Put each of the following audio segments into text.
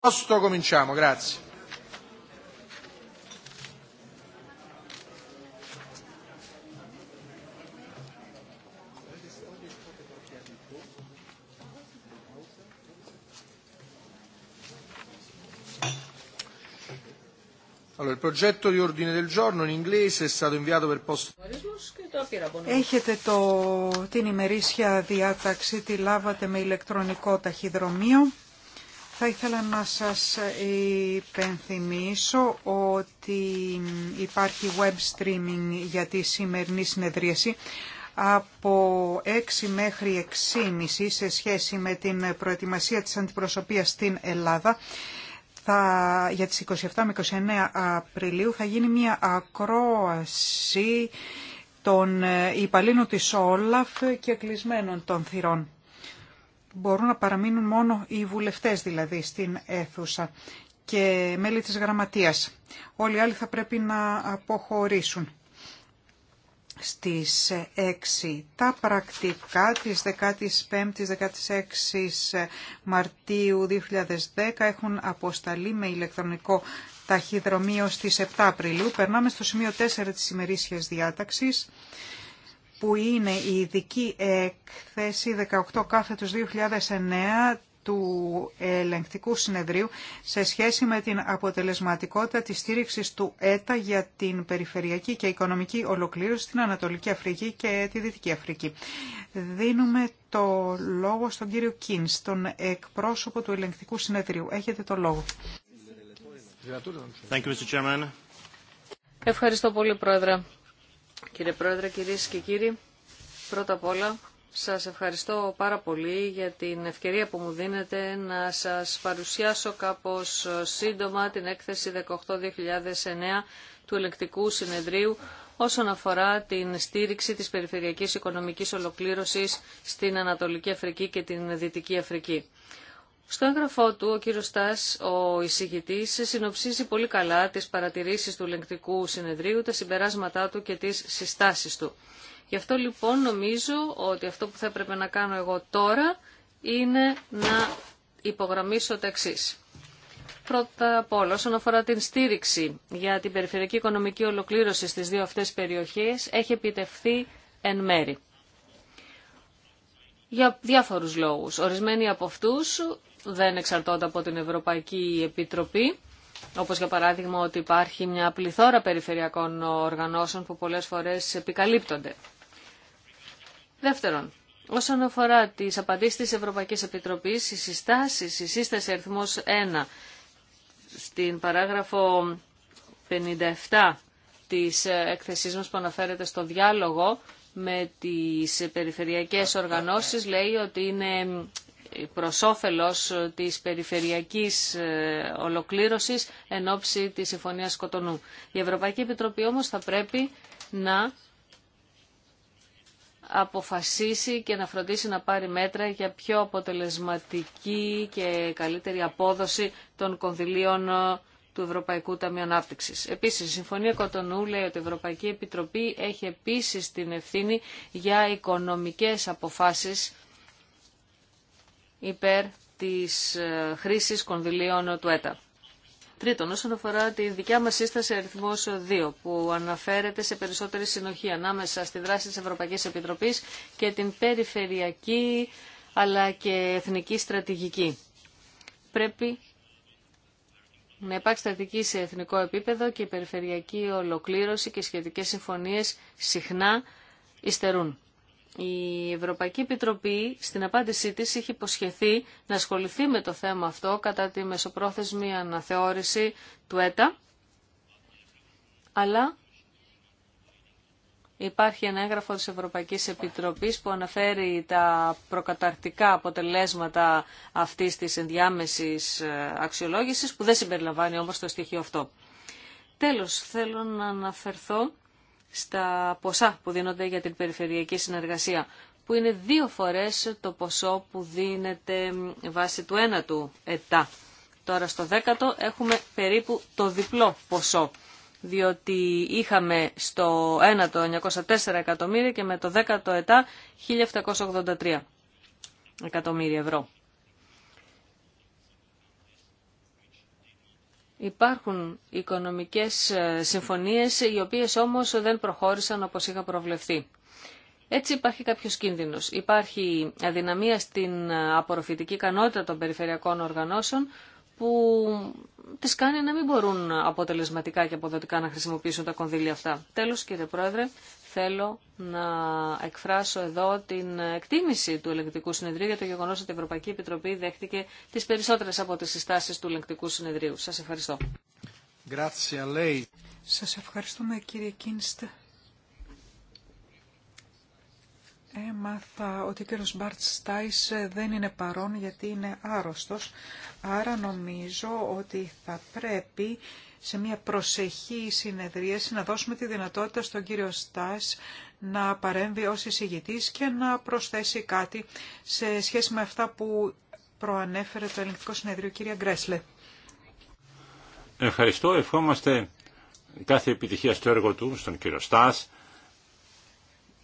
posto cominciamo, grazie. Allora, il progetto di ordine del giorno in inglese è stato inviato per posto. Έχετε το, την ημερήσια διάταξη, τη λάβατε με ηλεκτρονικό ταχυδρομείο. Θα ήθελα να σας υπενθυμίσω ότι υπάρχει web streaming για τη σημερινή συνεδρίαση από 6 μέχρι 6.30 σε σχέση με την προετοιμασία της αντιπροσωπείας στην Ελλάδα. Θα, για τις 27 με 29 Απριλίου θα γίνει μια ακρόαση των ε, υπαλλήλων της Όλαφ και κλεισμένων των θυρών μπορούν να παραμείνουν μόνο οι βουλευτές δηλαδή στην αίθουσα και μέλη της γραμματείας. Όλοι οι άλλοι θα πρέπει να αποχωρήσουν. Στις 6 τα πρακτικά της 15ης-16 Μαρτίου 2010 έχουν αποσταλεί με ηλεκτρονικό ταχυδρομείο στις 7 Απριλίου. Περνάμε στο σημείο 4 της ημερήσιας διάταξης που είναι η ειδική έκθεση 18 κάθετος 2009 του ελεγκτικού συνεδρίου σε σχέση με την αποτελεσματικότητα της στήριξης του ΕΤΑ για την περιφερειακή και οικονομική ολοκλήρωση στην Ανατολική Αφρική και τη Δυτική Αφρική. Δίνουμε το λόγο στον κύριο Κίνς, τον εκπρόσωπο του ελεγκτικού συνεδρίου. Έχετε το λόγο. Ευχαριστώ πολύ, Πρόεδρε. Κύριε Πρόεδρε, κυρίες και κύριοι, πρώτα απ' όλα σας ευχαριστώ πάρα πολύ για την ευκαιρία που μου δίνετε να σας παρουσιάσω κάπως σύντομα την έκθεση 18-2009 του Ελεκτικού Συνεδρίου όσον αφορά την στήριξη της περιφερειακής οικονομικής ολοκλήρωσης στην Ανατολική Αφρική και την Δυτική Αφρική. Στο έγγραφό του, ο κύριος Στάς, ο εισηγητής, συνοψίζει πολύ καλά τις παρατηρήσεις του λεγκτικού συνεδρίου, τα συμπεράσματά του και τις συστάσεις του. Γι' αυτό λοιπόν νομίζω ότι αυτό που θα έπρεπε να κάνω εγώ τώρα είναι να υπογραμμίσω τα εξή. Πρώτα απ' όλα, όσον αφορά την στήριξη για την περιφερειακή οικονομική ολοκλήρωση στις δύο αυτές περιοχές, έχει επιτευχθεί εν μέρη για διάφορους λόγους. Ορισμένοι από αυτούς δεν εξαρτώνται από την Ευρωπαϊκή Επιτροπή, όπως για παράδειγμα ότι υπάρχει μια πληθώρα περιφερειακών οργανώσεων που πολλές φορές επικαλύπτονται. Δεύτερον, όσον αφορά τις απαντήσεις της Ευρωπαϊκής Επιτροπής, οι συστάσεις, η σύσταση αριθμός 1 στην παράγραφο 57 της έκθεσής μας που αναφέρεται στο διάλογο με τις περιφερειακές οργανώσεις λέει ότι είναι προς όφελος της περιφερειακής ε, ολοκλήρωσης εν ώψη της Συμφωνίας Κοτονού. Η Ευρωπαϊκή Επιτροπή όμως θα πρέπει να αποφασίσει και να φροντίσει να πάρει μέτρα για πιο αποτελεσματική και καλύτερη απόδοση των κονδυλίων ε, του Ευρωπαϊκού Ταμείου Ανάπτυξη. Επίση, η Συμφωνία Κοτονού λέει ότι η Ευρωπαϊκή Επιτροπή έχει επίση την ευθύνη για οικονομικέ αποφάσει υπέρ της ε, χρήσης κονδυλίων του ΕΤΑ. Τρίτον, όσον αφορά τη δικιά μας σύσταση αριθμό 2, που αναφέρεται σε περισσότερη συνοχή ανάμεσα στη δράση της Ευρωπαϊκής Επιτροπής και την περιφερειακή αλλά και εθνική στρατηγική. Πρέπει να υπάρξει στρατηγική σε εθνικό επίπεδο και η περιφερειακή ολοκλήρωση και σχετικές συμφωνίες συχνά υστερούν. Η Ευρωπαϊκή Επιτροπή στην απάντησή της είχε υποσχεθεί να ασχοληθεί με το θέμα αυτό κατά τη μεσοπρόθεσμη αναθεώρηση του ΕΤΑ, αλλά υπάρχει ένα έγγραφο της Ευρωπαϊκής Επιτροπής που αναφέρει τα προκαταρκτικά αποτελέσματα αυτής της ενδιάμεσης ε, αξιολόγησης που δεν συμπεριλαμβάνει όμως το στοιχείο αυτό. Τέλος, θέλω να αναφερθώ στα ποσά που δίνονται για την περιφερειακή συνεργασία, που είναι δύο φορές το ποσό που δίνεται βάσει του ένατου ετά. Τώρα στο δέκατο έχουμε περίπου το διπλό ποσό, διότι είχαμε στο ένατο 904 εκατομμύρια και με το δέκατο ετά 1783 εκατομμύρια ευρώ. Υπάρχουν οικονομικές ε, συμφωνίες οι οποίες όμως δεν προχώρησαν όπως είχα προβλεφθεί. Έτσι υπάρχει κάποιος κίνδυνος. Υπάρχει αδυναμία στην ε, απορροφητική ικανότητα των περιφερειακών οργανώσεων που τις κάνει να μην μπορούν αποτελεσματικά και αποδοτικά να χρησιμοποιήσουν τα κονδύλια αυτά. Τέλος κύριε Πρόεδρε, θέλω να εκφράσω εδώ την εκτίμηση του Ελεγκτικού Συνεδρίου για το γεγονός ότι η Ευρωπαϊκή Επιτροπή δέχτηκε τις περισσότερες από τις συστάσεις του Ελεγκτικού Συνεδρίου. Σας ευχαριστώ. Σας ευχαριστούμε κύριε Κίνστε. Έμαθα ότι ο κύριος Μπάρτ Στάις δεν είναι παρόν γιατί είναι άρρωστος, άρα νομίζω ότι θα πρέπει σε μια προσεχή συνεδρίαση να δώσουμε τη δυνατότητα στον κύριο Στάς να παρέμβει ως εισηγητής και να προσθέσει κάτι σε σχέση με αυτά που προανέφερε το Ελληνικό Συνεδρίο, κύριε Γκρέσλε. Ευχαριστώ. Ευχόμαστε κάθε επιτυχία στο έργο του, στον κύριο Στάς.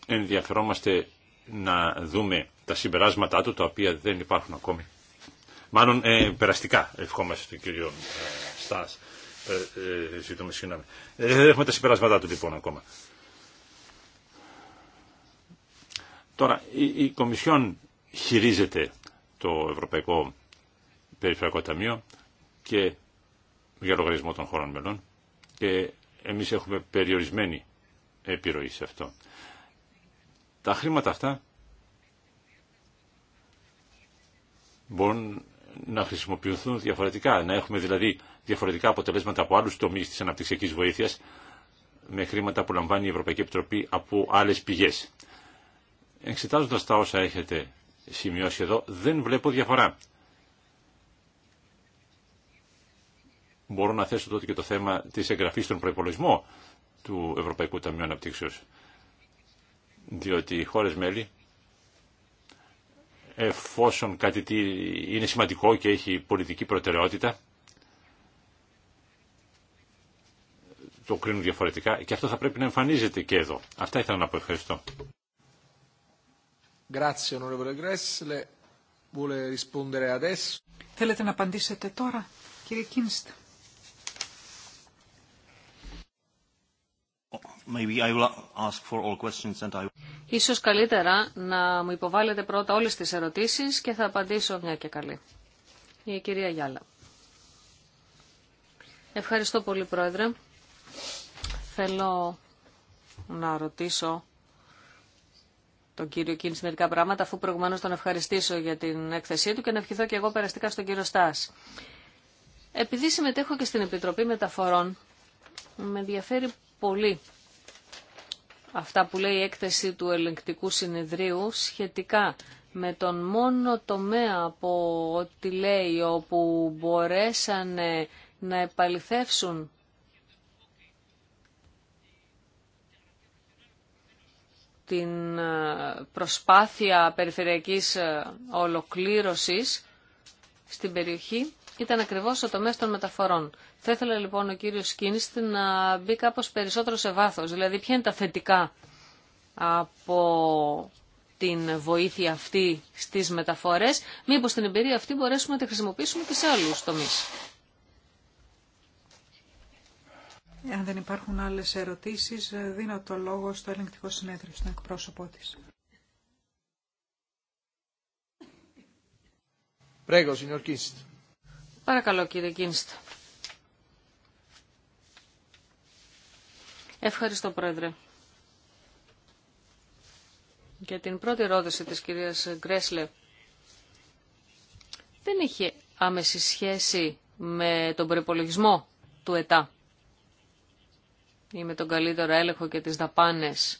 Ενδιαφερόμαστε να δούμε τα συμπεράσματά του, τα οποία δεν υπάρχουν ακόμη. Μάλλον ε, περαστικά ευχόμαστε τον κύριο ε, Στάς. Ε, ε, ζητούμε Δεν έχουμε τα συμπεράσματά του λοιπόν ακόμα. Τώρα, η, η Κομισιόν χειρίζεται το Ευρωπαϊκό Περιφερειακό Ταμείο και για λογαριασμό των χωρών μελών και εμείς έχουμε περιορισμένη επιρροή σε αυτό. Τα χρήματα αυτά μπορούν να χρησιμοποιηθούν διαφορετικά, να έχουμε δηλαδή διαφορετικά αποτελέσματα από άλλους τομείς της αναπτυξιακής βοήθειας με χρήματα που λαμβάνει η Ευρωπαϊκή Επιτροπή από άλλες πηγές. Εξετάζοντας τα όσα έχετε σημειώσει εδώ, δεν βλέπω διαφορά. Μπορώ να θέσω τότε και το θέμα της εγγραφής στον προπολογισμό του Ευρωπαϊκού Ταμείου Αναπτύξεως. Διότι οι χώρες μέλη εφόσον κάτι τι είναι σημαντικό και έχει πολιτική προτεραιότητα, το κρίνουν διαφορετικά και αυτό θα πρέπει να εμφανίζεται και εδώ. Αυτά ήθελα να πω. Ευχαριστώ. Θέλετε να απαντήσετε τώρα, κύριε Κίνστα. Ίσως καλύτερα να μου υποβάλλετε πρώτα όλες τις ερωτήσεις και θα απαντήσω μια και καλή. Η κυρία Γιάλα. Ευχαριστώ πολύ Πρόεδρε. Θέλω να ρωτήσω τον κύριο Κίνης μερικά πράγματα, αφού προηγουμένως τον ευχαριστήσω για την έκθεσή του και να ευχηθώ και εγώ περαστικά στον κύριο Στάς. Επειδή συμμετέχω και στην Επιτροπή Μεταφορών, με ενδιαφέρει πολύ αυτά που λέει η έκθεση του ελεγκτικού συνεδρίου σχετικά με τον μόνο τομέα από ό,τι λέει όπου μπορέσαν να επαληθεύσουν την ε, προσπάθεια περιφερειακής ε, ολοκλήρωσης στην περιοχή ήταν ακριβώ ο τομέας των μεταφορών. Θα ήθελα λοιπόν ο κύριος Κίνης να μπει κάπως περισσότερο σε βάθος. Δηλαδή ποια είναι τα θετικά από την βοήθεια αυτή στις μεταφορές, μήπω την εμπειρία αυτή μπορέσουμε να τη χρησιμοποιήσουμε και σε άλλου τομείς. Αν δεν υπάρχουν άλλες ερωτήσεις, δίνω το λόγο στο ελεγκτικό συνέδριο, στον εκπρόσωπό της. Παρακαλώ κύριε Κίνστα. Ευχαριστώ πρόεδρε. Για την πρώτη ερώτηση της κυρίας Γκρέσλε δεν είχε άμεση σχέση με τον προπολογισμό του ΕΤΑ ή με τον καλύτερο έλεγχο και τις δαπάνες.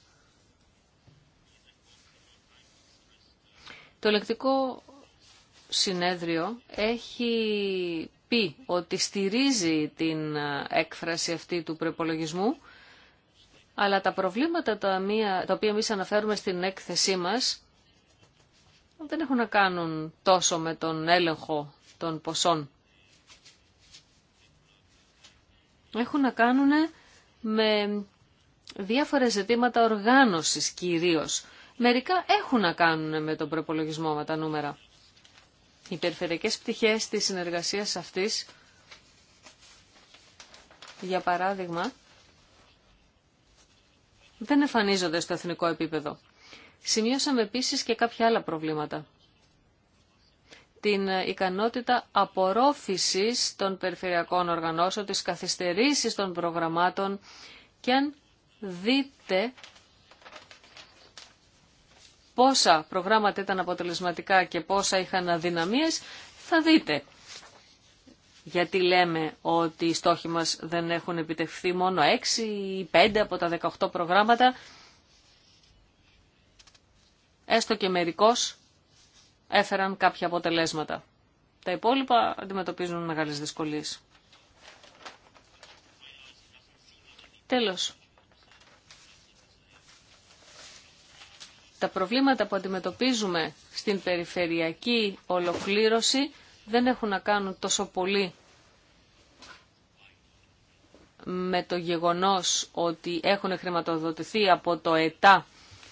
Το ελεκτικό συνέδριο έχει πει ότι στηρίζει την έκφραση αυτή του προπολογισμού, αλλά τα προβλήματα τα, μία, οποία εμεί αναφέρουμε στην έκθεσή μας δεν έχουν να κάνουν τόσο με τον έλεγχο των ποσών. Έχουν να κάνουν με διάφορα ζητήματα οργάνωσης κυρίως. Μερικά έχουν να κάνουν με τον προπολογισμό, με τα νούμερα. Οι περιφερειακές πτυχές της συνεργασίας αυτής, για παράδειγμα, δεν εμφανίζονται στο εθνικό επίπεδο. Σημειώσαμε επίσης και κάποια άλλα προβλήματα. Την ικανότητα απορρόφησης των περιφερειακών οργανώσεων, της καθυστερήσεις των προγραμμάτων και αν δείτε πόσα προγράμματα ήταν αποτελεσματικά και πόσα είχαν αδυναμίες, θα δείτε. Γιατί λέμε ότι οι στόχοι μας δεν έχουν επιτευχθεί μόνο 6 ή 5 από τα 18 προγράμματα, έστω και μερικώς έφεραν κάποια αποτελέσματα. Τα υπόλοιπα αντιμετωπίζουν μεγάλες δυσκολίες. Τέλος, τα προβλήματα που αντιμετωπίζουμε στην περιφερειακή ολοκλήρωση δεν έχουν να κάνουν τόσο πολύ με το γεγονός ότι έχουν χρηματοδοτηθεί από το ΕΤΑ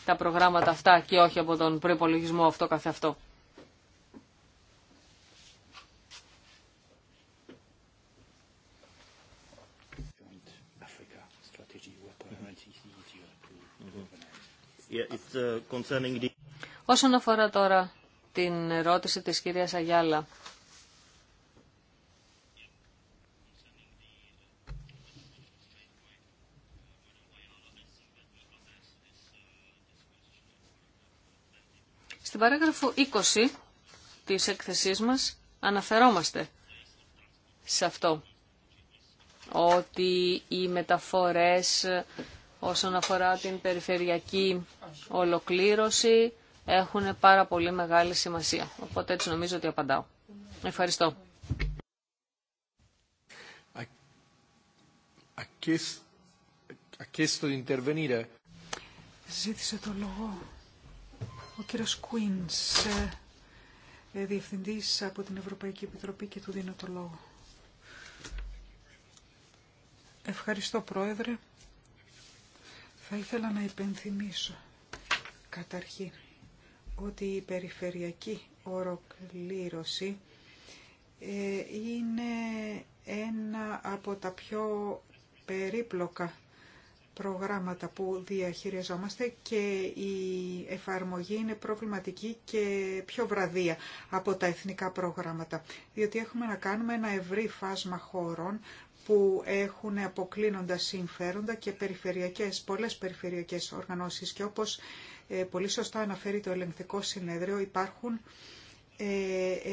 τα προγράμματα αυτά και όχι από τον προϋπολογισμό αυτό καθεαυτό. αυτό. Uh, όσον αφορά τώρα την ερώτηση της κυρίας Αγιάλα, Στην παράγραφο 20 της έκθεσής μας αναφερόμαστε σε αυτό. Ότι οι μεταφορές όσον αφορά την περιφερειακή ολοκλήρωση έχουν πάρα πολύ μεγάλη σημασία. Οπότε έτσι νομίζω ότι απαντάω. Ευχαριστώ. Ζήτησε το λόγο ο κύριος Κουίνς, ε, διευθυντής από την Ευρωπαϊκή Επιτροπή και του δίνω το λόγο. Ευχαριστώ Πρόεδρε. Θα ήθελα να υπενθυμίσω Καταρχήν, ότι η περιφερειακή οροκλήρωση ε, είναι ένα από τα πιο περίπλοκα προγράμματα που διαχειριζόμαστε και η εφαρμογή είναι προβληματική και πιο βραδία από τα εθνικά προγράμματα, διότι έχουμε να κάνουμε ένα ευρύ φάσμα χωρών που έχουν αποκλίνοντα συμφέροντα και περιφερειακές, πολλές περιφερειακές οργανώσεις και όπως ε, πολύ σωστά αναφέρει το ελεγκτικό συνέδριο, υπάρχουν ε,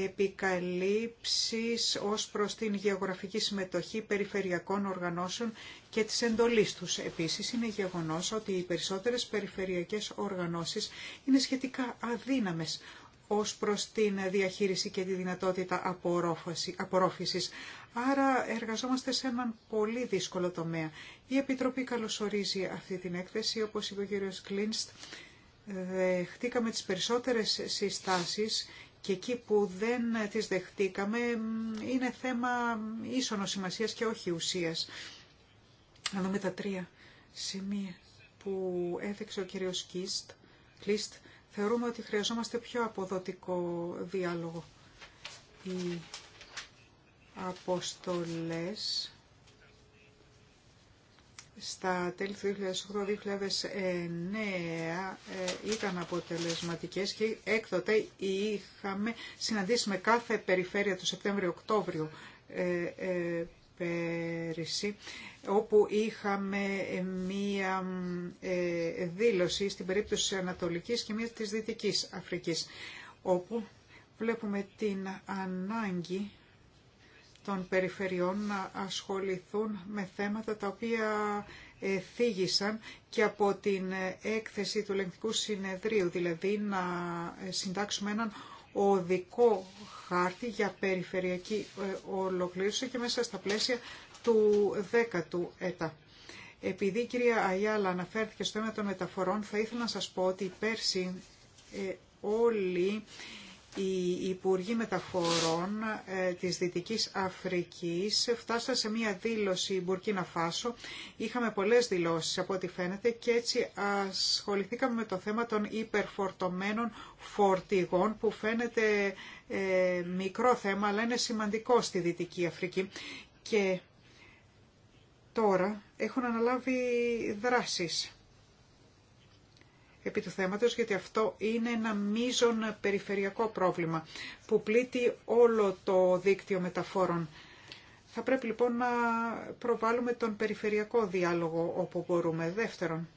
επικαλύψεις ως προς την γεωγραφική συμμετοχή περιφερειακών οργανώσεων και της εντολής τους. Επίσης είναι γεγονός ότι οι περισσότερες περιφερειακές οργανώσεις είναι σχετικά αδύναμες ως προς την διαχείριση και τη δυνατότητα απορρόφησης. Άρα εργαζόμαστε σε έναν πολύ δύσκολο τομέα. Η Επιτροπή καλωσορίζει αυτή την έκθεση, όπως είπε ο κ. Κλίνστ, δεχτήκαμε τις περισσότερες συστάσεις και εκεί που δεν τις δεχτήκαμε είναι θέμα ίσονος σημασίας και όχι ουσίας. Να δούμε τα τρία σημεία που έδειξε ο κύριος Κίστ, Κλίστ. Θεωρούμε ότι χρειαζόμαστε πιο αποδοτικό διάλογο. Οι αποστολές στα τέλη του 2008-2009 ε, ήταν αποτελεσματικές και έκτοτε είχαμε συναντήσει με κάθε περιφέρεια το Σεπτέμβριο-Οκτώβριο ε, ε, πέρυσι, όπου είχαμε μία δήλωση στην περίπτωση της Ανατολικής και μία της Δυτικής Αφρικής, όπου βλέπουμε την ανάγκη των περιφερειών να ασχοληθούν με θέματα τα οποία ε, θίγησαν και από την ε, έκθεση του Λεγκτικού Συνεδρίου, δηλαδή να ε, συντάξουμε έναν οδικό χάρτη για περιφερειακή ολοκλήρωση και μέσα στα πλαίσια του 10ου ΕΤΑ. Επειδή η κυρία Αγιάλα αναφέρθηκε στο θέμα των μεταφορών, θα ήθελα να σας πω ότι πέρσι ε, όλοι οι Υπουργοί Μεταφορών ε, της Δυτικής Αφρικής φτάσαν σε μία δήλωση Μπουρκίνα Φάσο. Είχαμε πολλές δηλώσεις από ό,τι φαίνεται και έτσι ασχοληθήκαμε με το θέμα των υπερφορτωμένων φορτηγών που φαίνεται ε, μικρό θέμα αλλά είναι σημαντικό στη Δυτική Αφρική. Και τώρα έχουν αναλάβει δράσεις επί του θέματος, γιατί αυτό είναι ένα μείζον περιφερειακό πρόβλημα που πλήττει όλο το δίκτυο μεταφόρων. Θα πρέπει λοιπόν να προβάλλουμε τον περιφερειακό διάλογο όπου μπορούμε. Δεύτερον,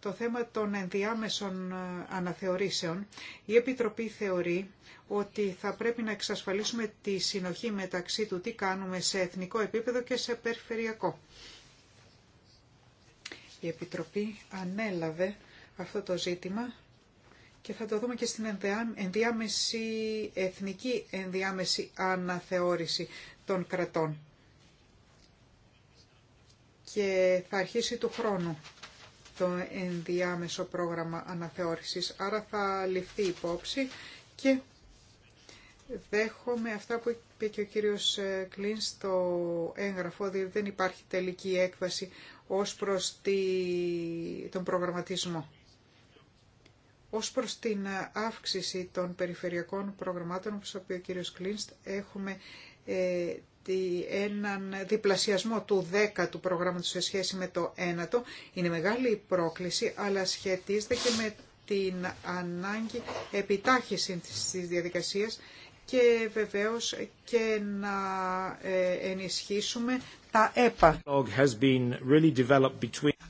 το θέμα των ενδιάμεσων ε, αναθεωρήσεων. Η Επιτροπή θεωρεί ότι θα πρέπει να εξασφαλίσουμε τη συνοχή μεταξύ του τι κάνουμε σε εθνικό επίπεδο και σε περιφερειακό. Η Επιτροπή ανέλαβε αυτό το ζήτημα και θα το δούμε και στην ενδιάμεση, εθνική ενδιάμεση αναθεώρηση των κρατών και θα αρχίσει του χρόνου το ενδιάμεσο πρόγραμμα αναθεώρησης. Άρα θα ληφθεί υπόψη και δέχομαι αυτά που είπε και ο κύριος ε, Κλίν στο έγγραφο, διότι δεν υπάρχει τελική έκβαση ως προς τη... τον προγραμματισμό. Ως προς την αύξηση των περιφερειακών προγραμμάτων, όπως είπε ο κύριος Κλίνστ, έχουμε ε, έναν διπλασιασμό του 10 του προγράμματος σε σχέση με το 1ο. Είναι μεγάλη η πρόκληση, αλλά σχετίζεται και με την ανάγκη επιτάχυση της διαδικασίας και βεβαίως και να ε, ενισχύσουμε τα ΕΠΑ.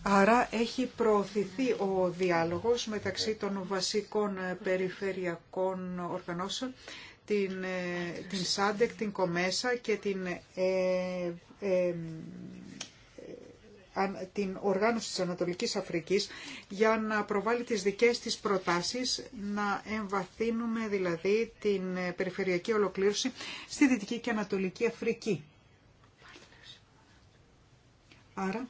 Άρα έχει προωθηθεί ο διάλογος μεταξύ των βασικών ε, περιφερειακών οργανώσεων, την, ε, την ΣΑΝΤΕΚ, την ΚΟΜΕΣΑ και την την οργάνωση της Ανατολικής Αφρικής για να προβάλλει τις δικές της προτάσεις, να εμβαθύνουμε δηλαδή την ε, περιφερειακή ολοκλήρωση στη Δυτική και Ανατολική Αφρική. Άρα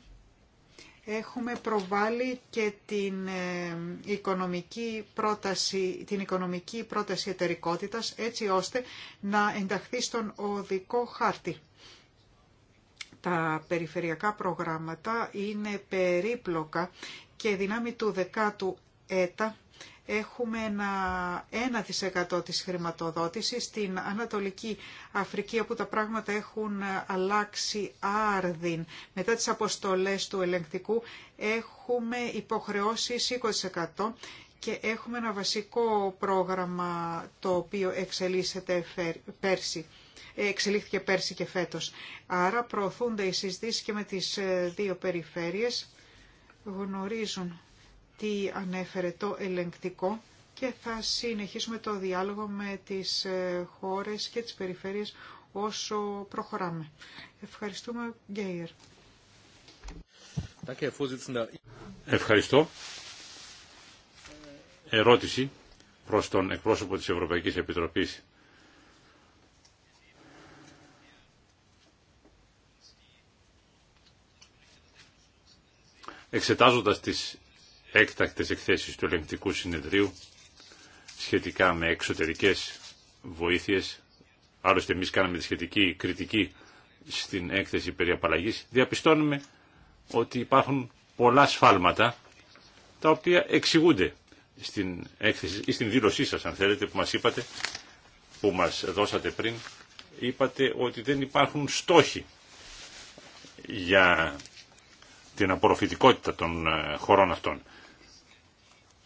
έχουμε προβάλει και την ε, οικονομική πρόταση, την οικονομική πρόταση εταιρικότητας έτσι ώστε να ενταχθεί στον οδικό χάρτη. Τα περιφερειακά προγράμματα είναι περίπλοκα και δυνάμει του δεκάτου έτα έχουμε ένα 1% της χρηματοδότησης στην Ανατολική Αφρική όπου τα πράγματα έχουν αλλάξει άρδιν. Μετά τις αποστολές του ελεγκτικού έχουμε υποχρεώσεις 20% και έχουμε ένα βασικό πρόγραμμα το οποίο εξελίσσεται πέρσι εξελίχθηκε πέρσι και φέτος. Άρα προωθούνται οι συζητήσεις και με τις ε, δύο περιφέρειες, γνωρίζουν τι ανέφερε το ελεγκτικό και θα συνεχίσουμε το διάλογο με τις ε, χώρες και τις περιφέρειες όσο προχωράμε. Ευχαριστούμε, Γκέιερ. Ευχαριστώ. Ερώτηση προς τον εκπρόσωπο της Ευρωπαϊκής Επιτροπής. Εξετάζοντας τις έκτακτες εκθέσεις του ελεγκτικού συνεδρίου σχετικά με εξωτερικές βοήθειες, άλλωστε εμείς κάναμε τη σχετική κριτική στην έκθεση περί απαλλαγής, διαπιστώνουμε ότι υπάρχουν πολλά σφάλματα τα οποία εξηγούνται στην έκθεση ή στην δήλωσή σας αν θέλετε που μας είπατε που μας δώσατε πριν είπατε ότι δεν υπάρχουν στόχοι για την απορροφητικότητα των ε, χωρών αυτών.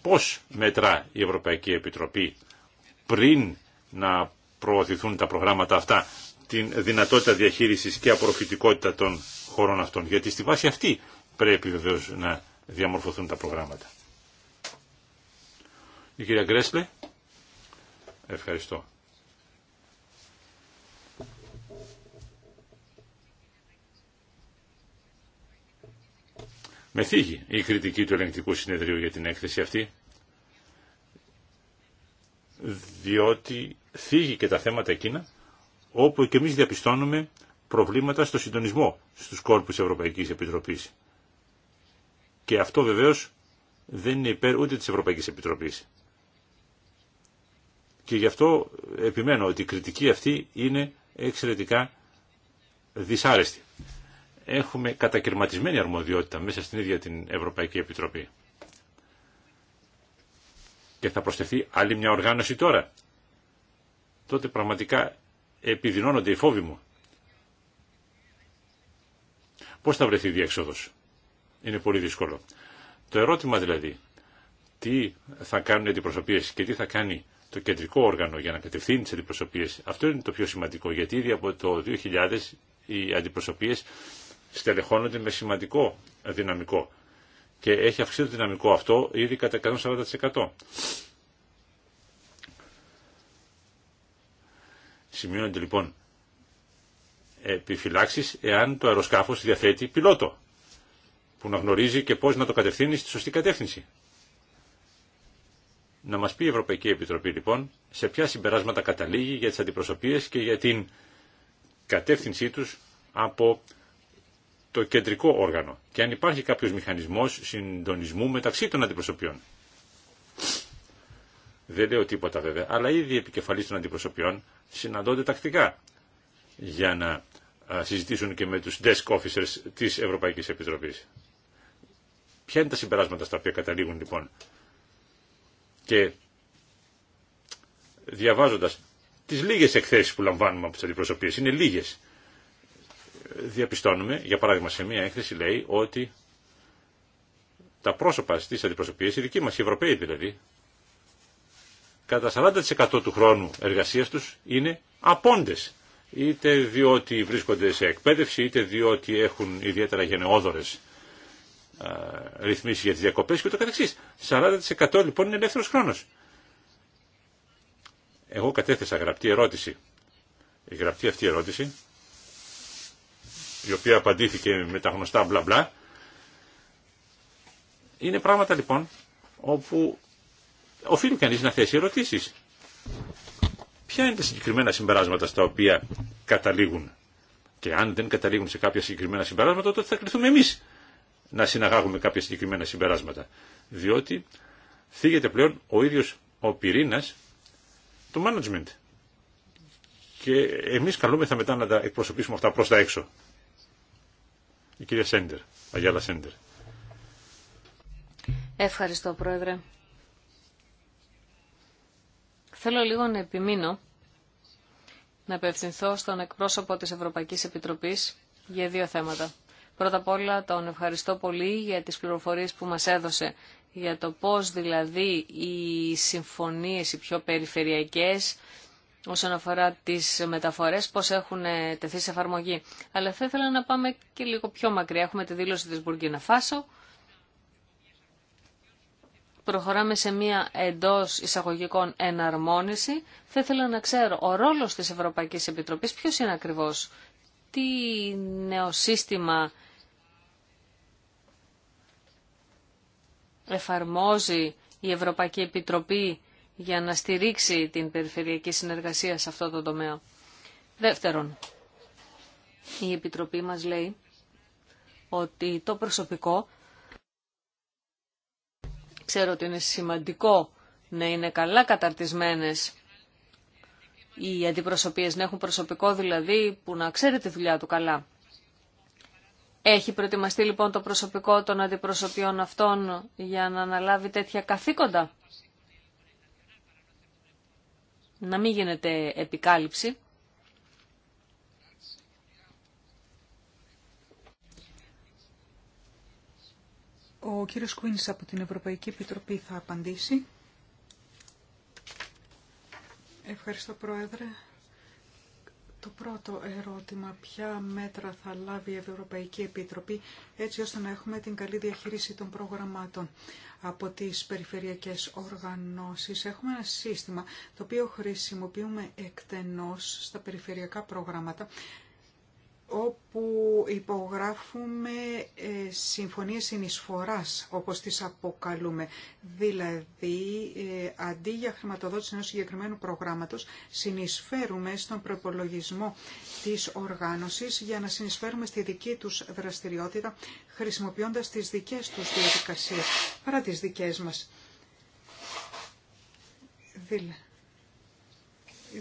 Πώς μετρά η Ευρωπαϊκή Επιτροπή πριν να προωθηθούν τα προγράμματα αυτά την δυνατότητα διαχείρισης και απορροφητικότητα των χωρών αυτών. Γιατί στη βάση αυτή πρέπει βεβαίως να διαμορφωθούν τα προγράμματα. Η κυρία Γκρέσλε. Ευχαριστώ. Με θίγει η κριτική του ελεγκτικού συνεδρίου για την έκθεση αυτή, διότι θίγει και τα θέματα εκείνα όπου και εμείς διαπιστώνουμε προβλήματα στο συντονισμό στους κόρπους Ευρωπαϊκής Επιτροπής. Και αυτό βεβαίως δεν είναι υπέρ ούτε της Ευρωπαϊκής Επιτροπής. Και γι' αυτό επιμένω ότι η κριτική αυτή είναι εξαιρετικά δυσάρεστη έχουμε κατακαιρματισμένη αρμοδιότητα μέσα στην ίδια την Ευρωπαϊκή Επιτροπή. Και θα προσθεθεί άλλη μια οργάνωση τώρα. Τότε πραγματικά επιδεινώνονται οι φόβοι μου. Πώς θα βρεθεί η διέξοδος. Είναι πολύ δύσκολο. Το ερώτημα δηλαδή, τι θα κάνουν οι αντιπροσωπείες και τι θα κάνει το κεντρικό όργανο για να κατευθύνει τι αντιπροσωπείες. Αυτό είναι το πιο σημαντικό, γιατί ήδη από το 2000 οι αντιπροσωπείες στελεχώνονται με σημαντικό δυναμικό και έχει αυξηθεί το δυναμικό αυτό ήδη κατά 140%. Σημειώνονται λοιπόν επιφυλάξεις εάν το αεροσκάφος διαθέτει πιλότο που να γνωρίζει και πώς να το κατευθύνει στη σωστή κατεύθυνση. Να μας πει η Ευρωπαϊκή Επιτροπή λοιπόν σε ποια συμπεράσματα καταλήγει για τις αντιπροσωπείες και για την κατεύθυνσή τους από το κεντρικό όργανο και αν υπάρχει κάποιος μηχανισμός συντονισμού μεταξύ των αντιπροσωπιών. Δεν λέω τίποτα βέβαια, αλλά ήδη οι επικεφαλής των αντιπροσωπιών συναντώνται τακτικά για να συζητήσουν και με τους desk officers της Ευρωπαϊκής Επιτροπής. Ποια είναι τα συμπεράσματα στα οποία καταλήγουν λοιπόν. Και διαβάζοντας τις λίγες εκθέσεις που λαμβάνουμε από τις αντιπροσωπίες, είναι λίγες, διαπιστώνουμε, για παράδειγμα σε μια έκθεση λέει ότι τα πρόσωπα στις αντιπροσωπείες, οι δικοί μας, οι Ευρωπαίοι δηλαδή, κατά 40% του χρόνου εργασίας τους είναι απόντες. Είτε διότι βρίσκονται σε εκπαίδευση, είτε διότι έχουν ιδιαίτερα γενναιόδορες ρυθμίσεις για τις διακοπές και ούτω καθεξής. 40% λοιπόν είναι ελεύθερος χρόνος. Εγώ κατέθεσα γραπτή ερώτηση. Η γραπτή αυτή ερώτηση η οποία απαντήθηκε με τα γνωστά μπλα μπλα. Είναι πράγματα λοιπόν όπου οφείλει κανείς να θέσει ερωτήσεις. Ποια είναι τα συγκεκριμένα συμπεράσματα στα οποία καταλήγουν και αν δεν καταλήγουν σε κάποια συγκεκριμένα συμπεράσματα τότε θα κληθούμε εμείς να συναγάγουμε κάποια συγκεκριμένα συμπεράσματα. Διότι θίγεται πλέον ο ίδιος ο πυρήνας του management. Και εμείς καλούμεθα μετά να τα εκπροσωπήσουμε αυτά προς τα έξω. Η κυρία Σέντερ, Αγιάλα Σέντερ. Ευχαριστώ, Πρόεδρε. Θέλω λίγο να επιμείνω να απευθυνθώ στον εκπρόσωπο της Ευρωπαϊκής Επιτροπής για δύο θέματα. Πρώτα απ' όλα τον ευχαριστώ πολύ για τις πληροφορίες που μας έδωσε για το πώς δηλαδή οι συμφωνίες οι πιο περιφερειακές όσον αφορά τις μεταφορές, πώς έχουν ε, τεθεί σε εφαρμογή. Αλλά θα ήθελα να πάμε και λίγο πιο μακριά. Έχουμε τη δήλωση της Μπουργκίνα Φάσο. Προχωράμε σε μία εντός εισαγωγικών εναρμόνιση. Θα ήθελα να ξέρω ο ρόλος της Ευρωπαϊκής Επιτροπής ποιος είναι ακριβώς. Τι νέο σύστημα εφαρμόζει η Ευρωπαϊκή Επιτροπή για να στηρίξει την περιφερειακή συνεργασία σε αυτό το τομέα. Δεύτερον, η Επιτροπή μας λέει ότι το προσωπικό ξέρω ότι είναι σημαντικό να είναι καλά καταρτισμένες οι αντιπροσωπείες, να έχουν προσωπικό δηλαδή που να ξέρει τη δουλειά του καλά. Έχει προετοιμαστεί λοιπόν το προσωπικό των αντιπροσωπιών αυτών για να αναλάβει τέτοια καθήκοντα να μην γίνεται επικάλυψη. Ο κύριος Κουίνς από την Ευρωπαϊκή Επιτροπή θα απαντήσει. Ευχαριστώ Πρόεδρε. Το πρώτο ερώτημα, ποια μέτρα θα λάβει η Ευρωπαϊκή Επίτροπη έτσι ώστε να έχουμε την καλή διαχείριση των προγραμμάτων από τις περιφερειακές οργανώσεις. Έχουμε ένα σύστημα το οποίο χρησιμοποιούμε εκτενώς στα περιφερειακά προγράμματα όπου υπογράφουμε ε, συμφωνίες συνεισφοράς, όπως τις αποκαλούμε. Δηλαδή, ε, αντί για χρηματοδότηση ενός συγκεκριμένου προγράμματος, συνεισφέρουμε στον προπολογισμό της οργάνωσης για να συνεισφέρουμε στη δική τους δραστηριότητα, χρησιμοποιώντας τις δικές τους διαδικασίες, παρά τις δικές μας.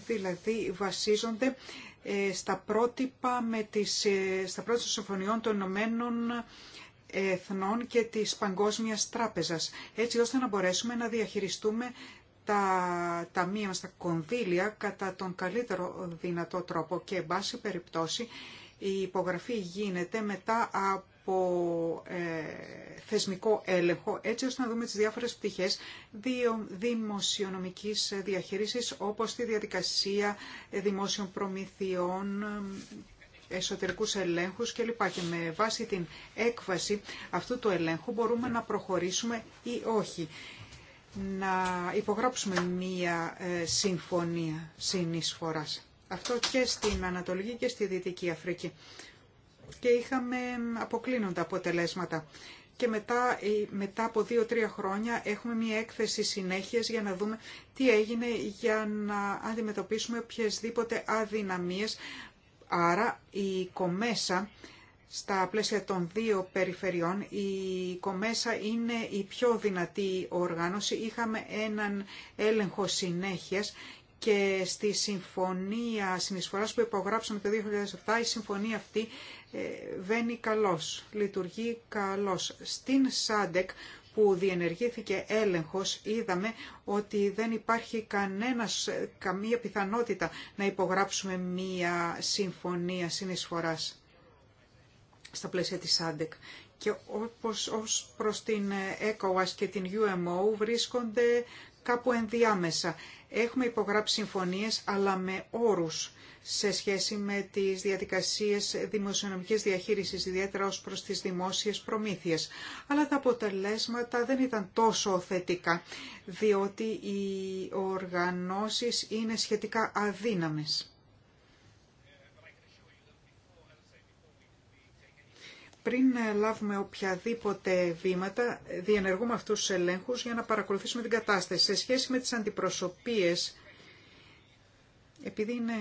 Δηλαδή, βασίζονται ε, στα πρότυπα με τις, ε, στα πρότυπα συμφωνιών των Ηνωμένων Εθνών και της Παγκόσμιας Τράπεζας, έτσι ώστε να μπορέσουμε να διαχειριστούμε τα ταμεία μας, τα κονδύλια, κατά τον καλύτερο δυνατό τρόπο και, εν πάση περιπτώσει, η υπογραφή γίνεται μετά από από ε, θεσμικό έλεγχο, έτσι ώστε να δούμε τις διάφορες πτυχές δημοσιονομικής διαχείρισης, όπως τη διαδικασία ε, δημόσιων προμηθειών, ε, εσωτερικούς ελέγχους κλπ. Και με βάση την έκβαση αυτού του ελέγχου μπορούμε να προχωρήσουμε ή όχι. Να υπογράψουμε μία συμφωνία συνεισφοράς. Αυτό και στην Ανατολική και στη Δυτική Αφρική και είχαμε αποκλίνοντα αποτελέσματα. Και μετά, ε, μετά από δύο-τρία χρόνια έχουμε μια έκθεση συνέχειας για να δούμε τι έγινε για να αντιμετωπίσουμε οποιασδήποτε αδυναμίες. Άρα η κομέσα στα πλαίσια των δύο περιφερειών. Η Κομέσα είναι η πιο δυνατή οργάνωση. Είχαμε έναν έλεγχο συνέχειας και στη συμφωνία συνεισφοράς που υπογράψαμε το 2007, η συμφωνία αυτή ε, βαίνει καλός, λειτουργεί καλός. Στην ΣΑΝΤΕΚ που διενεργήθηκε έλεγχος είδαμε ότι δεν υπάρχει καμία πιθανότητα να υπογράψουμε μία συμφωνία συνεισφοράς στα πλαίσια της ΣΑΝΤΕΚ. Και όπως ως προς την ΕΚΟΑΣ και την UMO βρίσκονται κάπου ενδιάμεσα. Έχουμε υπογράψει συμφωνίες αλλά με όρους σε σχέση με τις διαδικασίες δημοσιονομικής διαχείρισης, ιδιαίτερα ως προς τις δημόσιες προμήθειες. Αλλά τα αποτελέσματα δεν ήταν τόσο θετικά, διότι οι οργανώσεις είναι σχετικά αδύναμες. πριν λάβουμε οποιαδήποτε βήματα, διενεργούμε αυτούς τους ελέγχους για να παρακολουθήσουμε την κατάσταση. Σε σχέση με τις αντιπροσωπείες, επειδή είναι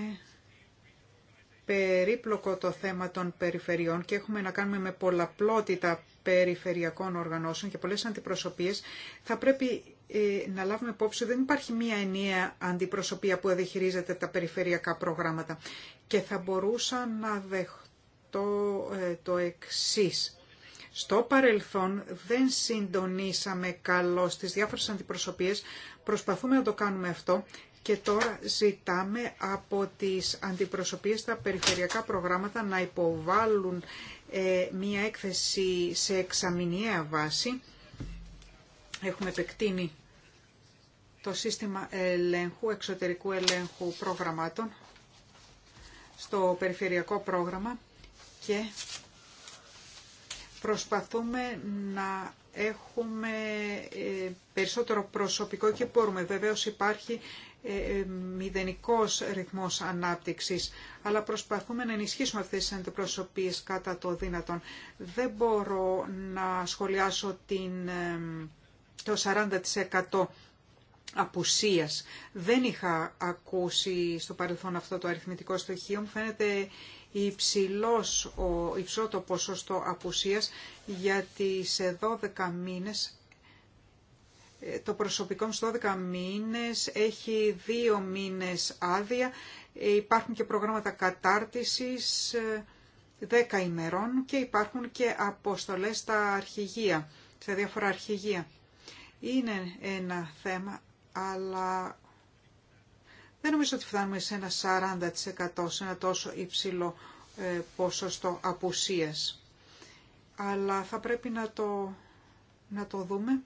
περίπλοκο το θέμα των περιφερειών και έχουμε να κάνουμε με πολλαπλότητα περιφερειακών οργανώσεων και πολλές αντιπροσωπείες, θα πρέπει ε, να λάβουμε υπόψη ότι δεν υπάρχει μία ενιαία αντιπροσωπεία που διαχειρίζεται τα περιφερειακά προγράμματα. Και θα μπορούσα να δεχτώ ε, το εξής. Στο παρελθόν δεν συντονίσαμε καλώς τις διάφορες αντιπροσωπείες, προσπαθούμε να το κάνουμε αυτό και τώρα ζητάμε από τις αντιπροσωπείες στα περιφερειακά προγράμματα να υποβάλουν ε, μία έκθεση σε εξαμηνιαία βάση. Έχουμε επεκτείνει το σύστημα ελέγχου, εξωτερικού ελέγχου προγραμμάτων στο περιφερειακό πρόγραμμα και προσπαθούμε να έχουμε ε, περισσότερο προσωπικό και μπορούμε. Βεβαίως υπάρχει ε, ε, μηδενικός ρυθμός ανάπτυξης, αλλά προσπαθούμε να ενισχύσουμε αυτές τις αντιπροσωπείες κατά το δύνατον. Δεν μπορώ να σχολιάσω την, ε, το 40% απουσίας. Δεν είχα ακούσει στο παρελθόν αυτό το αριθμητικό στοιχείο. Μου φαίνεται υψηλός, ο, υψηλό το ποσοστό απουσίας γιατί σε 12 μήνες το προσωπικό στους 12 μήνες, έχει δύο μήνες άδεια, ε, υπάρχουν και προγράμματα κατάρτισης 10 ε, ημερών και υπάρχουν και αποστολές στα αρχηγεία, σε διάφορα αρχηγεία. Είναι ένα θέμα, αλλά δεν νομίζω ότι φτάνουμε σε ένα 40% σε ένα τόσο υψηλό ε, ποσοστό απουσίας. Αλλά θα πρέπει να το, να το δούμε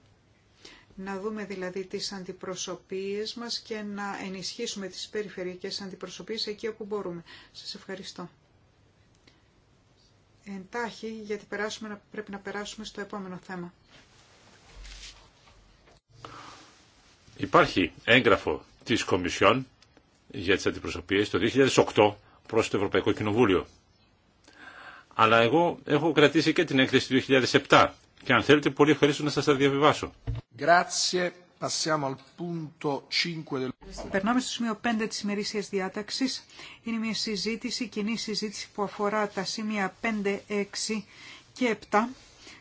να δούμε δηλαδή τις αντιπροσωπείες μας και να ενισχύσουμε τις περιφερειακές αντιπροσωπείες εκεί όπου μπορούμε. Σας ευχαριστώ. Εντάχει, γιατί περάσουμε, πρέπει να περάσουμε στο επόμενο θέμα. Υπάρχει έγγραφο της Κομισιόν για τις αντιπροσωπείες το 2008 προς το Ευρωπαϊκό Κοινοβούλιο. Αλλά εγώ έχω κρατήσει και την έκθεση του 2007 και αν θέλετε πολύ ευχαριστώ να σας τα διαβιβάσω. Περνάμε στο σημείο 5 της ημερήσιας διάταξης. Είναι μια συζήτηση, κοινή συζήτηση που αφορά τα σημεία 5, 6 και 7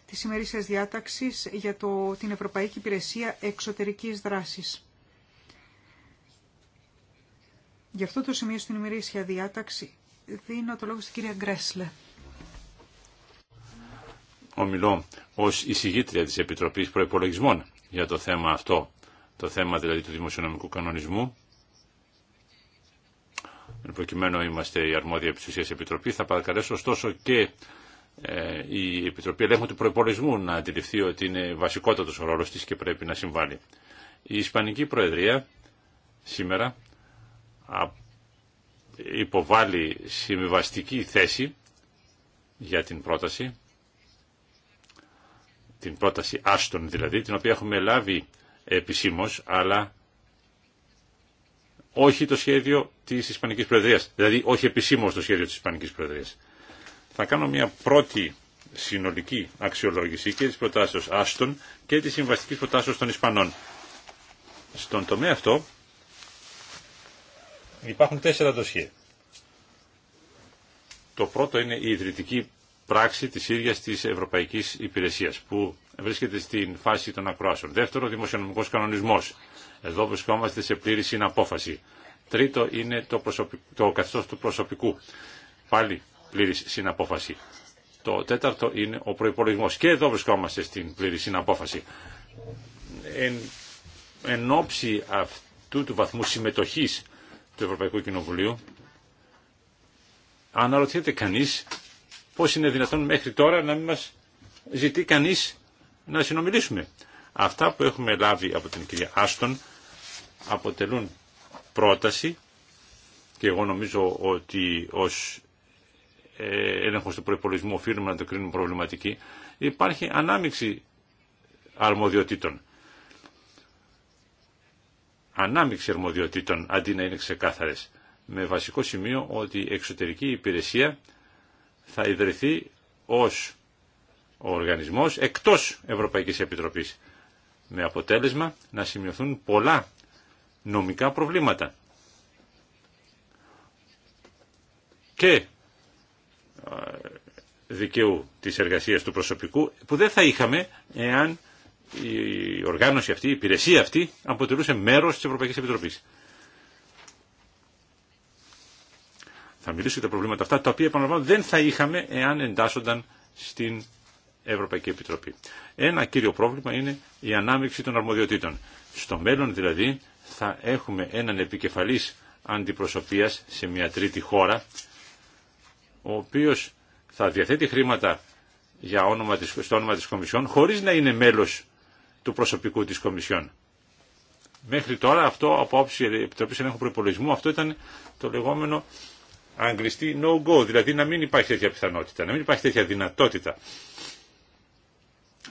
της ημερήσιας διάταξης για το, την Ευρωπαϊκή Υπηρεσία Εξωτερικής Δράσης. Γι' αυτό το σημείο στην ημερήσια διάταξη δίνω το λόγο στην κυρία Γκρέσλε. Ομιλώ ως εισηγήτρια της Επιτροπής Προϋπολογισμών για το θέμα αυτό, το θέμα δηλαδή του δημοσιονομικού κανονισμού. Εν προκειμένου είμαστε η αρμόδια επιστησία επιτροπή. Θα παρακαλέσω ωστόσο και ε, η Επιτροπή Ελέγχου του Προπολισμού να αντιληφθεί ότι είναι βασικότατος ο ρόλος της και πρέπει να συμβάλλει. Η Ισπανική Προεδρία σήμερα υποβάλλει συμβιβαστική θέση για την πρόταση την πρόταση Άστον δηλαδή, την οποία έχουμε λάβει επισήμω, αλλά όχι το σχέδιο της Ισπανικής Προεδρία. δηλαδή όχι επισήμω το σχέδιο της Ισπανικής Προεδρίας. Θα κάνω μια πρώτη συνολική αξιολόγηση και της προτάσεω Άστον και της συμβαστική προτάσεω των Ισπανών. Στον τομέα αυτό υπάρχουν τέσσερα δοσιέ. Το πρώτο είναι η ιδρυτική πράξη της ίδιας της Ευρωπαϊκής Υπηρεσίας που βρίσκεται στην φάση των ακροάσεων. Δεύτερο, δημοσιονομικός κανονισμός. Εδώ βρισκόμαστε σε πλήρη συναπόφαση. Τρίτο είναι το, το καθεστώς του προσωπικού. Πάλι πλήρη συναπόφαση. Το τέταρτο είναι ο προπολογισμό. Και εδώ βρισκόμαστε στην πλήρη συναπόφαση. Εν, εν αυτού του βαθμού συμμετοχής του Ευρωπαϊκού Κοινοβουλίου, αναρωτιέται κανείς πώς είναι δυνατόν μέχρι τώρα να μην μας ζητεί κανείς να συνομιλήσουμε. Αυτά που έχουμε λάβει από την κυρία Άστον αποτελούν πρόταση και εγώ νομίζω ότι ως ε, έλεγχος του προϋπολογισμού οφείλουμε να το κρίνουμε προβληματική, υπάρχει ανάμειξη αρμοδιοτήτων. Ανάμειξη αρμοδιοτήτων αντί να είναι ξεκάθαρες. Με βασικό σημείο ότι η εξωτερική υπηρεσία θα ιδρυθεί ως ο οργανισμός εκτός Ευρωπαϊκής Επιτροπής με αποτέλεσμα να σημειωθούν πολλά νομικά προβλήματα. Και ε, δικαίου της εργασίας του προσωπικού που δεν θα είχαμε εάν η οργάνωση αυτή, η υπηρεσία αυτή αποτελούσε μέρος της Ευρωπαϊκής Επιτροπής. Θα μιλήσω για τα προβλήματα αυτά, τα οποία επαναλαμβάνω δεν θα είχαμε εάν εντάσσονταν στην Ευρωπαϊκή Επιτροπή. Ένα κύριο πρόβλημα είναι η ανάμειξη των αρμοδιοτήτων. Στο μέλλον δηλαδή θα έχουμε έναν επικεφαλής αντιπροσωπείας σε μια τρίτη χώρα, ο οποίος θα διαθέτει χρήματα για όνομα της, στο όνομα της Κομισιόν, χωρίς να είναι μέλος του προσωπικού της Κομισιόν. Μέχρι τώρα αυτό από όψη Επιτροπής Ελέγχου Προπολογισμού, αυτό ήταν το λεγόμενο Αγγλιστή no no-go, δηλαδή να μην υπάρχει τέτοια πιθανότητα, να μην υπάρχει τέτοια δυνατότητα.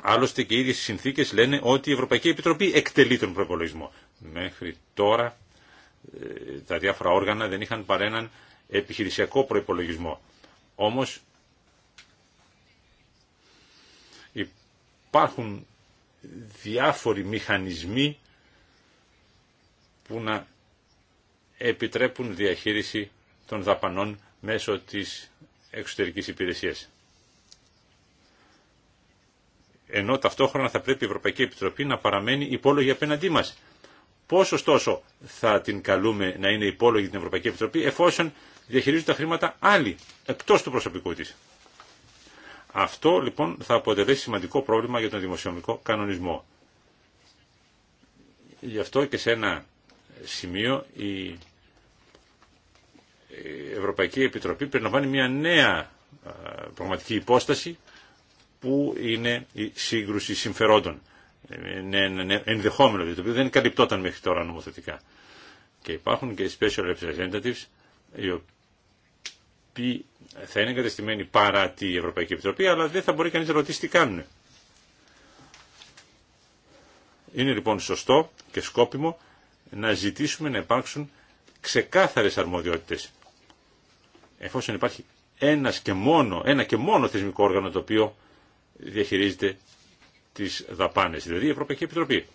Άλλωστε και οι ίδιες συνθήκες λένε ότι η Ευρωπαϊκή Επιτροπή εκτελεί τον προπολογισμό. Μέχρι τώρα ε, τα διάφορα όργανα δεν είχαν παρά έναν επιχειρησιακό προπολογισμό. Όμως υπάρχουν διάφοροι μηχανισμοί που να επιτρέπουν διαχείριση των δαπανών μέσω της εξωτερικής υπηρεσίας. Ενώ ταυτόχρονα θα πρέπει η Ευρωπαϊκή Επιτροπή να παραμένει υπόλογη απέναντί μας. Πόσο ωστόσο θα την καλούμε να είναι υπόλογη την Ευρωπαϊκή Επιτροπή εφόσον διαχειρίζουν τα χρήματα άλλοι, εκτός του προσωπικού της. Αυτό λοιπόν θα αποτελέσει σημαντικό πρόβλημα για τον δημοσιονομικό κανονισμό. Γι' αυτό και σε ένα σημείο η Ευρωπαϊκή Επιτροπή περιλαμβάνει μια νέα πραγματική υπόσταση που είναι η σύγκρουση συμφερόντων. Είναι ενδεχόμενο το οποίο δεν καλυπτόταν μέχρι τώρα νομοθετικά. Και υπάρχουν και special representatives οι οποίοι θα είναι εγκατεστημένοι παρά τη Ευρωπαϊκή Επιτροπή αλλά δεν θα μπορεί κανείς να ρωτήσει τι κάνουν. Είναι λοιπόν σωστό και σκόπιμο να ζητήσουμε να υπάρξουν ξεκάθαρες αρμοδιότητες εφόσον υπάρχει ένας και μόνο, ένα και μόνο θεσμικό όργανο το οποίο διαχειρίζεται τις δαπάνες, δηλαδή η Ευρωπαϊκή Επιτροπή.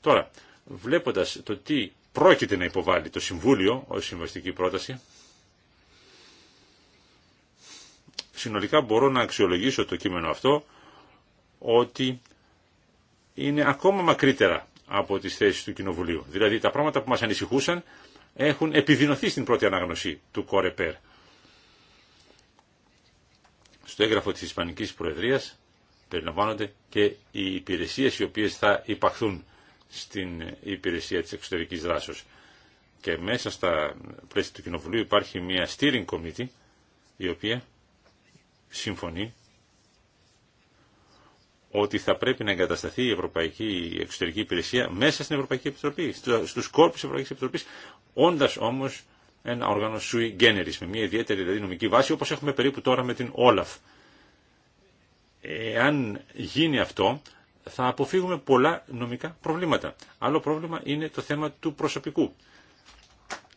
Τώρα, βλέποντας το τι πρόκειται να υποβάλει το Συμβούλιο ως συμβαστική πρόταση, συνολικά μπορώ να αξιολογήσω το κείμενο αυτό ότι είναι ακόμα μακρύτερα από τις θέσεις του Κοινοβουλίου. Δηλαδή τα πράγματα που μας ανησυχούσαν έχουν επιδεινωθεί στην πρώτη ανάγνωση του Κορεπέρ. Στο έγγραφο της Ισπανικής Προεδρίας περιλαμβάνονται και οι υπηρεσίες οι οποίες θα υπαχθούν στην υπηρεσία της εξωτερικής δράσεως. Και μέσα στα πλαίσια του Κοινοβουλίου υπάρχει μια steering committee η οποία συμφωνεί ότι θα πρέπει να εγκατασταθεί η Ευρωπαϊκή Εξωτερική Υπηρεσία μέσα στην Ευρωπαϊκή Επιτροπή, στους κόρπους της Ευρωπαϊκής Επιτροπής, όντας όμως ένα όργανο sui generis, με μια ιδιαίτερη δηλαδή, νομική βάση, όπως έχουμε περίπου τώρα με την Όλαφ. Εάν γίνει αυτό, θα αποφύγουμε πολλά νομικά προβλήματα. Άλλο πρόβλημα είναι το θέμα του προσωπικού.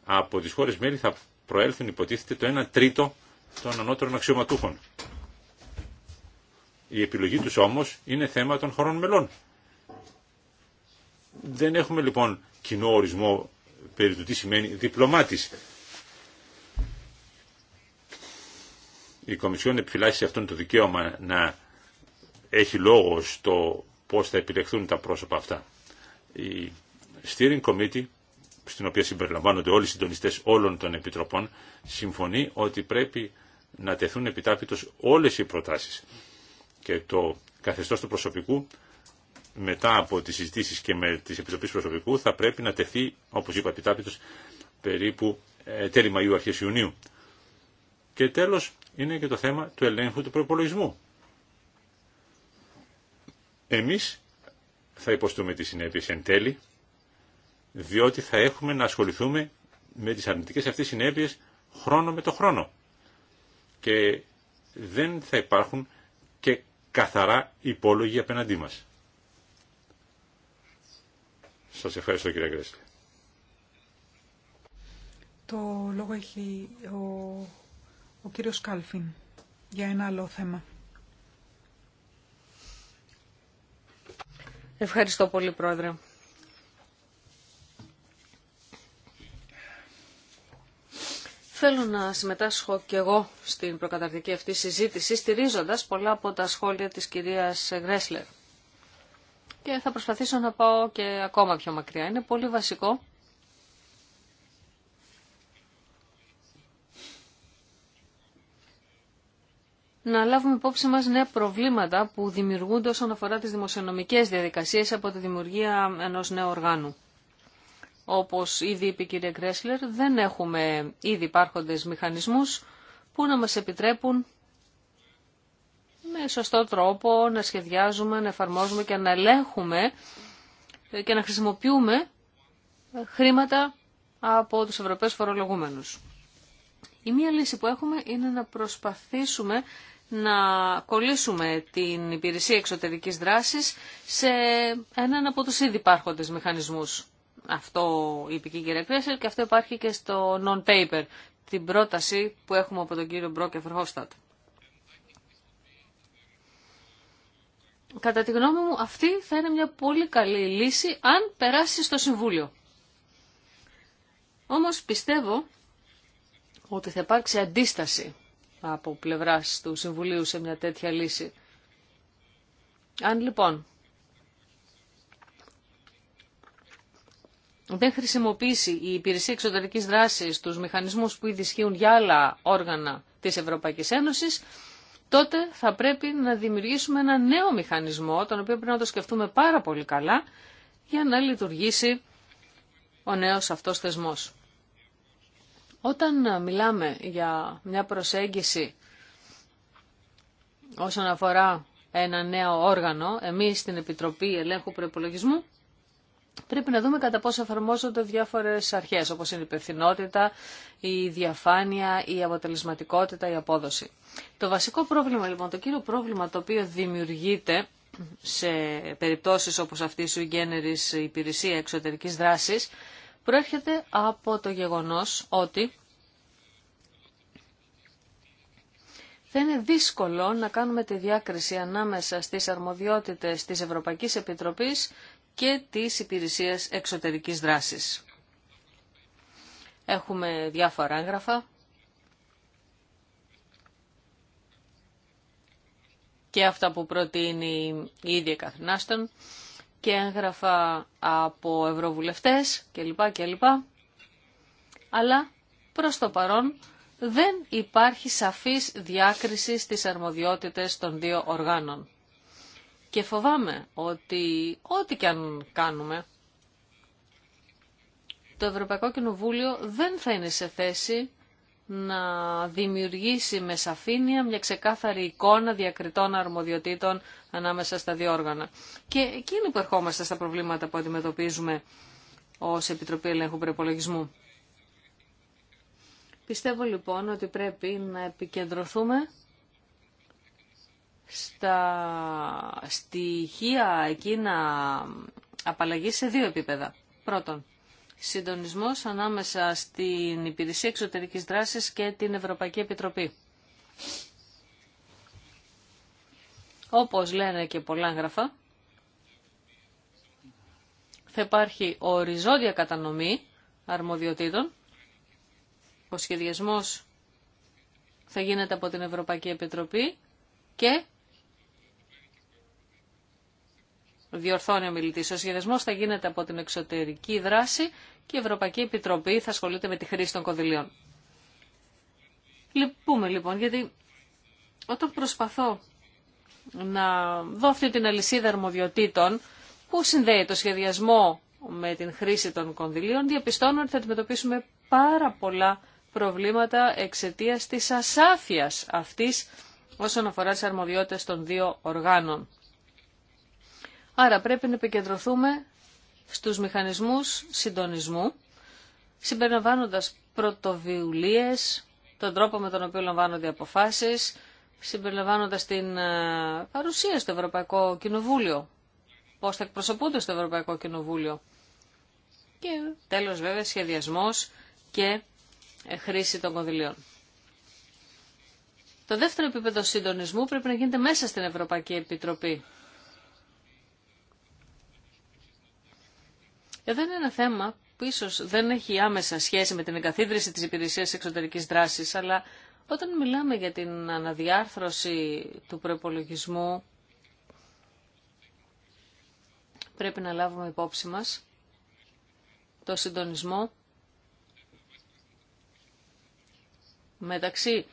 Από τις χώρες μέλη θα προέλθουν υποτίθεται το 1 τρίτο των ανώτερων αξιωματούχων. Η επιλογή τους όμως είναι θέμα των χωρών μελών. Δεν έχουμε λοιπόν κοινό ορισμό περί του τι σημαίνει διπλωμάτης. η Κομισιόν επιφυλάσσει αυτόν το δικαίωμα να έχει λόγο στο πώς θα επιλεχθούν τα πρόσωπα αυτά. Η Steering Committee, στην οποία συμπεριλαμβάνονται όλοι οι συντονιστές όλων των επιτροπών, συμφωνεί ότι πρέπει να τεθούν επιτάπητος όλες οι προτάσεις και το καθεστώς του προσωπικού μετά από τις συζητήσεις και με τις επιτροπές προσωπικού θα πρέπει να τεθεί, όπως είπα επιτάπητος, περίπου ε, τέλη Μαΐου, αρχές Ιουνίου. Και τέλος είναι και το θέμα του ελέγχου του προπολογισμού. Εμείς θα υποστούμε τις συνέπειες εν τέλει, διότι θα έχουμε να ασχοληθούμε με τις αρνητικές αυτές συνέπειες χρόνο με το χρόνο. Και δεν θα υπάρχουν και καθαρά υπόλογοι απέναντί μας. Σας ευχαριστώ κύριε Γκρέσλη. Το λόγο έχει ο ο κύριος Κάλφιν για ένα άλλο θέμα. Ευχαριστώ πολύ, Πρόεδρε. Θέλω να συμμετάσχω και εγώ στην προκαταρτική αυτή συζήτηση, στηρίζοντας πολλά από τα σχόλια της κυρίας Γκρέσλερ. Και θα προσπαθήσω να πάω και ακόμα πιο μακριά. Είναι πολύ βασικό να λάβουμε υπόψη μας νέα προβλήματα που δημιουργούνται όσον αφορά τις δημοσιονομικές διαδικασίες από τη δημιουργία ενός νέου οργάνου. Όπως ήδη είπε η κυρία Γκρέσλερ, δεν έχουμε ήδη υπάρχοντες μηχανισμούς που να μας επιτρέπουν με σωστό τρόπο να σχεδιάζουμε, να εφαρμόζουμε και να ελέγχουμε και να χρησιμοποιούμε χρήματα από τους Ευρωπαίους φορολογούμενους. Η μία λύση που έχουμε είναι να προσπαθήσουμε να κολλήσουμε την υπηρεσία εξωτερικής δράσης σε έναν από τους ήδη υπάρχοντες μηχανισμούς. Αυτό είπε και η κυρία Κρέσελ και αυτό υπάρχει και στο non-paper, την πρόταση που έχουμε από τον κύριο Μπρόκεφ Χώστατ. Κατά τη γνώμη μου αυτή θα είναι μια πολύ καλή λύση αν περάσει στο Συμβούλιο. Όμως πιστεύω ότι θα υπάρξει αντίσταση από πλευράς του Συμβουλίου σε μια τέτοια λύση. Αν λοιπόν δεν χρησιμοποιήσει η υπηρεσία εξωτερικής δράσης τους μηχανισμούς που ήδη ισχύουν για άλλα όργανα της Ευρωπαϊκής Ένωσης, τότε θα πρέπει να δημιουργήσουμε ένα νέο μηχανισμό, τον οποίο πρέπει να το σκεφτούμε πάρα πολύ καλά, για να λειτουργήσει ο νέος αυτός θεσμός. Όταν μιλάμε για μια προσέγγιση όσον αφορά ένα νέο όργανο, εμείς στην Επιτροπή Ελέγχου Προπολογισμού, πρέπει να δούμε κατά πόσο εφαρμόζονται διάφορες αρχές, όπως είναι η υπευθυνότητα, η διαφάνεια, η αποτελεσματικότητα, η απόδοση. Το βασικό πρόβλημα, λοιπόν, το κύριο πρόβλημα το οποίο δημιουργείται σε περιπτώσεις όπως αυτή η Generis υπηρεσία εξωτερικής δράσης, προέρχεται από το γεγονός ότι θα είναι δύσκολο να κάνουμε τη διάκριση ανάμεσα στις αρμοδιότητες της Ευρωπαϊκής Επιτροπής και της Υπηρεσίας Εξωτερικής Δράσης. Έχουμε διάφορα έγγραφα και αυτά που προτείνει η ίδια Καθνάστον και έγγραφα από ευρωβουλευτές κλπ. κλπ. Αλλά προς το παρόν δεν υπάρχει σαφής διάκριση στις αρμοδιότητες των δύο οργάνων. Και φοβάμαι ότι ό,τι και αν κάνουμε, το Ευρωπαϊκό Κοινοβούλιο δεν θα είναι σε θέση να δημιουργήσει με σαφήνεια μια ξεκάθαρη εικόνα διακριτών αρμοδιοτήτων ανάμεσα στα δύο όργανα. Και εκείνοι που ερχόμαστε στα προβλήματα που αντιμετωπίζουμε ως Επιτροπή Ελέγχου Προπολογισμού. Πιστεύω λοιπόν ότι πρέπει να επικεντρωθούμε στα στοιχεία εκείνα απαλλαγή σε δύο επίπεδα. Πρώτον, συντονισμός ανάμεσα στην Υπηρεσία Εξωτερικής Δράσης και την Ευρωπαϊκή Επιτροπή. Όπως λένε και πολλά γραφά, θα υπάρχει οριζόντια κατανομή αρμοδιοτήτων. Ο σχεδιασμός θα γίνεται από την Ευρωπαϊκή Επιτροπή και διορθώνει ο μιλητής. Ο σχεδιασμός θα γίνεται από την εξωτερική δράση και η Ευρωπαϊκή Επιτροπή θα ασχολείται με τη χρήση των κονδυλίων. Λυπούμε λοιπόν, γιατί όταν προσπαθώ να δω αυτή την αλυσίδα αρμοδιοτήτων που συνδέει το σχεδιασμό με την χρήση των κονδυλίων, διαπιστώνω ότι θα αντιμετωπίσουμε πάρα πολλά προβλήματα εξαιτία της ασάφειας αυτής όσον αφορά τις αρμοδιότητες των δύο οργάνων. Άρα πρέπει να επικεντρωθούμε στους μηχανισμούς συντονισμού, συμπεριλαμβάνοντας πρωτοβιουλίες, τον τρόπο με τον οποίο λαμβάνονται οι αποφάσεις, συμπεριλαμβάνοντας την ε, παρουσία στο Ευρωπαϊκό Κοινοβούλιο, πώς θα εκπροσωπούνται στο Ευρωπαϊκό Κοινοβούλιο. Και τέλος βέβαια σχεδιασμός και ε, χρήση των κονδυλίων. Το δεύτερο επίπεδο συντονισμού πρέπει να γίνεται μέσα στην Ευρωπαϊκή Επιτροπή. Εδώ είναι ένα θέμα που ίσως δεν έχει άμεσα σχέση με την εγκαθίδρυση της Υπηρεσία εξωτερικής δράσης, αλλά όταν μιλάμε για την αναδιάρθρωση του προπολογισμού, πρέπει να λάβουμε υπόψη μας το συντονισμό μεταξύ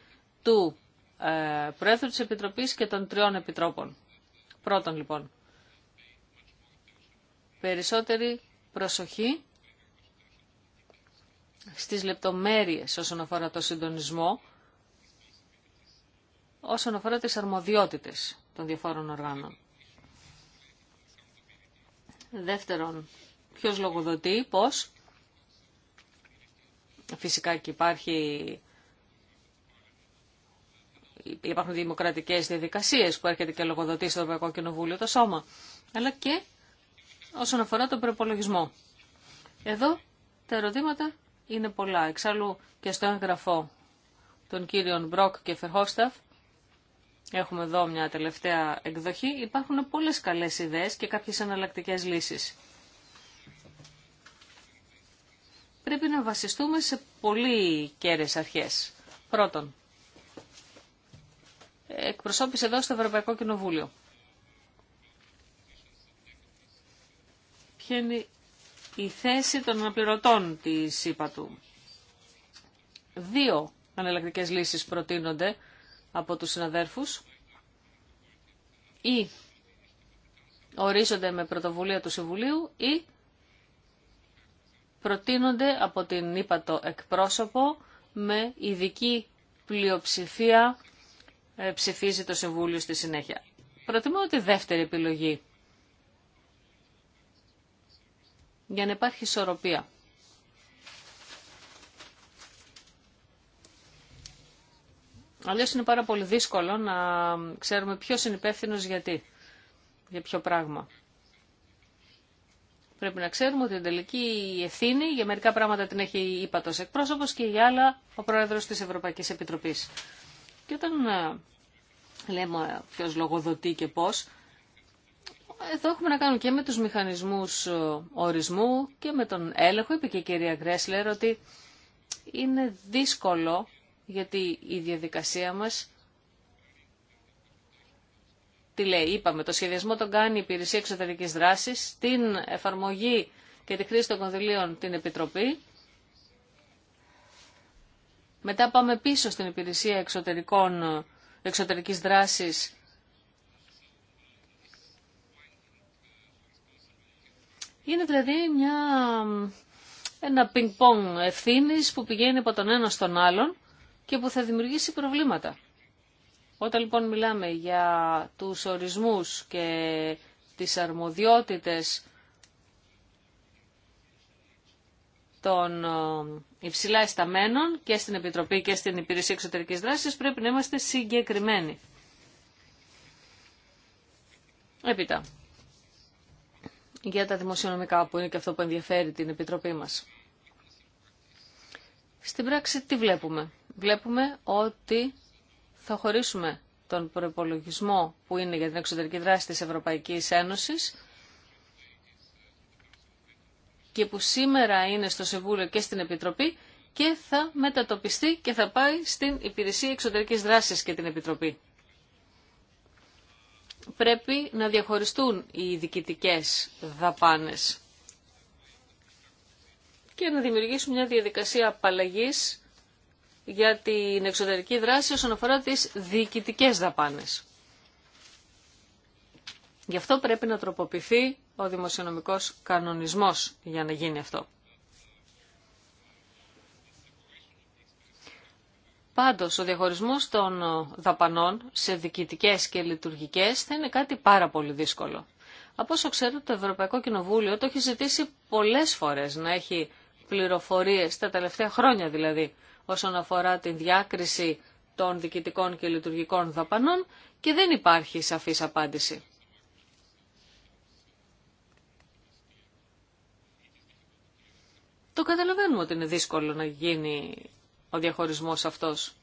του ε, Πρόεδρου της Επιτροπής και των τριών Επιτρόπων. Πρώτον, λοιπόν, περισσότεροι προσοχή στις λεπτομέρειες όσον αφορά το συντονισμό, όσον αφορά τις αρμοδιότητες των διαφόρων οργάνων. Δεύτερον, ποιος λογοδοτεί, πώς. Φυσικά και υπάρχει υπάρχουν δημοκρατικές διαδικασίες που έρχεται και λογοδοτεί στο Ευρωπαϊκό Κοινοβούλιο το σώμα, αλλά και όσον αφορά τον προπολογισμό. Εδώ τα ερωτήματα είναι πολλά. Εξάλλου και στο έγγραφο των κύριων Μπροκ και Φερχόσταφ, έχουμε εδώ μια τελευταία εκδοχή. Υπάρχουν πολλές καλές ιδέες και κάποιες εναλλακτικέ λύσεις. Πρέπει να βασιστούμε σε πολλοί κέρες αρχές. Πρώτον, εκπροσώπησε εδώ στο Ευρωπαϊκό Κοινοβούλιο. ποια είναι η θέση των αναπληρωτών της ΥΠΑ του. Δύο αναλλακτικέ λύσεις προτείνονται από τους συναδέρφους ή ορίζονται με πρωτοβουλία του Συμβουλίου ή προτείνονται από την ύπατο εκπρόσωπο με ειδική πλειοψηφία ε, ψηφίζει το Συμβούλιο στη συνέχεια. Προτιμώ τη δεύτερη επιλογή για να υπάρχει ισορροπία. Αλλιώ είναι πάρα πολύ δύσκολο να ξέρουμε ποιο είναι υπεύθυνο γιατί, για ποιο πράγμα. Πρέπει να ξέρουμε ότι η τελική ευθύνη για μερικά πράγματα την έχει η ύπατο εκπρόσωπο και για άλλα ο πρόεδρο τη Ευρωπαϊκή Επιτροπή. Και όταν ε, λέμε ποιο λογοδοτεί και πώ, εδώ έχουμε να κάνουμε και με τους μηχανισμούς ε, ορισμού και με τον έλεγχο. Είπε και η κυρία Γκρέσλερ ότι είναι δύσκολο γιατί η διαδικασία μας τι λέει, είπαμε, το σχεδιασμό τον κάνει η Υπηρεσία Εξωτερικής Δράσης, την εφαρμογή και τη χρήση των κονδυλίων την Επιτροπή. Μετά πάμε πίσω στην Υπηρεσία Εξωτερικών, ε, Εξωτερικής Δράσης Είναι δηλαδή μια, ένα πινκ-πονγκ ευθύνη που πηγαίνει από τον ένα στον άλλον και που θα δημιουργήσει προβλήματα. Όταν λοιπόν μιλάμε για τους ορισμούς και τις αρμοδιότητες των ε, υψηλά εισταμένων και στην Επιτροπή και στην Υπηρεσία Εξωτερικής Δράσης πρέπει να είμαστε συγκεκριμένοι. Έπειτα, για τα δημοσιονομικά που είναι και αυτό που ενδιαφέρει την Επιτροπή μας. Στην πράξη τι βλέπουμε. Βλέπουμε ότι θα χωρίσουμε τον προπολογισμό που είναι για την εξωτερική δράση της Ευρωπαϊκής Ένωσης και που σήμερα είναι στο Συμβούλιο και στην Επιτροπή και θα μετατοπιστεί και θα πάει στην Υπηρεσία Εξωτερικής Δράσης και την Επιτροπή πρέπει να διαχωριστούν οι διοικητικέ δαπάνες και να δημιουργήσουν μια διαδικασία απαλλαγή για την εξωτερική δράση όσον αφορά τις διοικητικέ δαπάνες. Γι' αυτό πρέπει να τροποποιηθεί ο δημοσιονομικός κανονισμός για να γίνει αυτό. Πάντως, ο διαχωρισμός των ε, δαπανών σε διοικητικές και λειτουργικές θα είναι κάτι πάρα πολύ δύσκολο. Από όσο ξέρω, το Ευρωπαϊκό Κοινοβούλιο το έχει ζητήσει πολλές φορές να έχει πληροφορίες, τα τελευταία χρόνια δηλαδή, όσον αφορά την διάκριση των διοικητικών και λειτουργικών δαπανών και δεν υπάρχει σαφής απάντηση. Το καταλαβαίνουμε ότι είναι δύσκολο να γίνει ο διαχωρισμός αυτός.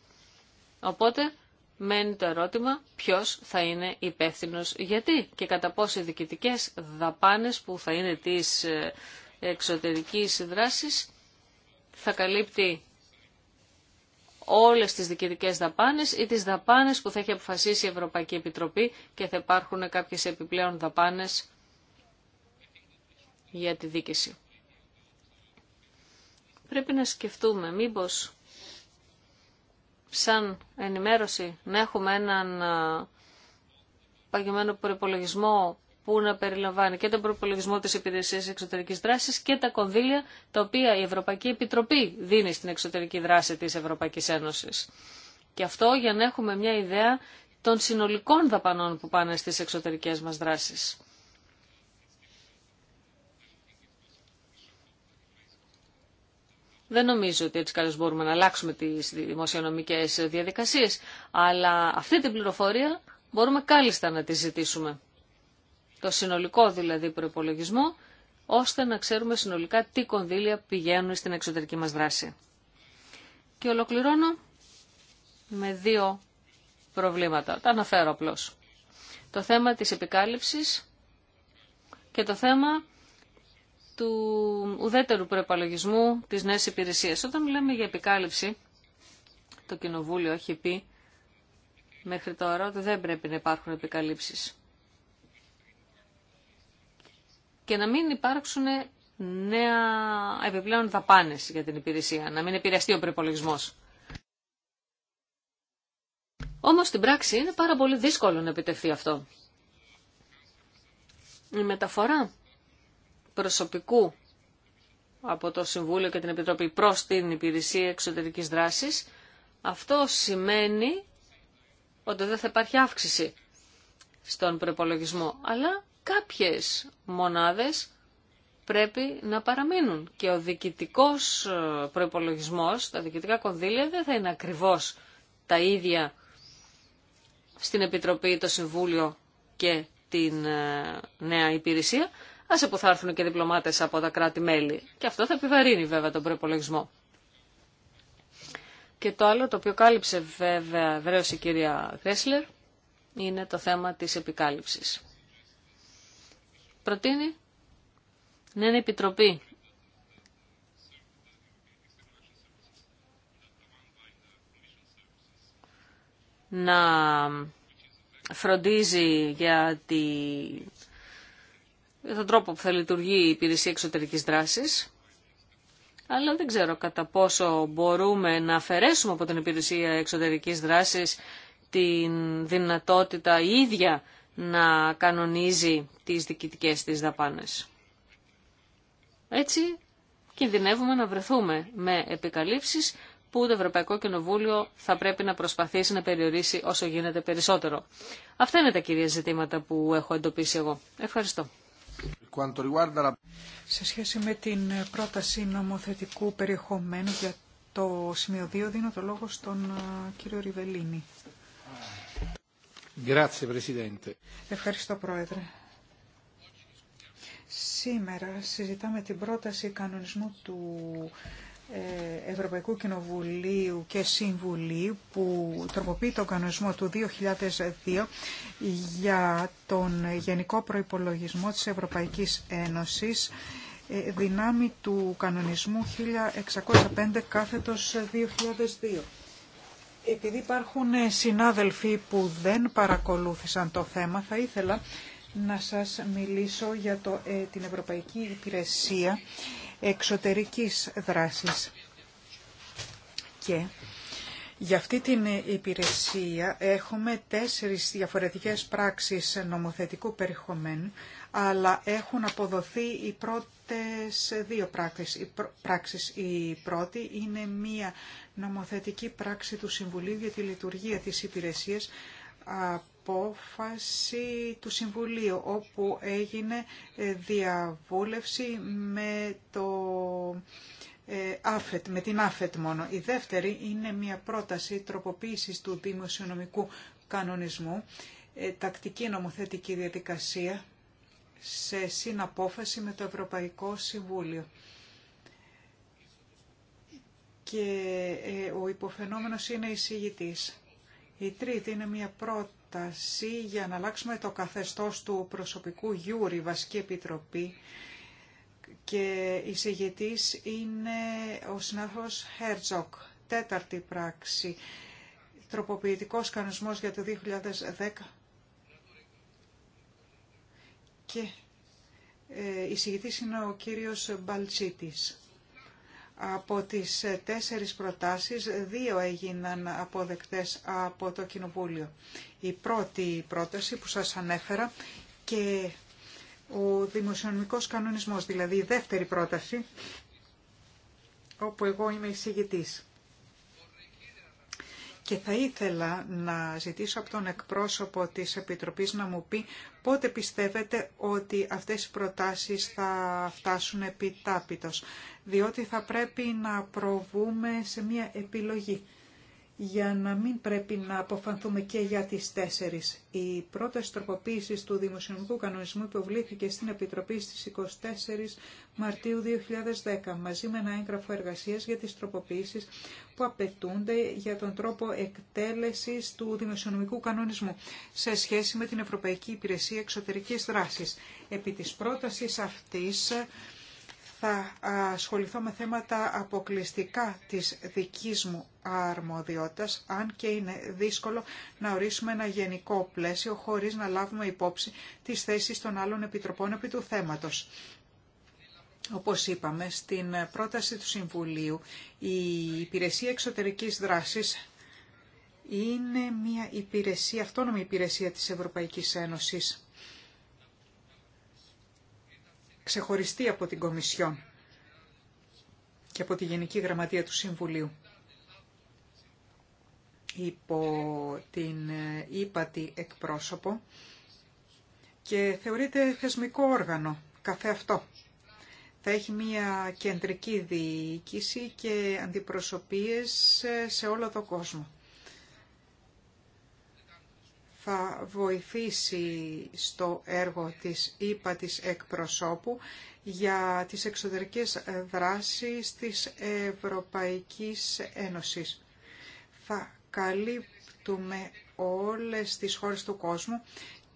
Οπότε μένει το ερώτημα ποιος θα είναι υπεύθυνο γιατί και κατά πόσο οι διοικητικές δαπάνες που θα είναι της ε, εξωτερικής δράσης θα καλύπτει όλες τις διοικητικές δαπάνες ή τις δαπάνες που θα έχει αποφασίσει η Ευρωπαϊκή Επιτροπή και θα υπάρχουν κάποιες επιπλέον δαπάνες για τη δίκηση. Πρέπει να σκεφτούμε μήπως σαν ενημέρωση να έχουμε έναν παγιωμένο προπολογισμό που να περιλαμβάνει και τον προπολογισμό της υπηρεσίας εξωτερικής δράσης και τα κονδύλια τα οποία η Ευρωπαϊκή Επιτροπή δίνει στην εξωτερική δράση της Ευρωπαϊκής Ένωσης. Και αυτό για να έχουμε μια ιδέα των συνολικών δαπανών που πάνε στις εξωτερικές μας δράσεις. Δεν νομίζω ότι έτσι καλώς μπορούμε να αλλάξουμε τις δημοσιονομικές διαδικασίες, αλλά αυτή την πληροφορία μπορούμε κάλλιστα να τη ζητήσουμε. Το συνολικό δηλαδή προπολογισμό, ώστε να ξέρουμε συνολικά τι κονδύλια πηγαίνουν στην εξωτερική μας δράση. Και ολοκληρώνω με δύο προβλήματα. Τα αναφέρω απλώς. Το θέμα της επικάλυψης και το θέμα του ουδέτερου προπολογισμού της νέας υπηρεσίας. Όταν μιλάμε για επικάλυψη, το Κοινοβούλιο έχει πει μέχρι τώρα ότι δεν πρέπει να υπάρχουν επικαλύψεις. Και να μην υπάρξουν νέα επιπλέον δαπάνες για την υπηρεσία, να μην επηρεαστεί ο προπολογισμό. Όμως στην πράξη είναι πάρα πολύ δύσκολο να επιτευχθεί αυτό. Η μεταφορά προσωπικού από το Συμβούλιο και την Επιτροπή προς την Υπηρεσία Εξωτερικής Δράσης, αυτό σημαίνει ότι δεν θα υπάρχει αύξηση στον προπολογισμό, αλλά κάποιες μονάδες πρέπει να παραμείνουν και ο διοικητικός ε, προϋπολογισμός, τα διοικητικά κονδύλια δεν θα είναι ακριβώς τα ίδια στην Επιτροπή, το Συμβούλιο και την ε, νέα υπηρεσία, άσε που θα έρθουν και διπλωμάτες από τα κράτη-μέλη. Και αυτό θα επιβαρύνει βέβαια τον προπολογισμό. Και το άλλο το οποίο κάλυψε βέβαια βρέως η κυρία Γκρέσλερ είναι το θέμα της επικάλυψης. Προτείνει να είναι επιτροπή να φροντίζει για τη για τον τρόπο που θα λειτουργεί η υπηρεσία εξωτερικής δράσης. Αλλά δεν ξέρω κατά πόσο μπορούμε να αφαιρέσουμε από την υπηρεσία εξωτερικής δράσης την δυνατότητα η ίδια να κανονίζει τις διοικητικές της δαπάνες. Έτσι κινδυνεύουμε να βρεθούμε με επικαλύψεις που το Ευρωπαϊκό Κοινοβούλιο θα πρέπει να προσπαθήσει να περιορίσει όσο γίνεται περισσότερο. Αυτά είναι τα κυρία ζητήματα που έχω εντοπίσει εγώ. Ευχαριστώ. Σε σχέση με την πρόταση νομοθετικού περιεχομένου για το σημείο 2 δίνω το λόγο στον κύριο Ριβελίνη. Ευχαριστώ Πρόεδρε. Σήμερα συζητάμε την πρόταση κανονισμού του ε, Ευρωπαϊκού Κοινοβουλίου και Συμβουλίου που τροποποιεί τον κανονισμό του 2002 για τον Γενικό Προϋπολογισμό της Ευρωπαϊκής Ένωσης ε, δυνάμει του κανονισμού 1605 κάθετος 2002. Επειδή υπάρχουν ε, συνάδελφοι που δεν παρακολούθησαν το θέμα, θα ήθελα να σας μιλήσω για το, την Ευρωπαϊκή Υπηρεσία εξωτερικής δράσης. Και για αυτή την υπηρεσία έχουμε τέσσερις διαφορετικές πράξεις νομοθετικού περιεχομένου, αλλά έχουν αποδοθεί οι πρώτες δύο πράξεις. Η, πράξεις. η πρώτη είναι μία νομοθετική πράξη του Συμβουλίου για τη λειτουργία της υπηρεσίας απόφαση του Συμβουλίου όπου έγινε ε, διαβούλευση με το ε, άφετ, με την ΑΦΕΤ μόνο. Η δεύτερη είναι μια πρόταση τροποποίησης του δημοσιονομικού κανονισμού, ε, τακτική νομοθετική διαδικασία σε συναπόφαση με το Ευρωπαϊκό Συμβούλιο. Και ο υποφαινόμενος είναι εισηγητής. Η τρίτη είναι μια πρόταση πρόταση για να αλλάξουμε το καθεστώς του προσωπικού Γιούρι Βασική Επιτροπή και η συγγετής είναι ο συνάδελφος Χέρτζοκ, τέταρτη πράξη, τροποποιητικός κανονισμός για το 2010 και ε, η συγγετής είναι ο κύριος Μπαλτσίτης. Από τις ε, τέσσερις προτάσεις, δύο έγιναν αποδεκτές από το Κοινοβούλιο. Η πρώτη πρόταση που σας ανέφερα και ο δημοσιονομικός κανονισμός, δηλαδή η δεύτερη πρόταση, όπου εγώ είμαι εισηγητής. Και θα ήθελα να ζητήσω από τον εκπρόσωπο της Επιτροπής να μου πει πότε πιστεύετε ότι αυτές οι προτάσεις θα φτάσουν επιτάπητος, διότι θα πρέπει να προβούμε σε μια επιλογή για να μην πρέπει να αποφανθούμε και για τις τέσσερις. Η πρώτη τροποποίηση του Δημοσιονομικού Κανονισμού υποβλήθηκε στην Επιτροπή στις 24 Μαρτίου 2010 μαζί με ένα έγγραφο εργασίας για τις τροποποίησεις που απαιτούνται για τον τρόπο εκτέλεσης του Δημοσιονομικού Κανονισμού σε σχέση με την Ευρωπαϊκή Υπηρεσία Εξωτερικής Δράσης. Επί της πρότασης αυτής θα ασχοληθώ με θέματα αποκλειστικά της δικής μου αρμοδιότητας, αν και είναι δύσκολο να ορίσουμε ένα γενικό πλαίσιο χωρίς να λάβουμε υπόψη τις θέσεις των άλλων επιτροπών επί του θέματος. Όπως είπαμε, στην πρόταση του Συμβουλίου η Υπηρεσία Εξωτερικής Δράσης είναι μια υπηρεσία, αυτόνομη υπηρεσία της Ευρωπαϊκής Ένωσης ξεχωριστή από την Κομισιόν και από τη Γενική Γραμματεία του Συμβουλίου. Υπό την ε, ύπατη εκπρόσωπο και θεωρείται θεσμικό όργανο καθε αυτό. Θα έχει μια κεντρική διοίκηση και αντιπροσωπείες ε, σε όλο τον κόσμο θα βοηθήσει στο έργο της ΥΠΑ της εκπροσώπου για τις εξωτερικές δράσεις της Ευρωπαϊκής Ένωσης. Θα καλύπτουμε όλες τις χώρες του κόσμου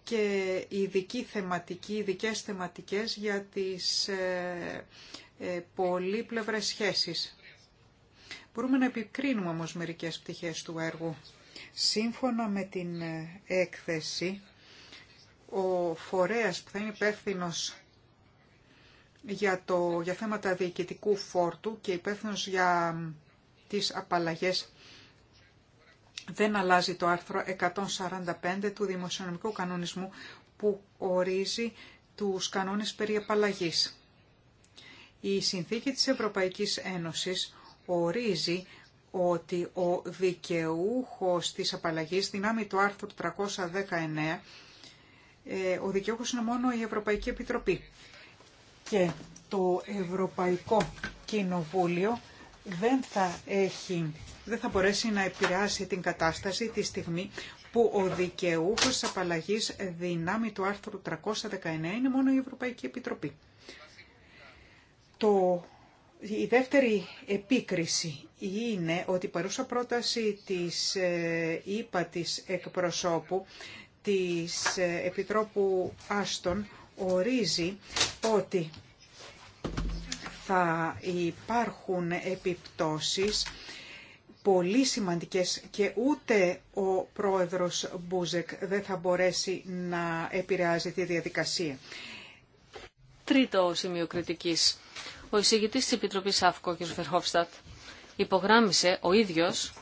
και ειδική θεματική, ειδικές θεματικές για τις ε, ε, πολύπλευρες σχέσεις. Μπορούμε να επικρίνουμε όμως μερικές πτυχές του έργου. Σύμφωνα με την ε, έκθεση, ο φορέας που θα είναι υπεύθυνο για, το, για θέματα διοικητικού φόρτου και υπεύθυνο για τις απαλλαγές δεν αλλάζει το άρθρο 145 του Δημοσιονομικού Κανονισμού που ορίζει τους κανόνες περί απαλλαγής. Η συνθήκη της Ευρωπαϊκής Ένωσης ορίζει ότι ο δικαιούχος της απαλλαγής, δυνάμει του άρθρου 319, ο δικαιούχος είναι μόνο η Ευρωπαϊκή Επιτροπή. Και το Ευρωπαϊκό Κοινοβούλιο δεν θα, έχει, δεν θα μπορέσει να επηρεάσει την κατάσταση τη στιγμή που ο δικαιούχος της απαλλαγής δυνάμει του άρθρου 319 είναι μόνο η Ευρωπαϊκή Επιτροπή. Το, η δεύτερη επίκριση είναι ότι η παρούσα πρόταση της ΥΠΑ ε, ΕΕ της εκπροσώπου της ε, Επιτρόπου Άστον ορίζει ότι θα υπάρχουν επιπτώσεις πολύ σημαντικές και ούτε ο πρόεδρος Μπούζεκ δεν θα μπορέσει να επηρεάζει τη διαδικασία. Τρίτο σημείο κριτικής. Ο εισηγητής της Επιτροπής ΑΦΚΟ, κ. Φερχόφστατ, υπογράμμισε ο ίδιος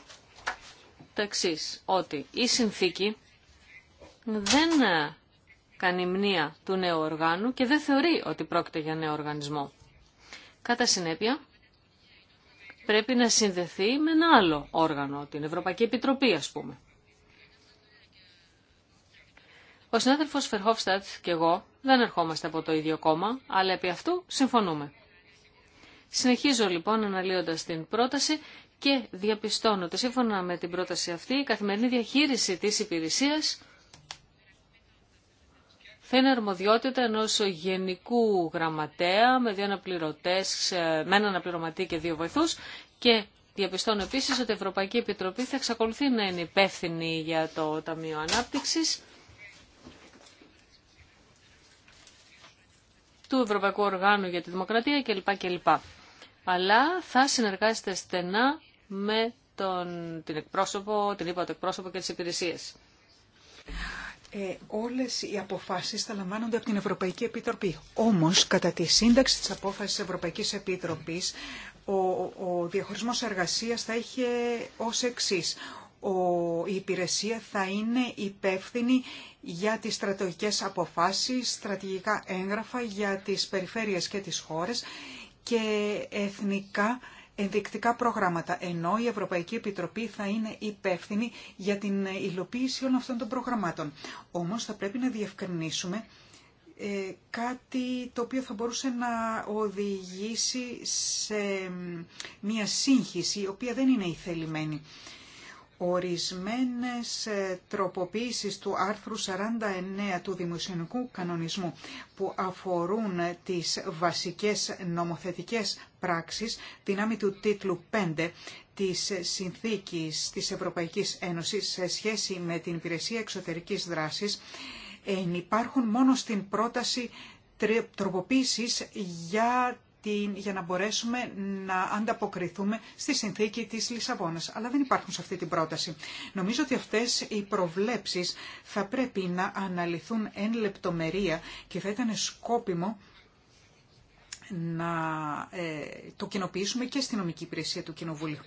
το εξή ότι η συνθήκη δεν ε, κάνει μνήα του νέου οργάνου και δεν θεωρεί ότι πρόκειται για νέο οργανισμό. Κατά συνέπεια, πρέπει να συνδεθεί με ένα άλλο όργανο, την Ευρωπαϊκή Επιτροπή ας πούμε. Ο συνάδελφος Φερχόφστατ και εγώ δεν ερχόμαστε από το ίδιο κόμμα, αλλά επί αυτού συμφωνούμε. Συνεχίζω λοιπόν αναλύοντας την πρόταση και διαπιστώνω ότι σύμφωνα με την πρόταση αυτή η καθημερινή διαχείριση της υπηρεσίας θα είναι αρμοδιότητα ενό γενικού γραμματέα με, δύο με έναν αναπληρωματή και δύο βοηθού, και διαπιστώνω επίσης ότι η Ευρωπαϊκή Επιτροπή θα εξακολουθεί να είναι υπεύθυνη για το Ταμείο ανάπτυξη, του Ευρωπαϊκού Οργάνου για τη Δημοκρατία κλπ. κλπ αλλά θα συνεργάζεται στενά με τον, την εκπρόσωπο, την είπα, το εκπρόσωπο και τις υπηρεσίες. Ε, όλες οι αποφάσεις θα λαμβάνονται από την Ευρωπαϊκή Επιτροπή. Όμως, κατά τη σύνταξη της απόφασης της Ευρωπαϊκής Επιτροπής, ο, ο διαχωρισμός εργασίας θα είχε ως εξής. Ο, η υπηρεσία θα είναι υπεύθυνη για τις στρατηγικές αποφάσεις, στρατηγικά έγγραφα για τις περιφέρειες και τις χώρες και εθνικά ενδεικτικά προγράμματα, ενώ η Ευρωπαϊκή Επιτροπή θα είναι υπεύθυνη για την υλοποίηση όλων αυτών των προγραμμάτων. Όμως θα πρέπει να διευκρινίσουμε ε, κάτι το οποίο θα μπορούσε να οδηγήσει σε μια σύγχυση, η οποία δεν είναι ηθελημένη ορισμένες ε, τροποποίησεις του άρθρου 49 του Δημοσιονομικού Κανονισμού που αφορούν ε, τις βασικές νομοθετικές πράξεις δυνάμει του τίτλου 5 της Συνθήκης της Ευρωπαϊκής Ένωσης σε σχέση με την υπηρεσία εξωτερικής δράσης υπάρχουν μόνο στην πρόταση τροποποίησης για την, για να μπορέσουμε να ανταποκριθούμε στη συνθήκη της Λισαβόνας. Αλλά δεν υπάρχουν σε αυτή την πρόταση. Νομίζω ότι αυτές οι προβλέψεις θα πρέπει να αναλυθούν εν λεπτομερία και θα ήταν σκόπιμο να ε, το κοινοποιήσουμε και στην νομική υπηρεσία του Κοινοβουλίου.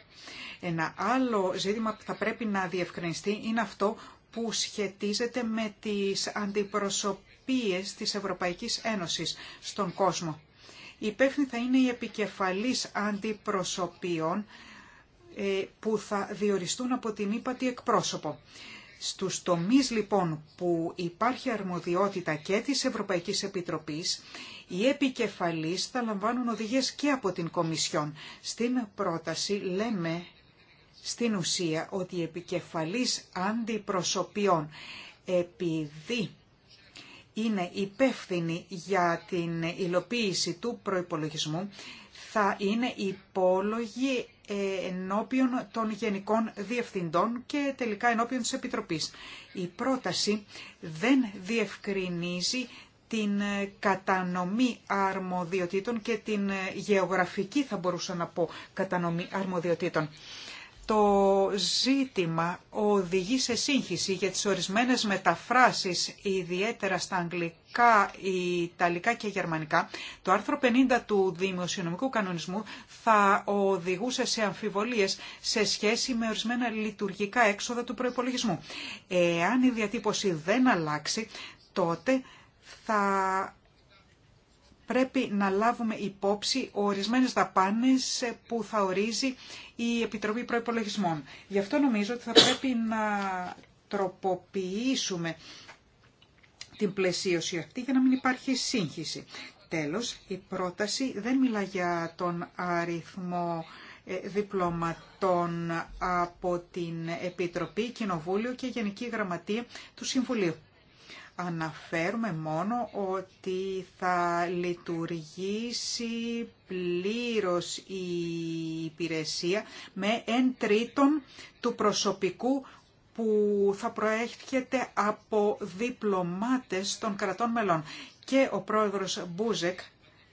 Ένα άλλο ζήτημα που θα πρέπει να διευκρινιστεί είναι αυτό που σχετίζεται με τις αντιπροσωπίες της Ευρωπαϊκής Ένωσης στον κόσμο. Υπεύθυνοι θα είναι οι επικεφαλής αντιπροσωπείων ε, που θα διοριστούν από την ύπατη εκπρόσωπο. Στους τομείς λοιπόν που υπάρχει αρμοδιότητα και της Ευρωπαϊκής Επιτροπής, οι επικεφαλής θα λαμβάνουν οδηγίες και από την Κομισιόν. Στην πρόταση λέμε στην ουσία ότι οι επικεφαλείς αντιπροσωπιών επειδή είναι υπεύθυνη για την υλοποίηση του προϋπολογισμού θα είναι υπόλογοι ενώπιον των γενικών διευθυντών και τελικά ενώπιον της Επιτροπής. Η πρόταση δεν διευκρινίζει την κατανομή αρμοδιοτήτων και την γεωγραφική, θα μπορούσα να πω, κατανομή αρμοδιοτήτων το ζήτημα οδηγεί σε σύγχυση για τις ορισμένες μεταφράσεις, ιδιαίτερα στα αγγλικά, ιταλικά και γερμανικά. Το άρθρο 50 του Δημοσιονομικού Κανονισμού θα οδηγούσε σε αμφιβολίες σε σχέση με ορισμένα λειτουργικά έξοδα του προϋπολογισμού. Εάν η διατύπωση δεν αλλάξει, τότε θα πρέπει να λάβουμε υπόψη ορισμένες δαπάνε που θα ορίζει η Επιτροπή Προϋπολογισμών. Γι' αυτό νομίζω ότι θα πρέπει να τροποποιήσουμε την πλαισίωση αυτή για να μην υπάρχει σύγχυση. Τέλος, η πρόταση δεν μιλά για τον αριθμό ε, διπλωματών από την Επιτροπή, Κοινοβούλιο και Γενική Γραμματεία του Συμβουλίου. Αναφέρουμε μόνο ότι θα λειτουργήσει πλήρως η υπηρεσία με εν τρίτον του προσωπικού που θα προέρχεται από διπλωμάτες των κρατών μελών. Και ο πρόεδρος Μπούζεκ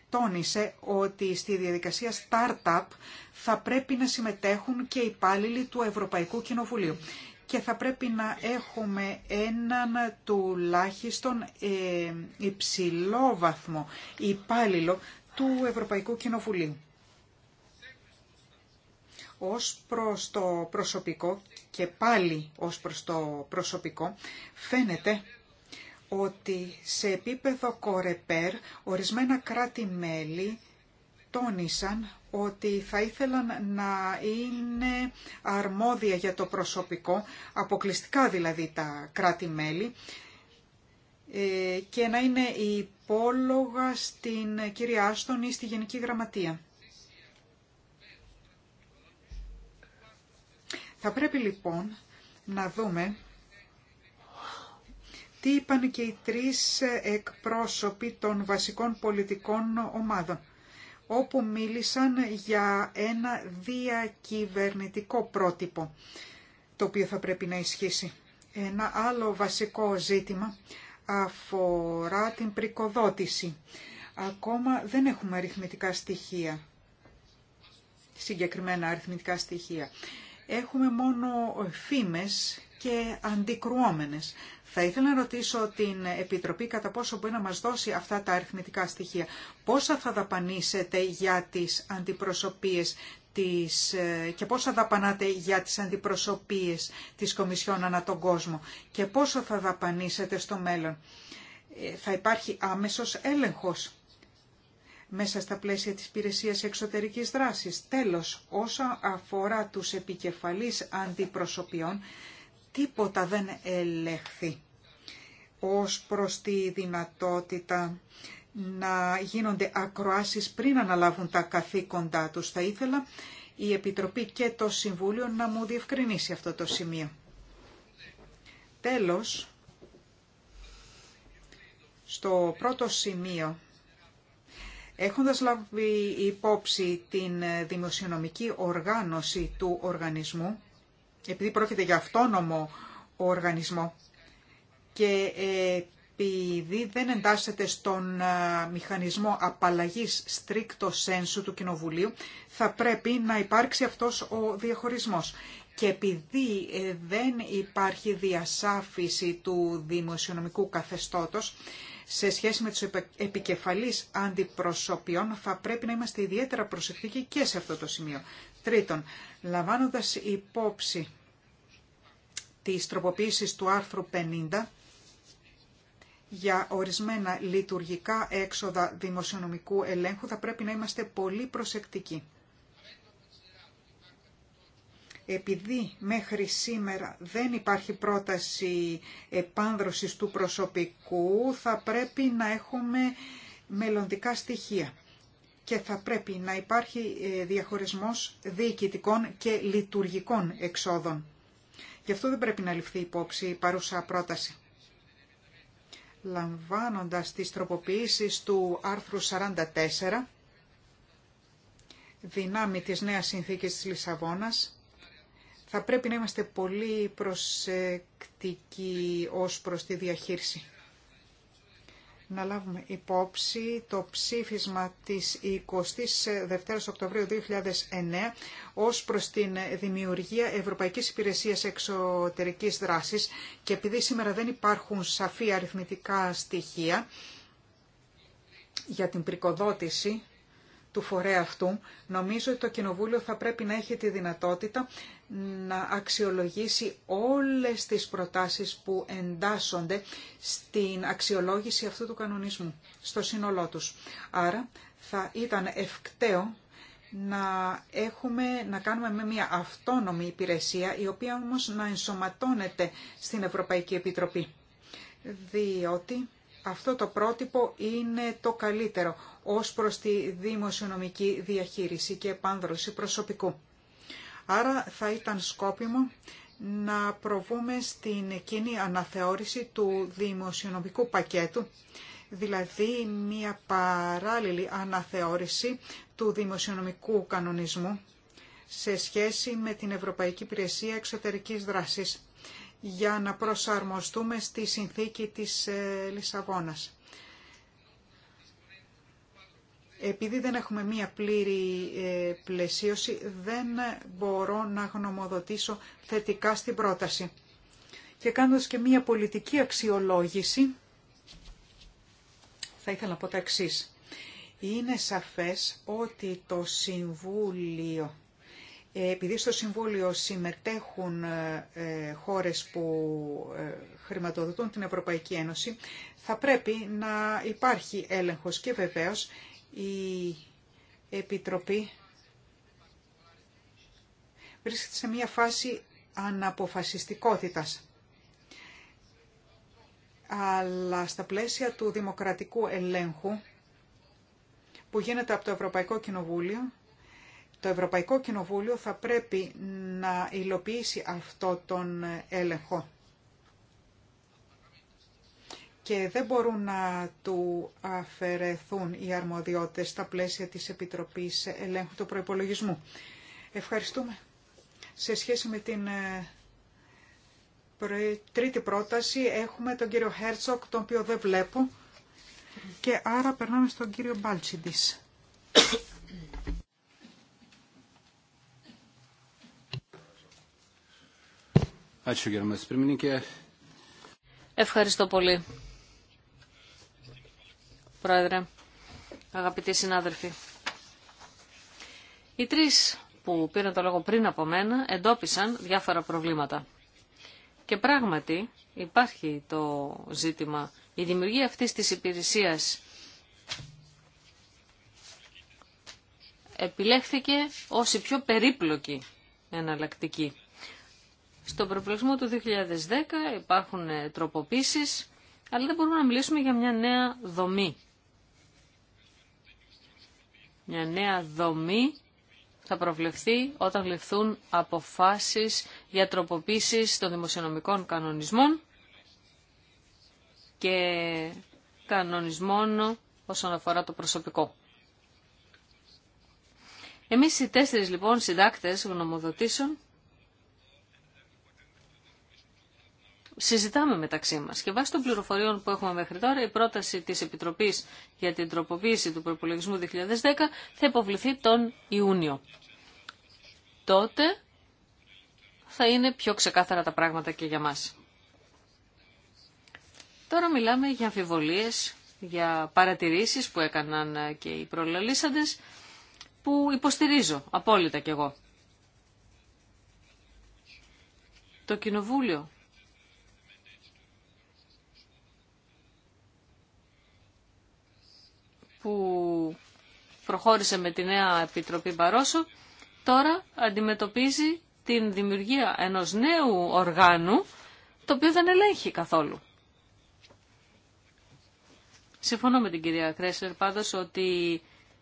τόνισε ότι στη διαδικασία startup θα πρέπει να συμμετέχουν και οι υπάλληλοι του Ευρωπαϊκού Κοινοβουλίου και θα πρέπει να έχουμε έναν τουλάχιστον ε, υψηλό βαθμό υπάλληλο του Ευρωπαϊκού Κοινοβουλίου. Ως προς το προσωπικό και πάλι ως προς το προσωπικό φαίνεται ότι σε επίπεδο κορεπέρ ορισμένα κράτη-μέλη τόνισαν ότι θα ήθελαν να είναι αρμόδια για το προσωπικό, αποκλειστικά δηλαδή τα κράτη-μέλη, ε, και να είναι υπόλογα στην κυρία Άστον ή στη Γενική Γραμματεία. Θα πρέπει λοιπόν να δούμε τι είπαν και οι τρεις εκπρόσωποι των βασικών πολιτικών ομάδων όπου μίλησαν για ένα διακυβερνητικό πρότυπο, το οποίο θα πρέπει να ισχύσει. Ένα άλλο βασικό ζήτημα αφορά την πρικοδότηση. Ακόμα δεν έχουμε αριθμητικά στοιχεία, συγκεκριμένα αριθμητικά στοιχεία. Έχουμε μόνο φήμες και αντικρουόμενες. Θα ήθελα να ρωτήσω την Επιτροπή κατά πόσο μπορεί να μας δώσει αυτά τα αριθμητικά στοιχεία. Πόσα θα δαπανίσετε για τις αντιπροσωπείες της, ε, και πόσα δαπανάτε για τις αντιπροσωπείες της Κομισιόν ανά τον κόσμο και πόσο θα δαπανίσετε στο μέλλον. Ε, θα υπάρχει άμεσος έλεγχος μέσα στα πλαίσια της υπηρεσία εξωτερικής δράσης. Τέλος, όσα αφορά τους επικεφαλείς αντιπροσωπιών, τίποτα δεν ελέγχθη ως προς τη δυνατότητα να γίνονται ακροάσεις πριν αναλάβουν τα καθήκοντά τους. Θα ήθελα η Επιτροπή και το Συμβούλιο να μου διευκρινίσει αυτό το σημείο. Τέλος, στο πρώτο σημείο, έχοντας λάβει υπόψη την δημοσιονομική οργάνωση του οργανισμού, επειδή πρόκειται για αυτόνομο οργανισμό και επειδή δεν εντάσσεται στον ε, μηχανισμό απαλλαγής στρίκτο σένσου του Κοινοβουλίου, θα πρέπει να υπάρξει αυτός ο διαχωρισμός. Και επειδή ε, δεν υπάρχει διασάφηση του δημοσιονομικού καθεστώτος, σε σχέση με τους επικεφαλείς αντιπροσωπιών θα πρέπει να είμαστε ιδιαίτερα προσεκτικοί και σε αυτό το σημείο. Τρίτον, λαμβάνοντας υπόψη της τροποποίησης του άρθρου 50 για ορισμένα λειτουργικά έξοδα δημοσιονομικού ελέγχου θα πρέπει να είμαστε πολύ προσεκτικοί. Επειδή μέχρι σήμερα δεν υπάρχει πρόταση επάνδρωσης του προσωπικού, θα πρέπει να έχουμε μελλοντικά στοιχεία και θα πρέπει να υπάρχει ε, διαχωρισμός διοικητικών και λειτουργικών εξόδων. Γι' αυτό δεν πρέπει να ληφθεί υπόψη η παρούσα πρόταση. Λαμβάνοντας τις τροποποιήσεις του άρθρου 44, δυνάμει της νέας συνθήκης της Λισαβόνας, θα πρέπει να είμαστε πολύ προσεκτικοί ως προς τη διαχείριση να λάβουμε υπόψη το ψήφισμα της 22ης ε, Οκτωβρίου 2009 ως προς την δημιουργία Ευρωπαϊκής Υπηρεσίας Εξωτερικής Δράσης και επειδή σήμερα δεν υπάρχουν σαφή αριθμητικά στοιχεία για την πρικοδότηση του φορέα αυτού, νομίζω ότι το Κοινοβούλιο θα πρέπει να έχει τη δυνατότητα να αξιολογήσει όλες τις προτάσεις που εντάσσονται στην αξιολόγηση αυτού του κανονισμού, στο σύνολό τους. Άρα θα ήταν ευκταίο να, έχουμε, να κάνουμε με μια αυτόνομη υπηρεσία, η οποία όμως να ενσωματώνεται στην Ευρωπαϊκή Επιτροπή. Διότι αυτό το πρότυπο είναι το καλύτερο ως προς τη δημοσιονομική διαχείριση και επάνδρωση προσωπικού. Άρα θα ήταν σκόπιμο να προβούμε στην εκείνη αναθεώρηση του δημοσιονομικού πακέτου, δηλαδή μια παράλληλη αναθεώρηση του δημοσιονομικού κανονισμού σε σχέση με την Ευρωπαϊκή Υπηρεσία Εξωτερικής Δράσης για να προσαρμοστούμε στη συνθήκη της ε, Λισαβόνας. Επειδή δεν έχουμε μία πλήρη ε, πλαισίωση, δεν μπορώ να γνωμοδοτήσω θετικά στην πρόταση. Και κάνοντας και μία πολιτική αξιολόγηση, θα ήθελα να πω τα εξής. Είναι σαφές ότι το Συμβούλιο ε, επειδή στο Συμβούλιο συμμετέχουν ε, ε, χώρες που χρηματοδοτούν την Ευρωπαϊκή Ένωση, θα πρέπει να υπάρχει έλεγχος και βεβαίως η Επιτροπή βρίσκεται σε μια φάση αναποφασιστικότητας. Αλλά στα πλαίσια του δημοκρατικού ελέγχου που γίνεται από το Ευρωπαϊκό Κοινοβούλιο, το Ευρωπαϊκό Κοινοβούλιο θα πρέπει να υλοποιήσει αυτό τον έλεγχο. Και δεν μπορούν να του αφαιρεθούν οι αρμοδιότητες στα πλαίσια της Επιτροπής Ελέγχου του Προϋπολογισμού. Ευχαριστούμε. Σε σχέση με την ε, τρίτη πρόταση έχουμε τον κύριο Χέρτσοκ, τον οποίο δεν βλέπω. Και άρα περνάμε στον κύριο Μπάλτσιντης. Ευχαριστώ πολύ. Πρόεδρε, αγαπητοί συνάδελφοι. Οι τρεις που πήραν το λόγο πριν από μένα εντόπισαν διάφορα προβλήματα. Και πράγματι υπάρχει το ζήτημα. Η δημιουργία αυτής της υπηρεσίας επιλέχθηκε ως η πιο περίπλοκη εναλλακτική. Στον προπλησμό του 2010 υπάρχουν ε, τροποποίησεις, αλλά δεν μπορούμε να μιλήσουμε για μια νέα δομή. Μια νέα δομή θα προβλεφθεί όταν ληφθούν αποφάσεις για τροποποίησεις των δημοσιονομικών κανονισμών και κανονισμών όσον αφορά το προσωπικό. Εμείς οι τέσσερις λοιπόν συντάκτες γνωμοδοτήσεων συζητάμε μεταξύ μα Και βάσει των πληροφοριών που έχουμε μέχρι τώρα, η πρόταση της Επιτροπής για την τροποποίηση του προπολογισμού 2010 θα υποβληθεί τον Ιούνιο. Τότε θα είναι πιο ξεκάθαρα τα πράγματα και για μας. Τώρα μιλάμε για αμφιβολίες, για παρατηρήσεις που έκαναν και οι προλαλήσαντες, που υποστηρίζω απόλυτα κι εγώ. Το Κοινοβούλιο που προχώρησε με τη νέα Επιτροπή Μπαρόσο τώρα αντιμετωπίζει την δημιουργία ενός νέου οργάνου, το οποίο δεν ελέγχει καθόλου. Συμφωνώ με την κυρία Κρέσλερ πάντως ότι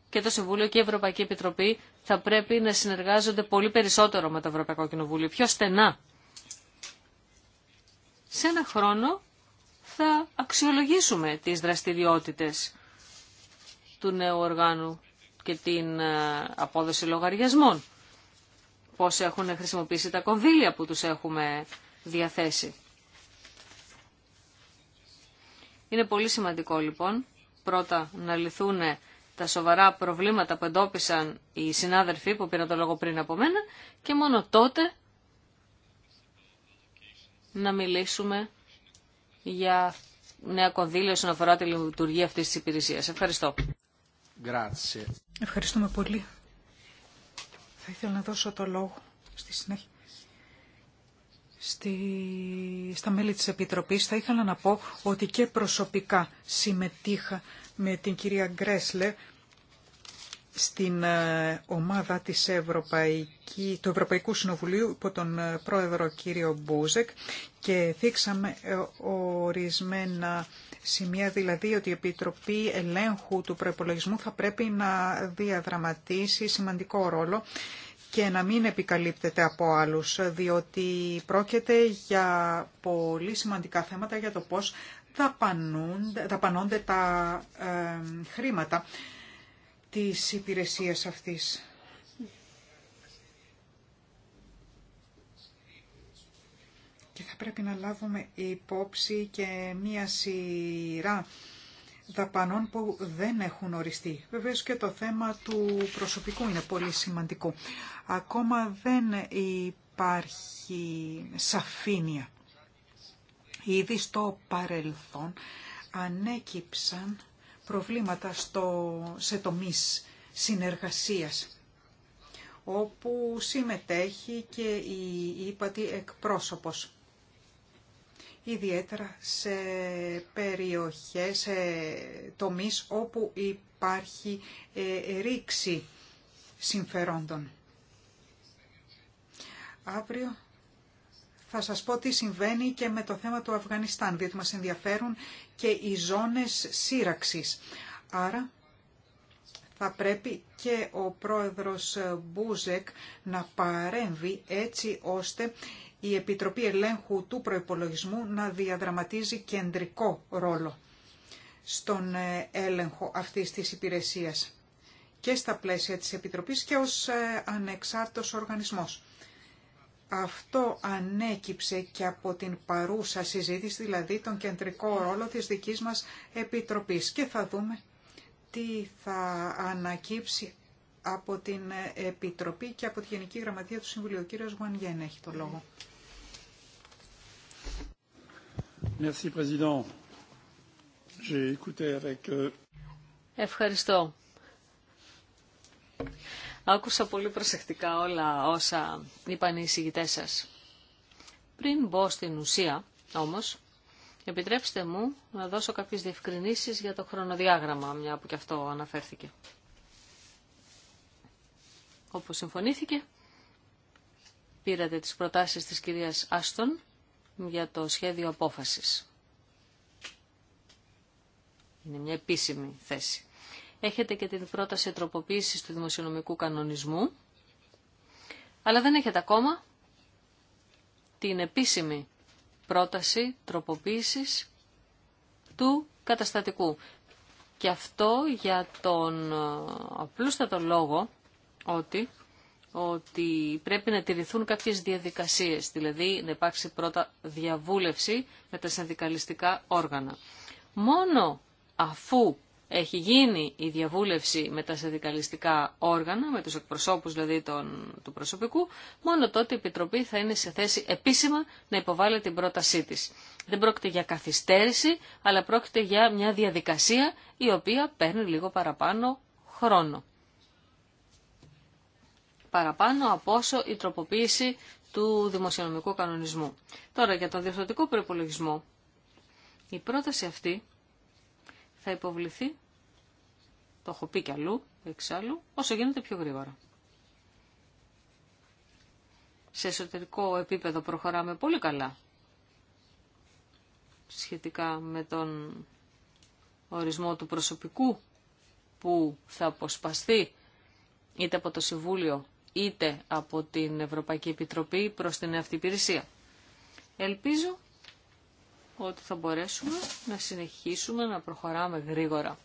και το Συμβούλιο και η Ευρωπαϊκή Επιτροπή θα πρέπει να συνεργάζονται πολύ περισσότερο με το Ευρωπαϊκό Κοινοβούλιο, πιο στενά. Σε ένα χρόνο θα αξιολογήσουμε τις δραστηριότητες του νέου οργάνου και την ε, απόδοση λογαριασμών. Πώς έχουν χρησιμοποιήσει τα κονδύλια που τους έχουμε διαθέσει. Είναι πολύ σημαντικό λοιπόν πρώτα να λυθούν τα σοβαρά προβλήματα που εντόπισαν οι συνάδελφοί που πήραν το λόγο πριν από μένα και μόνο τότε να μιλήσουμε για νέα κονδύλια όσον αφορά τη λειτουργία αυτής της υπηρεσίας. Ευχαριστώ. Ευχαριστούμε πολύ. Θα ήθελα να δώσω το λόγο στη συνέχεια. Στα μέλη της Επιτροπής θα ήθελα να πω ότι και προσωπικά συμμετείχα με την κυρία Γκρέσλε στην ε, ομάδα της Ευρωπαϊκή, του Ευρωπαϊκού Συνοβουλίου υπό τον ε, πρόεδρο κύριο Μπούζεκ και θίξαμε ε, ορισμένα Σημεία δηλαδή ότι η Επιτροπή Ελέγχου του προπολογισμού θα πρέπει να διαδραματίσει σημαντικό ρόλο και να μην επικαλύπτεται από άλλους, διότι πρόκειται για πολύ σημαντικά θέματα για το πώς δαπανώνται τα ε, χρήματα της υπηρεσίας αυτής. πρέπει να λάβουμε υπόψη και μία σειρά δαπανών που δεν έχουν οριστεί. Βεβαίως και το θέμα του προσωπικού είναι πολύ σημαντικό. Ακόμα δεν υπάρχει σαφήνεια. Ήδη στο παρελθόν ανέκυψαν προβλήματα στο, σε τομείς συνεργασίας όπου συμμετέχει και η ύπατη εκπρόσωπος ιδιαίτερα σε περιοχές, σε τομείς όπου υπάρχει ε, ρήξη συμφερόντων. Αύριο θα σας πω τι συμβαίνει και με το θέμα του Αφγανιστάν, διότι μας ενδιαφέρουν και οι ζώνες σύραξης. Άρα θα πρέπει και ο πρόεδρος Μπούζεκ να παρέμβει έτσι ώστε η Επιτροπή Ελέγχου του Προϋπολογισμού να διαδραματίζει κεντρικό ρόλο στον ε, έλεγχο αυτής της υπηρεσίας και στα πλαίσια της Επιτροπής και ως ε, ανεξάρτητος οργανισμός. Αυτό ανέκυψε και από την παρούσα συζήτηση, δηλαδή τον κεντρικό ρόλο της δικής μας Επιτροπής. Και θα δούμε τι θα ανακύψει από την Επιτροπή και από τη Γενική Γραμματεία του Συμβουλίου. Ο κύριος Γουανγιέν έχει το λόγο. Euh, Ευχαριστώ. Άκουσα πολύ προσεκτικά όλα όσα είπαν οι εισηγητές σας. Πριν μπω στην ουσία, όμως, επιτρέψτε μου να δώσω κάποιες διευκρινήσεις για το χρονοδιάγραμμα, μια που και αυτό αναφέρθηκε όπως συμφωνήθηκε. Πήρατε τις προτάσεις της κυρίας Άστον για το σχέδιο απόφασης. Είναι μια επίσημη θέση. Έχετε και την πρόταση τροποποίησης του δημοσιονομικού κανονισμού, αλλά δεν έχετε ακόμα την επίσημη πρόταση τροποποίησης του καταστατικού. Και αυτό για τον απλούστατο λόγο ότι, ότι πρέπει να τηρηθούν κάποιες διαδικασίες, δηλαδή να υπάρξει πρώτα διαβούλευση με τα συνδικαλιστικά όργανα. Μόνο αφού έχει γίνει η διαβούλευση με τα συνδικαλιστικά όργανα, με τους εκπροσώπους δηλαδή τον του προσωπικού, μόνο τότε η Επιτροπή θα είναι σε θέση επίσημα να υποβάλει την πρότασή της. Δεν πρόκειται για καθυστέρηση, αλλά πρόκειται για μια διαδικασία η οποία παίρνει λίγο παραπάνω χρόνο παραπάνω από όσο η τροποποίηση του δημοσιονομικού κανονισμού. Τώρα για τον διορθωτικό προπολογισμό. Η πρόταση αυτή θα υποβληθεί, το έχω πει κι αλλού, εξάλλου, όσο γίνεται πιο γρήγορα. Σε εσωτερικό επίπεδο προχωράμε πολύ καλά σχετικά με τον ορισμό του προσωπικού που θα αποσπαστεί είτε από το Συμβούλιο είτε από την Ευρωπαϊκή Επιτροπή προς την αυτή Ελπίζω ότι θα μπορέσουμε να συνεχίσουμε να προχωράμε γρήγορα.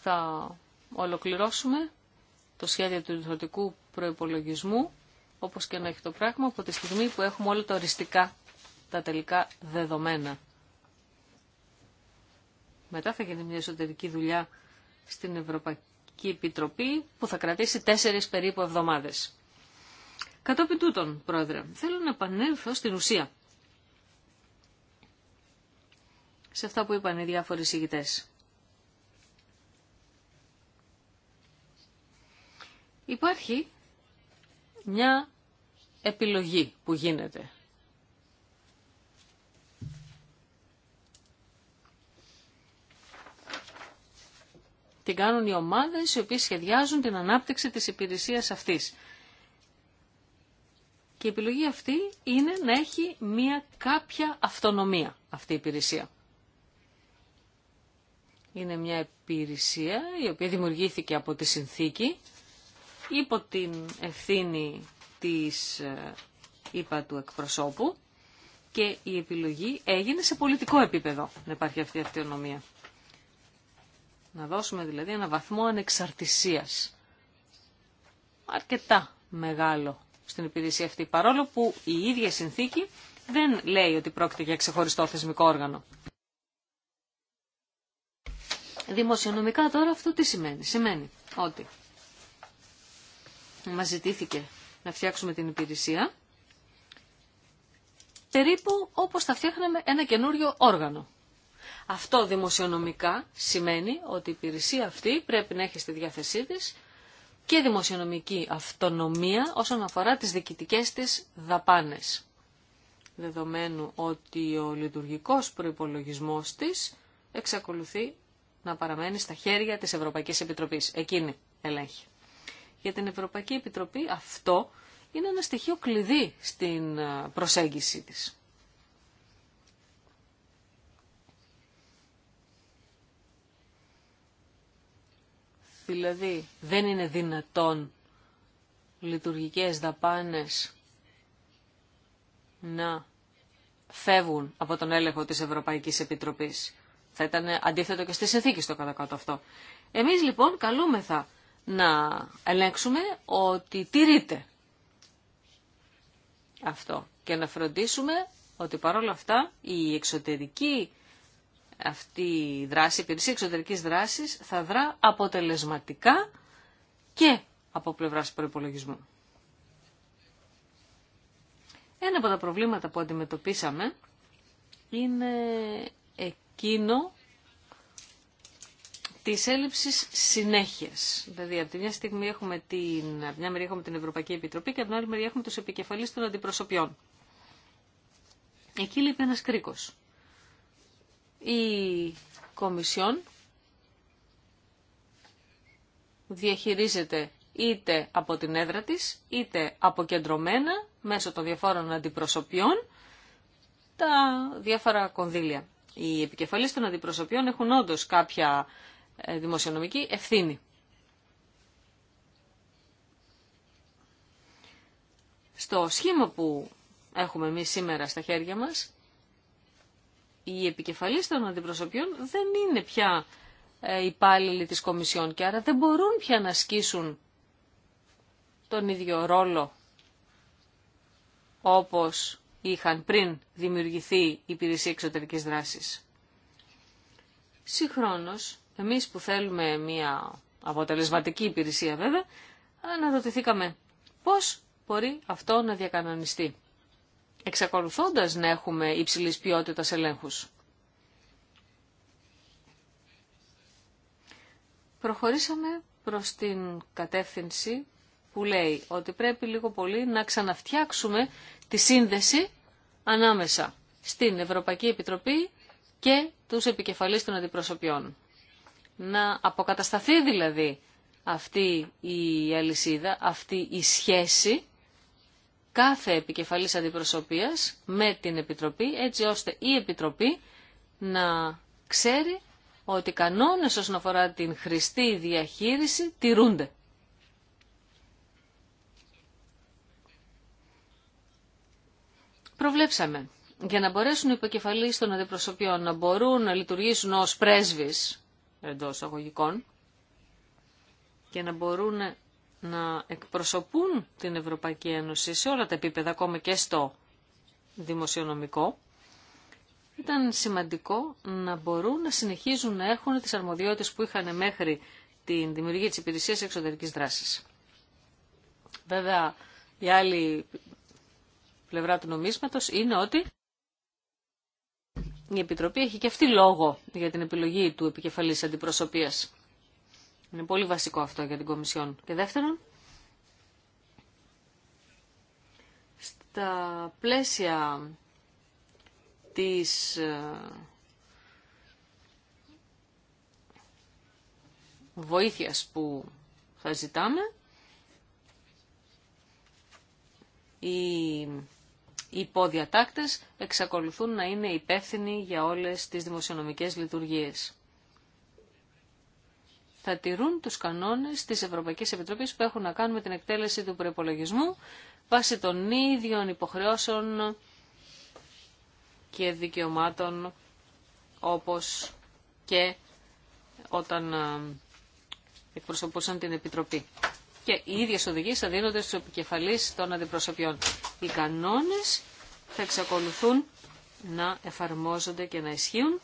Θα ολοκληρώσουμε το σχέδιο του ιδιωτικού προϋπολογισμού, όπως και να έχει το πράγμα, από τη στιγμή που έχουμε όλα τα οριστικά, τα τελικά δεδομένα. Μετά θα γίνει μια εσωτερική δουλειά στην Ευρωπαϊκή Επιτροπή που θα κρατήσει τέσσερις περίπου εβδομάδες. Κατόπιν τούτων, Πρόεδρε, θέλω να επανέλθω στην ουσία. Σε αυτά που είπαν οι διάφοροι συγητές. Υπάρχει μια επιλογή που γίνεται Την κάνουν οι ομάδες οι οποίες σχεδιάζουν την ανάπτυξη της υπηρεσίας αυτής. Και η επιλογή αυτή είναι να έχει μία κάποια αυτονομία αυτή η υπηρεσία. Είναι μια υπηρεσία η οποία δημιουργήθηκε από τη συνθήκη υπό την ευθύνη της ε, είπα του εκπροσώπου και η επιλογή έγινε σε πολιτικό επίπεδο να υπάρχει αυτή η αυτονομία. Να δώσουμε δηλαδή ένα βαθμό ανεξαρτησίας. Αρκετά μεγάλο στην υπηρεσία αυτή, παρόλο που η ίδια συνθήκη δεν λέει ότι πρόκειται για ξεχωριστό θεσμικό όργανο. Δημοσιονομικά τώρα αυτό τι σημαίνει. Σημαίνει ότι μας ζητήθηκε να φτιάξουμε την υπηρεσία περίπου όπως θα φτιάχναμε ένα καινούριο όργανο. Αυτό δημοσιονομικά σημαίνει ότι η υπηρεσία αυτή πρέπει να έχει στη διάθεσή της και δημοσιονομική αυτονομία όσον αφορά τις διοικητικές της δαπάνες. Δεδομένου ότι ο λειτουργικός προϋπολογισμός της εξακολουθεί να παραμένει στα χέρια της Ευρωπαϊκής Επιτροπής. Εκείνη ελέγχει. Για την Ευρωπαϊκή Επιτροπή αυτό είναι ένα στοιχείο κλειδί στην ε, προσέγγιση της. Δηλαδή δεν είναι δυνατόν λειτουργικές δαπάνες να φεύγουν από τον έλεγχο της Ευρωπαϊκής Επιτροπής. Θα ήταν αντίθετο και στη συνθήκη στο κατά αυτό. Εμείς λοιπόν καλούμεθα να ελέγξουμε ότι τηρείται αυτό και να φροντίσουμε ότι παρόλα αυτά η εξωτερική αυτή η δράση, η υπηρεσία εξωτερικής δράσης θα δρά αποτελεσματικά και από πλευράς προπολογισμού. Ένα από τα προβλήματα που αντιμετωπίσαμε είναι εκείνο της έλλειψης συνέχειας. Δηλαδή, από τη μια στιγμή έχουμε την, από μια μεριά έχουμε την Ευρωπαϊκή Επιτροπή και από την άλλη μεριά έχουμε τους επικεφαλείς των αντιπροσωπιών. Εκεί λείπει ένας κρίκος. Η Κομισιόν διαχειρίζεται είτε από την έδρα της, είτε αποκεντρωμένα μέσω των διαφόρων αντιπροσωπιών τα διάφορα κονδύλια. Οι επικεφαλής των αντιπροσωπιών έχουν όντως κάποια ε, δημοσιονομική ευθύνη. Στο σχήμα που έχουμε εμείς σήμερα στα χέρια μας, οι επικεφαλείς των αντιπροσωπιών δεν είναι πια ε, υπάλληλοι της Κομισιόν και άρα δεν μπορούν πια να ασκήσουν τον ίδιο ρόλο όπως είχαν πριν δημιουργηθεί η υπηρεσία εξωτερικής δράσης. Συγχρόνως, εμείς που θέλουμε μια αποτελεσματική υπηρεσία βέβαια, αναρωτηθήκαμε πώς μπορεί αυτό να διακανονιστεί εξακολουθώντας να έχουμε υψηλής ποιότητας ελέγχους. Προχωρήσαμε προς την κατεύθυνση που λέει ότι πρέπει λίγο πολύ να ξαναφτιάξουμε τη σύνδεση ανάμεσα στην Ευρωπαϊκή Επιτροπή και τους επικεφαλείς των αντιπροσωπιών. Να αποκατασταθεί δηλαδή αυτή η αλυσίδα, αυτή η σχέση κάθε επικεφαλής αντιπροσωπείας με την Επιτροπή, έτσι ώστε η Επιτροπή να ξέρει ότι οι κανόνες όσον αφορά την χρηστή διαχείριση τηρούνται. Προβλέψαμε για να μπορέσουν οι υποκεφαλείς των αντιπροσωπείων να μπορούν να λειτουργήσουν ως πρέσβεις εντός αγωγικών και να μπορούν να εκπροσωπούν την Ευρωπαϊκή Ένωση σε όλα τα επίπεδα, ακόμα και στο δημοσιονομικό, ήταν σημαντικό να μπορούν να συνεχίζουν να έχουν τις αρμοδιότητες που είχαν μέχρι την δημιουργία της υπηρεσίας εξωτερικής δράσης. Βέβαια, η άλλη πλευρά του νομίσματος είναι ότι η Επιτροπή έχει και αυτή λόγο για την επιλογή του επικεφαλής αντιπροσωπείας. Είναι πολύ βασικό αυτό για την Κομισιόν. Και δεύτερον, στα πλαίσια της ε, βοήθειας που θα ζητάμε, οι υποδιατάκτες εξακολουθούν να είναι υπεύθυνοι για όλες τις δημοσιονομικές λειτουργίες θα τηρούν τους κανόνες της Ευρωπαϊκής Επιτροπής που έχουν να κάνουν με την εκτέλεση του προπολογισμού βάσει των ίδιων υποχρεώσεων και δικαιωμάτων όπως και όταν ε, εκπροσωπούσαν την Επιτροπή. Και οι ίδιες οδηγίες θα δίνονται στους επικεφαλείς των αντιπροσωπιών. Οι κανόνες θα εξακολουθούν να εφαρμόζονται και να ισχύουν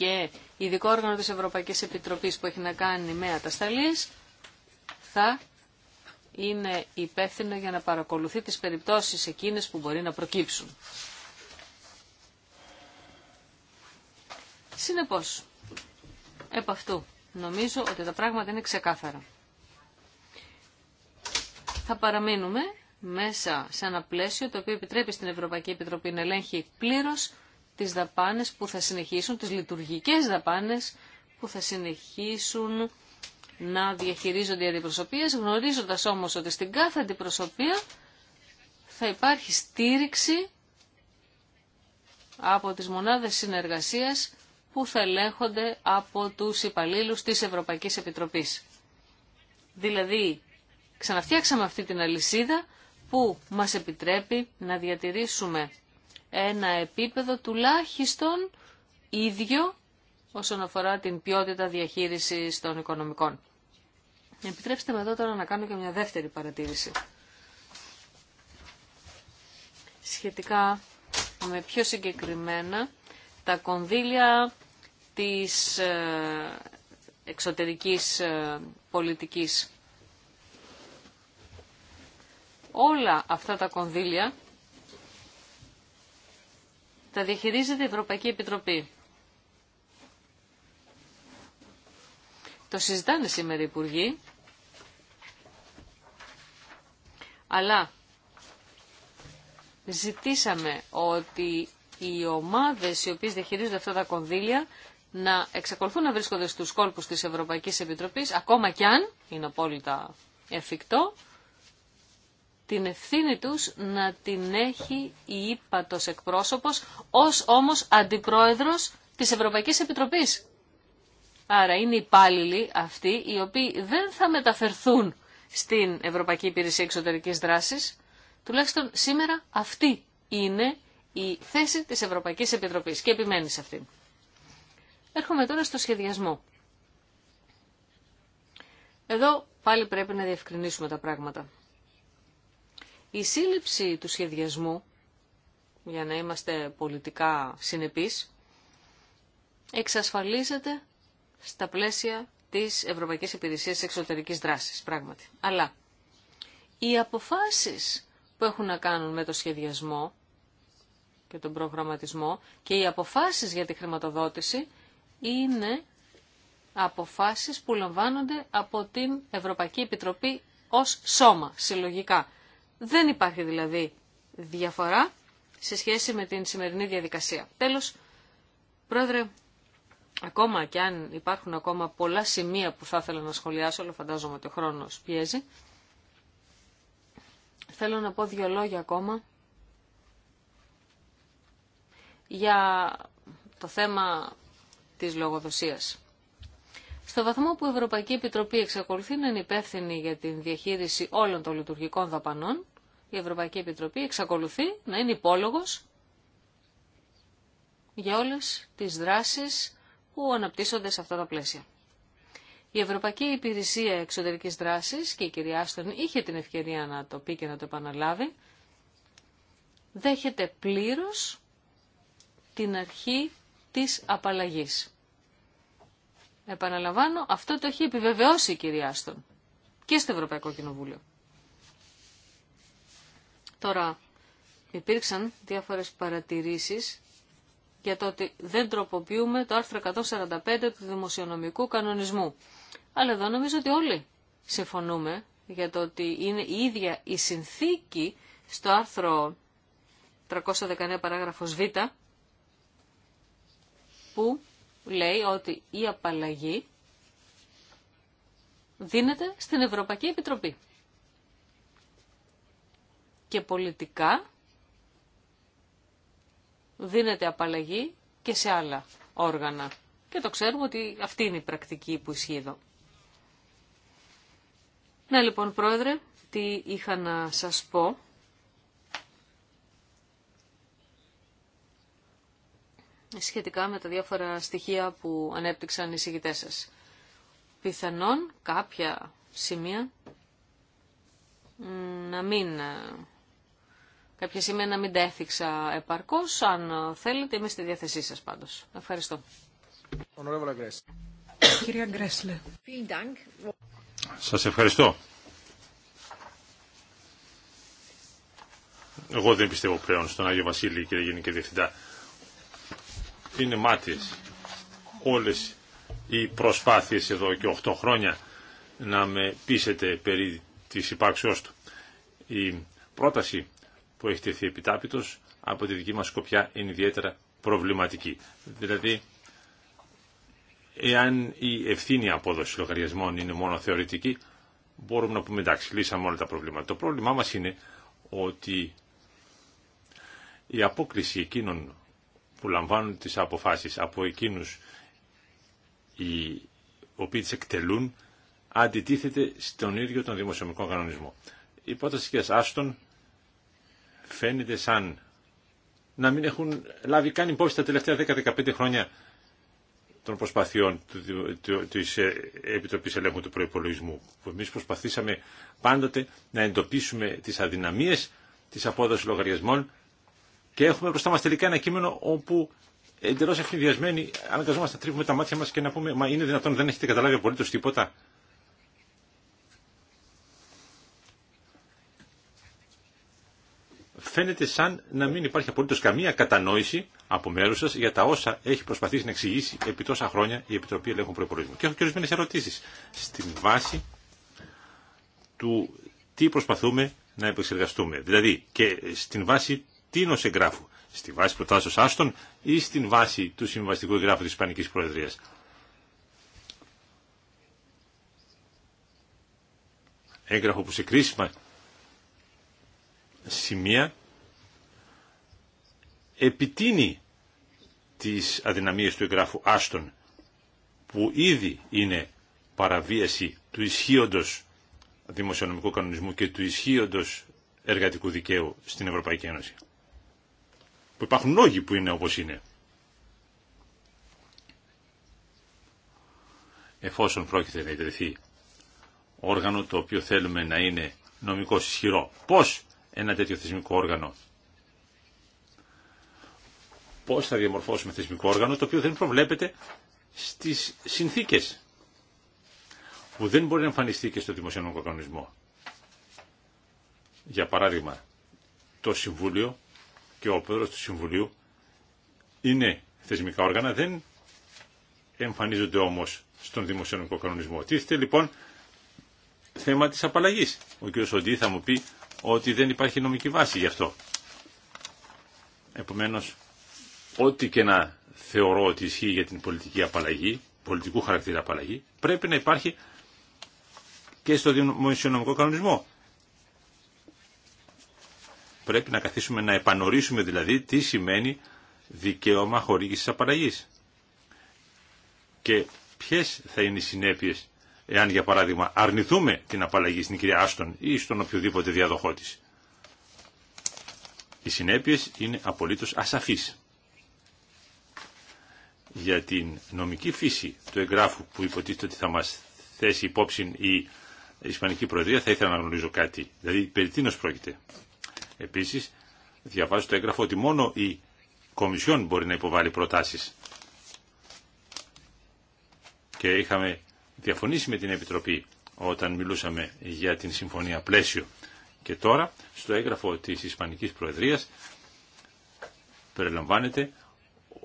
και ειδικό όργανο της Ευρωπαϊκής Επιτροπής που έχει να κάνει με ατασταλείς θα είναι υπεύθυνο για να παρακολουθεί τις περιπτώσεις εκείνες που μπορεί να προκύψουν. Συνεπώς, επ' αυτού νομίζω ότι τα πράγματα είναι ξεκάθαρα. Θα παραμείνουμε μέσα σε ένα πλαίσιο το οποίο επιτρέπει στην Ευρωπαϊκή Επιτροπή να ελέγχει πλήρως τις δαπάνες που θα συνεχίσουν, τις λειτουργικές δαπάνες που θα συνεχίσουν να διαχειρίζονται οι αντιπροσωπείες, γνωρίζοντας όμως ότι στην κάθε αντιπροσωπεία θα υπάρχει στήριξη από τις μονάδες συνεργασίας που θα ελέγχονται από τους υπαλλήλους της Ευρωπαϊκής Επιτροπής. Δηλαδή, ξαναφτιάξαμε αυτή την αλυσίδα που μας επιτρέπει να διατηρήσουμε ένα επίπεδο τουλάχιστον ίδιο όσον αφορά την ποιότητα διαχείρισης των οικονομικών. Επιτρέψτε με εδώ τώρα να κάνω και μια δεύτερη παρατήρηση. Σχετικά με πιο συγκεκριμένα τα κονδύλια της ε, εξωτερικής ε, πολιτικής. Όλα αυτά τα κονδύλια τα διαχειρίζεται η Ευρωπαϊκή Επιτροπή. Το συζητάνε σήμερα οι Υπουργοί, αλλά ζητήσαμε ότι οι ομάδες οι οποίες διαχειρίζονται αυτά τα κονδύλια να εξακολουθούν να βρίσκονται στους κόλπους της Ευρωπαϊκής Επιτροπής, ακόμα κι αν είναι απόλυτα εφικτό, την ευθύνη τους να την έχει η ύπατος εκπρόσωπος ως όμως αντιπρόεδρος της Ευρωπαϊκής Επιτροπής. Άρα είναι υπάλληλοι αυτοί οι οποίοι δεν θα μεταφερθούν στην Ευρωπαϊκή Υπηρεσία Εξωτερικής Δράσης. Τουλάχιστον σήμερα αυτή είναι η θέση της Ευρωπαϊκής Επιτροπής και επιμένει σε αυτήν. Έρχομαι τώρα στο σχεδιασμό. Εδώ πάλι πρέπει να διευκρινίσουμε τα πράγματα. Η σύλληψη του σχεδιασμού, για να είμαστε πολιτικά συνεπείς, εξασφαλίζεται στα πλαίσια της Ευρωπαϊκής Υπηρεσίας Εξωτερικής Δράσης, πράγματι. Αλλά οι αποφάσεις που έχουν να κάνουν με το σχεδιασμό και τον προγραμματισμό και οι αποφάσεις για τη χρηματοδότηση είναι αποφάσεις που λαμβάνονται από την Ευρωπαϊκή Επιτροπή ως σώμα, συλλογικά. Δεν υπάρχει δηλαδή διαφορά σε σχέση με την σημερινή διαδικασία. Τέλος, πρόεδρε, ακόμα και αν υπάρχουν ακόμα πολλά σημεία που θα ήθελα να σχολιάσω, αλλά φαντάζομαι ότι ο χρόνος πιέζει, θέλω να πω δύο λόγια ακόμα για το θέμα της λογοδοσίας. Στο βαθμό που η Ευρωπαϊκή Επιτροπή εξακολουθεί να είναι υπεύθυνη για την διαχείριση όλων των λειτουργικών δαπανών, η Ευρωπαϊκή Επιτροπή εξακολουθεί να είναι υπόλογος για όλες τις δράσεις που αναπτύσσονται σε αυτά τα πλαίσια. Η Ευρωπαϊκή Υπηρεσία Εξωτερικής Δράσης και η κυρία Άστον είχε την ευκαιρία να το πει και να το επαναλάβει, δέχεται πλήρως την αρχή της απαλλαγής. Επαναλαμβάνω, αυτό το έχει επιβεβαιώσει η κυρία Άστον και στο Ευρωπαϊκό Κοινοβούλιο. Τώρα, υπήρξαν διάφορες παρατηρήσεις για το ότι δεν τροποποιούμε το άρθρο 145 του δημοσιονομικού κανονισμού. Αλλά εδώ νομίζω ότι όλοι συμφωνούμε για το ότι είναι η ίδια η συνθήκη στο άρθρο 319 παράγραφος Β που λέει ότι η απαλλαγή δίνεται στην Ευρωπαϊκή Επιτροπή και πολιτικά δίνεται απαλλαγή και σε άλλα όργανα. Και το ξέρουμε ότι αυτή είναι η πρακτική που ισχύει εδώ. Ναι λοιπόν πρόεδρε, τι είχα να σας πω. σχετικά με τα διάφορα στοιχεία που ανέπτυξαν οι συγκητές σας. Πιθανόν κάποια σημεία να μην ε, κάποια σημεία να μην τα έθιξα επαρκώς. Αν θέλετε, είμαι στη διάθεσή σας πάντως. Ευχαριστώ. Κυρία Γκρέσλε. Σας ευχαριστώ. Εγώ δεν πιστεύω πλέον στον Άγιο Βασίλη, κύριε Γενική Διευθυντά. Είναι μάτιες όλες οι προσπάθειες εδώ και 8 χρόνια να με πείσετε περί της υπάρξεώς του. Η πρόταση που έχει τεθεί επιτάπητος από τη δική μας σκοπιά είναι ιδιαίτερα προβληματική. Δηλαδή, εάν η ευθύνη απόδοση λογαριασμών είναι μόνο θεωρητική, μπορούμε να πούμε εντάξει, λύσαμε όλα τα προβλήματα. Το πρόβλημά μας είναι ότι η απόκριση εκείνων που λαμβάνουν τις αποφάσεις από εκείνους οι οποίοι τις εκτελούν, αντιτίθεται στον ίδιο τον δημοσιονομικό κανονισμό. Η πρόταση Άστον φαίνεται σαν να μην έχουν λάβει καν υπόψη τα τελευταία 10-15 χρόνια των προσπαθειών της ε, Επιτροπής Ελέγχου του Προϋπολογισμού. Εμεί προσπαθήσαμε πάντοτε να εντοπίσουμε τις αδυναμίες της απόδοση λογαριασμών και έχουμε μπροστά μας τελικά ένα κείμενο όπου εντελώς ευθυνδιασμένοι αναγκαζόμαστε να τρίβουμε τα μάτια μας και να πούμε «Μα είναι δυνατόν, δεν έχετε καταλάβει απολύτως τίποτα». φαίνεται σαν να μην υπάρχει απολύτω καμία κατανόηση από μέρου σα για τα όσα έχει προσπαθήσει να εξηγήσει επί τόσα χρόνια η Επιτροπή Ελέγχου Προπολογισμού. Και έχω και ορισμένε ερωτήσει στην βάση του τι προσπαθούμε να επεξεργαστούμε. Δηλαδή και στην βάση τίνο εγγράφου, στη βάση προτάσεω Άστον ή στην βάση του συμβαστικού εγγράφου τη Ισπανική Προεδρία. Έγγραφο που σε κρίσιμα σημεία επιτείνει τις αδυναμίες του εγγράφου Άστον που ήδη είναι παραβίαση του ισχύοντος δημοσιονομικού κανονισμού και του ισχύοντος εργατικού δικαίου στην Ευρωπαϊκή Ένωση. Που υπάρχουν λόγοι που είναι όπως είναι. Εφόσον πρόκειται να ιδρυθεί όργανο το οποίο θέλουμε να είναι νομικός ισχυρό, πώς ένα τέτοιο θεσμικό όργανο πώς θα διαμορφώσουμε θεσμικό όργανο το οποίο δεν προβλέπεται στις συνθήκες που δεν μπορεί να εμφανιστεί και στο δημοσιονομικό κανονισμό. Για παράδειγμα, το Συμβούλιο και ο πρόεδρος του Συμβουλίου είναι θεσμικά όργανα, δεν εμφανίζονται όμως στον δημοσιονομικό κανονισμό. Τίθεται λοιπόν θέμα της απαλλαγής. Ο κ. Σοντή θα μου πει ότι δεν υπάρχει νομική βάση γι' αυτό. Επομένως, ό,τι και να θεωρώ ότι ισχύει για την πολιτική απαλλαγή, πολιτικού χαρακτήρα απαλλαγή, πρέπει να υπάρχει και στο δημοσιονομικό κανονισμό. Πρέπει να καθίσουμε να επανορίσουμε δηλαδή τι σημαίνει δικαίωμα χορήγησης απαλλαγής και ποιες θα είναι οι συνέπειες εάν για παράδειγμα αρνηθούμε την απαλλαγή στην κυρία Άστον ή στον οποιοδήποτε διαδοχό της. Οι συνέπειες είναι απολύτως ασαφείς για την νομική φύση του εγγράφου που υποτίθεται ότι θα μας θέσει υπόψη η Ισπανική Προεδρία θα ήθελα να γνωρίζω κάτι. Δηλαδή περί τίνος πρόκειται. Επίσης διαβάζω το έγγραφο ότι μόνο η Κομισιόν μπορεί να υποβάλει προτάσεις. Και είχαμε διαφωνήσει με την Επιτροπή όταν μιλούσαμε για την Συμφωνία Πλαίσιο. Και τώρα στο έγγραφο της Ισπανικής Προεδρίας περιλαμβάνεται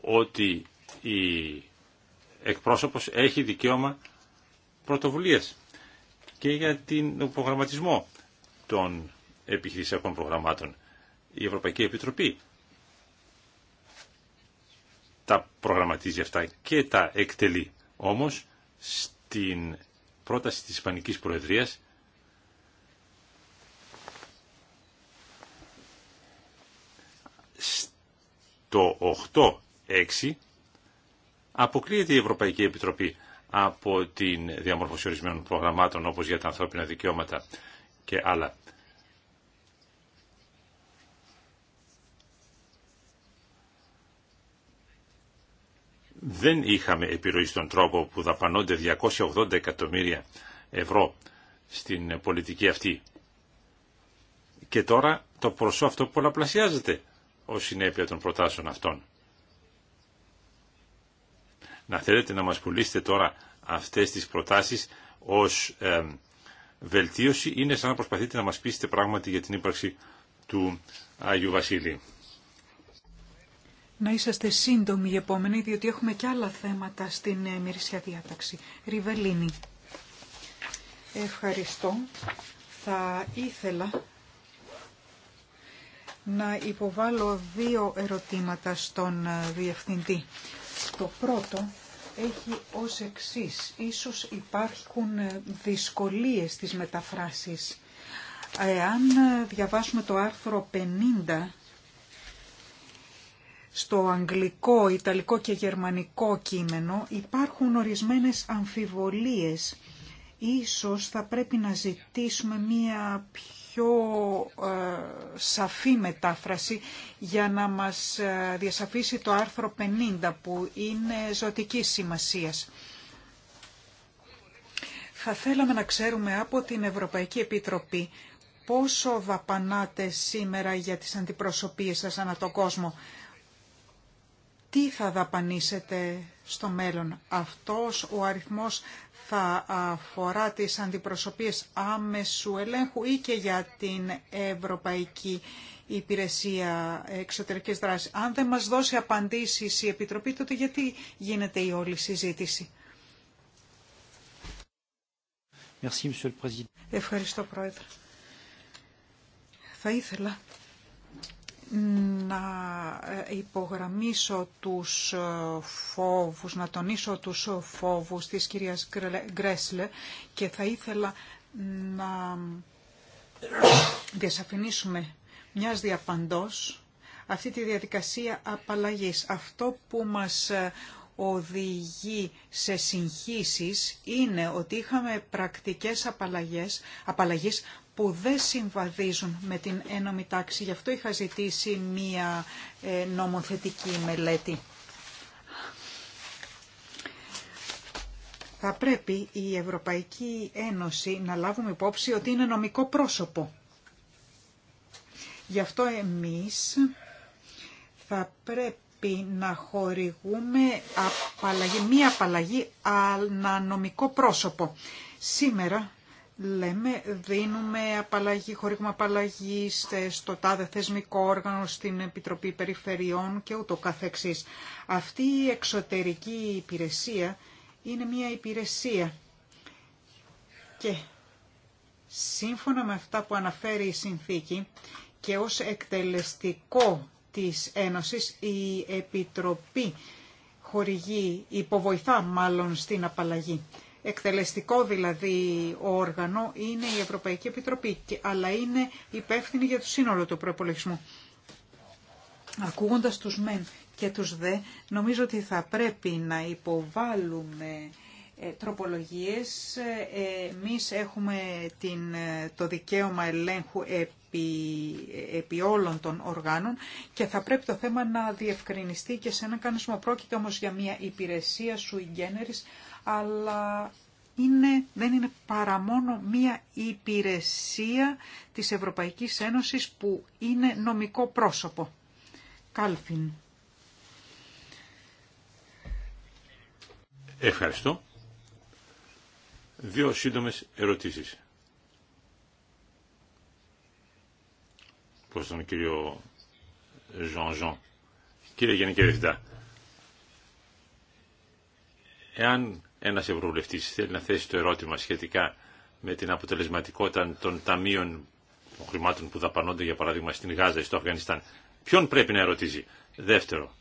ότι η εκπρόσωπος έχει δικαίωμα πρωτοβουλίας και για την προγραμματισμό των επιχειρησιακών προγραμμάτων. Η Ευρωπαϊκή Επιτροπή τα προγραμματίζει αυτά και τα εκτελεί. Όμως στην πρόταση της Ισπανικής Προεδρίας το 8 αποκλείεται η Ευρωπαϊκή Επιτροπή από την διαμόρφωση ορισμένων προγραμμάτων όπως για τα ανθρώπινα δικαιώματα και άλλα. Δεν είχαμε επιρροή στον τρόπο που δαπανώνται 280 εκατομμύρια ευρώ στην πολιτική αυτή. Και τώρα το ποσό πολλαπλασιάζεται ως συνέπεια των προτάσεων αυτών να θέλετε να μας πουλήσετε τώρα αυτές τις προτάσεις ως βελτίωση είναι σαν να προσπαθείτε να μας πείσετε πράγματι για την ύπαρξη του Άγιου Βασίλειου. Να είσαστε σύντομοι οι επόμενοι, διότι έχουμε και άλλα θέματα στην ε, μυρισιά διάταξη. Ριβελίνη. Ευχαριστώ. Θα ήθελα να υποβάλω δύο ερωτήματα στον ε, Διευθυντή. Το πρώτο έχει ως εξής. Ίσως υπάρχουν ε, δυσκολίες στις μεταφράσεις. Αν ε, διαβάσουμε το άρθρο 50 στο αγγλικό, ιταλικό και γερμανικό κείμενο υπάρχουν ορισμένες αμφιβολίες. Ίσως θα πρέπει να ζητήσουμε μία πιο ε, σαφή μετάφραση για να μας ε, διασαφίσει το άρθρο 50 που είναι ζωτική σημασίας. Θα θέλαμε να ξέρουμε από την Ευρωπαϊκή Επιτροπή πόσο δαπανάτε σήμερα για τις αντιπροσωπείες σας ανά τον κόσμο τι θα δαπανίσετε στο μέλλον. Αυτός ο αριθμός θα αφορά τις αντιπροσωπείες άμεσου ελέγχου ή και για την Ευρωπαϊκή Υπηρεσία Εξωτερικής Δράσης. Αν δεν μας δώσει απαντήσεις η Επιτροπή, τότε γιατί γίνεται η όλη συζήτηση. Ευχαριστώ, Πρόεδρε. Θα ήθελα να ε, υπογραμμίσω τους ε, φόβους, να τονίσω τους ε, φόβους της κυρίας Γκρέσλε και θα ήθελα να διασαφηνίσουμε μιας διαπαντός αυτή τη διαδικασία απαλλαγής. Αυτό που μας οδηγεί σε συγχύσεις είναι ότι είχαμε πρακτικές απαλλαγές, απαλλαγής που δεν συμβαδίζουν με την ένωμη τάξη. Γι' αυτό είχα ζητήσει μία ε, νομοθετική μελέτη. Θα πρέπει η Ευρωπαϊκή Ένωση να λάβουμε υπόψη ότι είναι νομικό πρόσωπο. Γι' αυτό εμείς θα πρέπει να χορηγούμε απαλλαγή, μία απαλλαγή ανανομικό πρόσωπο. Σήμερα λέμε δίνουμε απαλλαγή, χορήγουμε απαλλαγή στο τάδε θεσμικό όργανο, στην Επιτροπή Περιφερειών και ούτω καθεξής. Αυτή η εξωτερική υπηρεσία είναι μια υπηρεσία και σύμφωνα με αυτά που αναφέρει η συνθήκη και ως εκτελεστικό της Ένωσης η Επιτροπή χορηγεί, υποβοηθά μάλλον στην απαλλαγή εκτελεστικό δηλαδή όργανο είναι η Ευρωπαϊκή Επιτροπή, αλλά είναι υπεύθυνη για το σύνολο του προπολογισμού. Ακούγοντας τους μεν και τους δε, νομίζω ότι θα πρέπει να υποβάλουμε ε, τροπολογίες. Ε, εμείς έχουμε την, ε, το δικαίωμα ελέγχου επί, επί όλων των οργάνων και θα πρέπει το θέμα να διευκρινιστεί και σε έναν κανονισμό. Πρόκειται όμως για μια υπηρεσία σου αλλά είναι, δεν είναι παρά μόνο μία υπηρεσία της Ευρωπαϊκής Ένωσης που είναι νομικό πρόσωπο. Κάλφιν. Ευχαριστώ. Δύο σύντομες ερωτήσεις. Προς τον κύριο Ζων Κύριε Γενική εάν ένα ευρωβουλευτή θέλει να θέσει το ερώτημα σχετικά με την αποτελεσματικότητα των ταμείων των χρημάτων που δαπανώνται για παράδειγμα στην Γάζα ή στο Αφγανιστάν, ποιον πρέπει να ερωτήσει. Δεύτερο,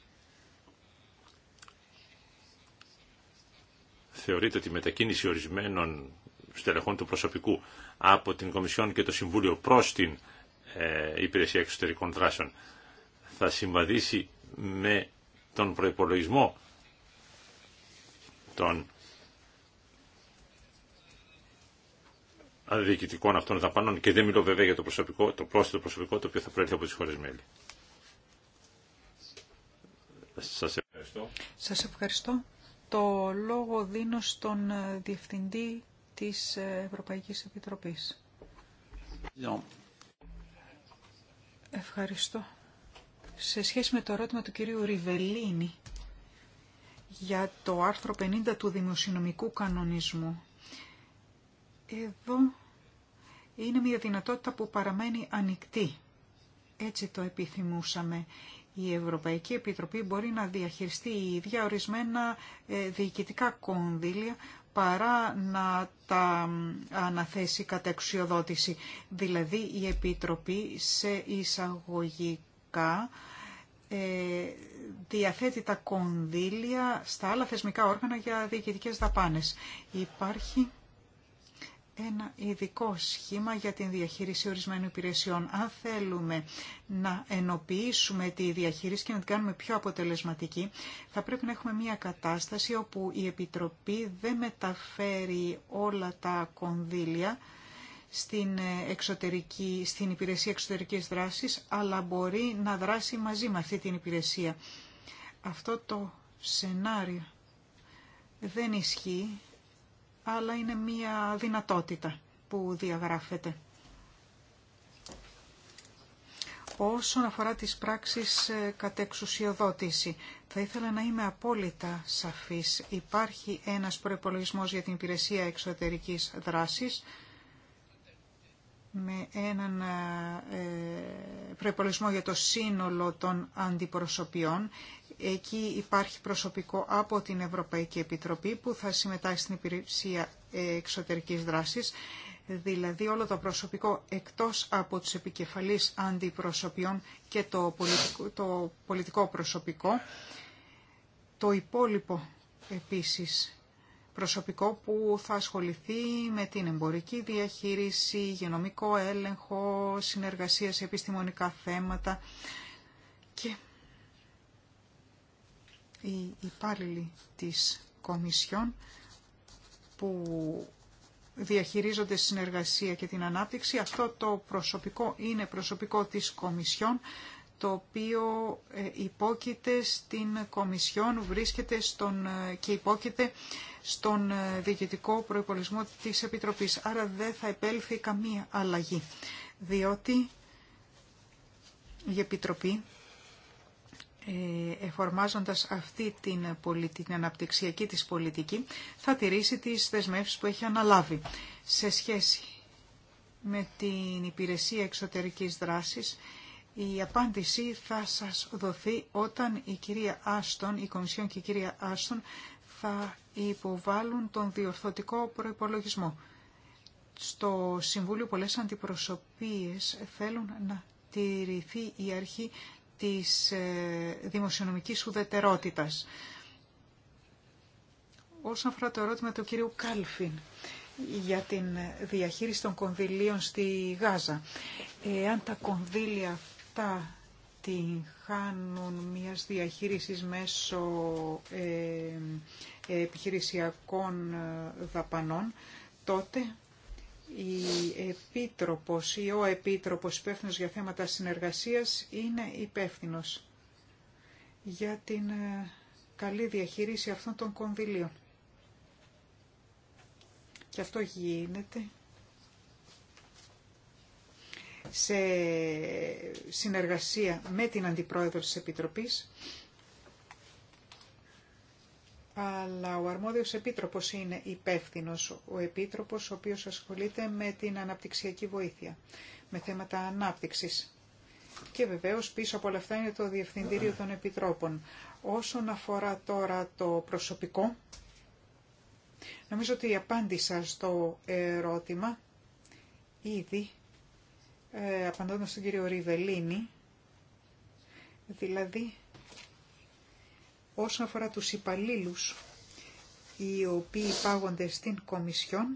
θεωρείται ότι η μετακίνηση ορισμένων στελεχών του προσωπικού από την Κομισιόν και το Συμβούλιο προ την ε, Υπηρεσία Εξωτερικών Δράσεων θα συμβαδίσει με τον προπολογισμό των διοικητικών αυτών δαπανών και δεν μιλώ βέβαια για το, προσωπικό, το πρόσθετο προσωπικό το οποίο θα προέρχεται από τις χώρες μέλη. Σας ευχαριστώ. Σας ευχαριστώ. Το λόγο δίνω στον Διευθυντή της Ευρωπαϊκής Επιτροπής. Yeah. Ευχαριστώ. Σε σχέση με το ερώτημα του κυρίου Ριβελίνη για το άρθρο 50 του Δημοσιονομικού Κανονισμού εδώ είναι μια δυνατότητα που παραμένει ανοιχτή. Έτσι το επιθυμούσαμε. Η Ευρωπαϊκή Επιτροπή μπορεί να διαχειριστεί η ίδια ορισμένα ε, διοικητικά κονδύλια παρά να τα αναθέσει κατά εξουσιοδότηση. Δηλαδή η Επιτροπή σε εισαγωγικά ε, διαθέτει τα κονδύλια στα άλλα θεσμικά όργανα για διοικητικές δαπάνες. Υπάρχει ένα ειδικό σχήμα για την διαχείριση ορισμένων υπηρεσιών. Αν θέλουμε να ενοποιήσουμε τη διαχείριση και να την κάνουμε πιο αποτελεσματική, θα πρέπει να έχουμε μια κατάσταση όπου η Επιτροπή δεν μεταφέρει όλα τα κονδύλια στην, ε, εξωτερική, στην υπηρεσία εξωτερικής δράσης, αλλά μπορεί να δράσει μαζί με αυτή την υπηρεσία. Αυτό το σενάριο δεν ισχύει αλλά είναι μία δυνατότητα που διαγράφεται. Όσον αφορά τις πράξεις ε, εξουσιοδότηση, θα ήθελα να είμαι απόλυτα σαφής. Υπάρχει ένας προϋπολογισμός για την υπηρεσία εξωτερικής δράσης με έναν ε, προπολογισμό για το σύνολο των αντιπροσωπιών. Εκεί υπάρχει προσωπικό από την Ευρωπαϊκή Επιτροπή που θα συμμετάσχει στην υπηρεσία εξωτερικής δράσης, δηλαδή όλο το προσωπικό εκτός από τους επικεφαλείς αντιπροσωπιών και το πολιτικό, το προσωπικό. Το υπόλοιπο επίσης προσωπικό που θα ασχοληθεί με την εμπορική διαχείριση, γενομικό έλεγχο, συνεργασία σε επιστημονικά θέματα και οι υπάλληλοι της Κομισιόν που διαχειρίζονται συνεργασία και την ανάπτυξη. Αυτό το προσωπικό είναι προσωπικό της Κομισιόν, το οποίο ε, υπόκειται στην Κομισιόν, βρίσκεται στον, ε, και υπόκειται στον ε, διοικητικό Προϋπολογισμό της Επιτροπής. Άρα δεν θα επέλθει καμία αλλαγή, διότι η Επιτροπή ε, εφορμάζοντας αυτή την, πολιτική, την αναπτυξιακή της πολιτική, θα τηρήσει τις δεσμεύσεις που έχει αναλάβει σε σχέση με την υπηρεσία εξωτερικής δράσης. Η απάντηση θα σας δοθεί όταν η κυρία Άστον, η Κομισιόν και η κυρία Άστον θα υποβάλουν τον διορθωτικό προϋπολογισμό. Στο Συμβούλιο πολλές αντιπροσωπείες θέλουν να τηρηθεί η αρχή της ε, δημοσιονομικής ουδετερότητας. Όσον αφορά το ερώτημα του κυρίου Κάλφιν για την διαχείριση των κονδυλίων στη Γάζα, εάν τα κονδύλια αυτά την χάνουν μιας διαχείρισης μέσω ε, ε, επιχειρησιακών δαπανών, τότε η Επίτροπος ή ο Επίτροπος υπεύθυνο για θέματα συνεργασίας είναι υπεύθυνο για την ε, καλή διαχείριση αυτών των κονδυλίων. Και αυτό γίνεται σε συνεργασία με την Αντιπρόεδρο της Επιτροπής αλλά ο αρμόδιος επίτροπος είναι υπεύθυνος, ο επίτροπος ο οποίος ασχολείται με την αναπτυξιακή βοήθεια, με θέματα ανάπτυξης. Και βεβαίως πίσω από όλα αυτά είναι το Διευθυντήριο των Επιτρόπων. Όσον αφορά τώρα το προσωπικό, νομίζω ότι απάντησα στο ερώτημα ήδη, ε, απαντώντας στον κύριο Ριβελίνη, δηλαδή Όσον αφορά τους υπαλλήλους οι οποίοι υπάγονται στην Κομισιόν,